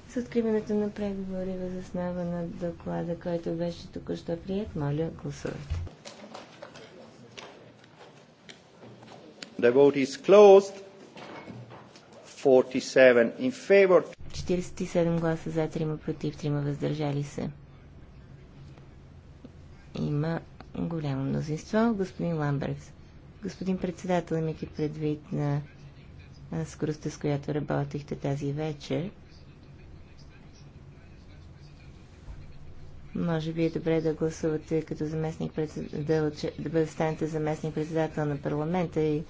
с откриването на преговори въз основа на доклада, който беше току-що прият. Моля, гласувайте. The vote is closed. 47 in favor. 47 гласа за, 3 против, 3 въздържали се. Има голямо мнозинство. Господин Ламберг, господин председател, имайки предвид на скоростта, с която работихте тази вечер, може би е добре да гласувате като заместник председател, да бъде станете заместник председател на парламента и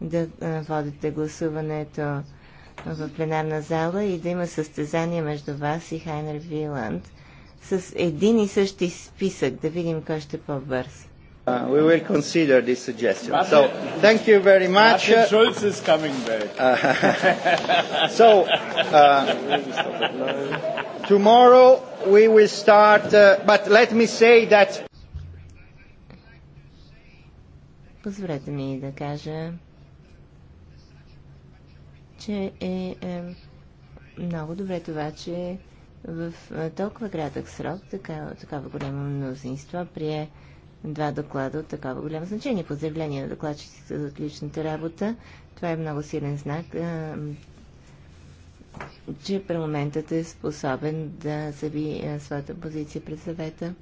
да водите гласуването в пленарна зала и да има състезание между вас и Хайнер Виланд с един и същи списък, да видим кой ще е по-бърз. Uh, we will consider this suggestion. so, thank you very much. Martin Schulz is coming back. Uh, so, uh, tomorrow we will start, uh, but let me say that... Позволете ми да кажа, че е, е много добре това, че в толкова кратък срок такава, такава голяма мнозинство прие два доклада от такова голямо значение. Поздравление на докладчиците за отличната работа. Това е много силен знак, че парламентът е способен да заби своята позиция пред съвета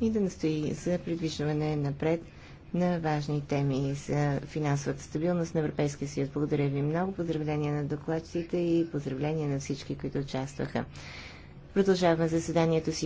и да настои за придвижване напред на важни теми за финансовата стабилност на Европейския съюз. Благодаря ви много. Поздравления на докладчиците и поздравления на всички, които участваха. Продължаваме заседанието си.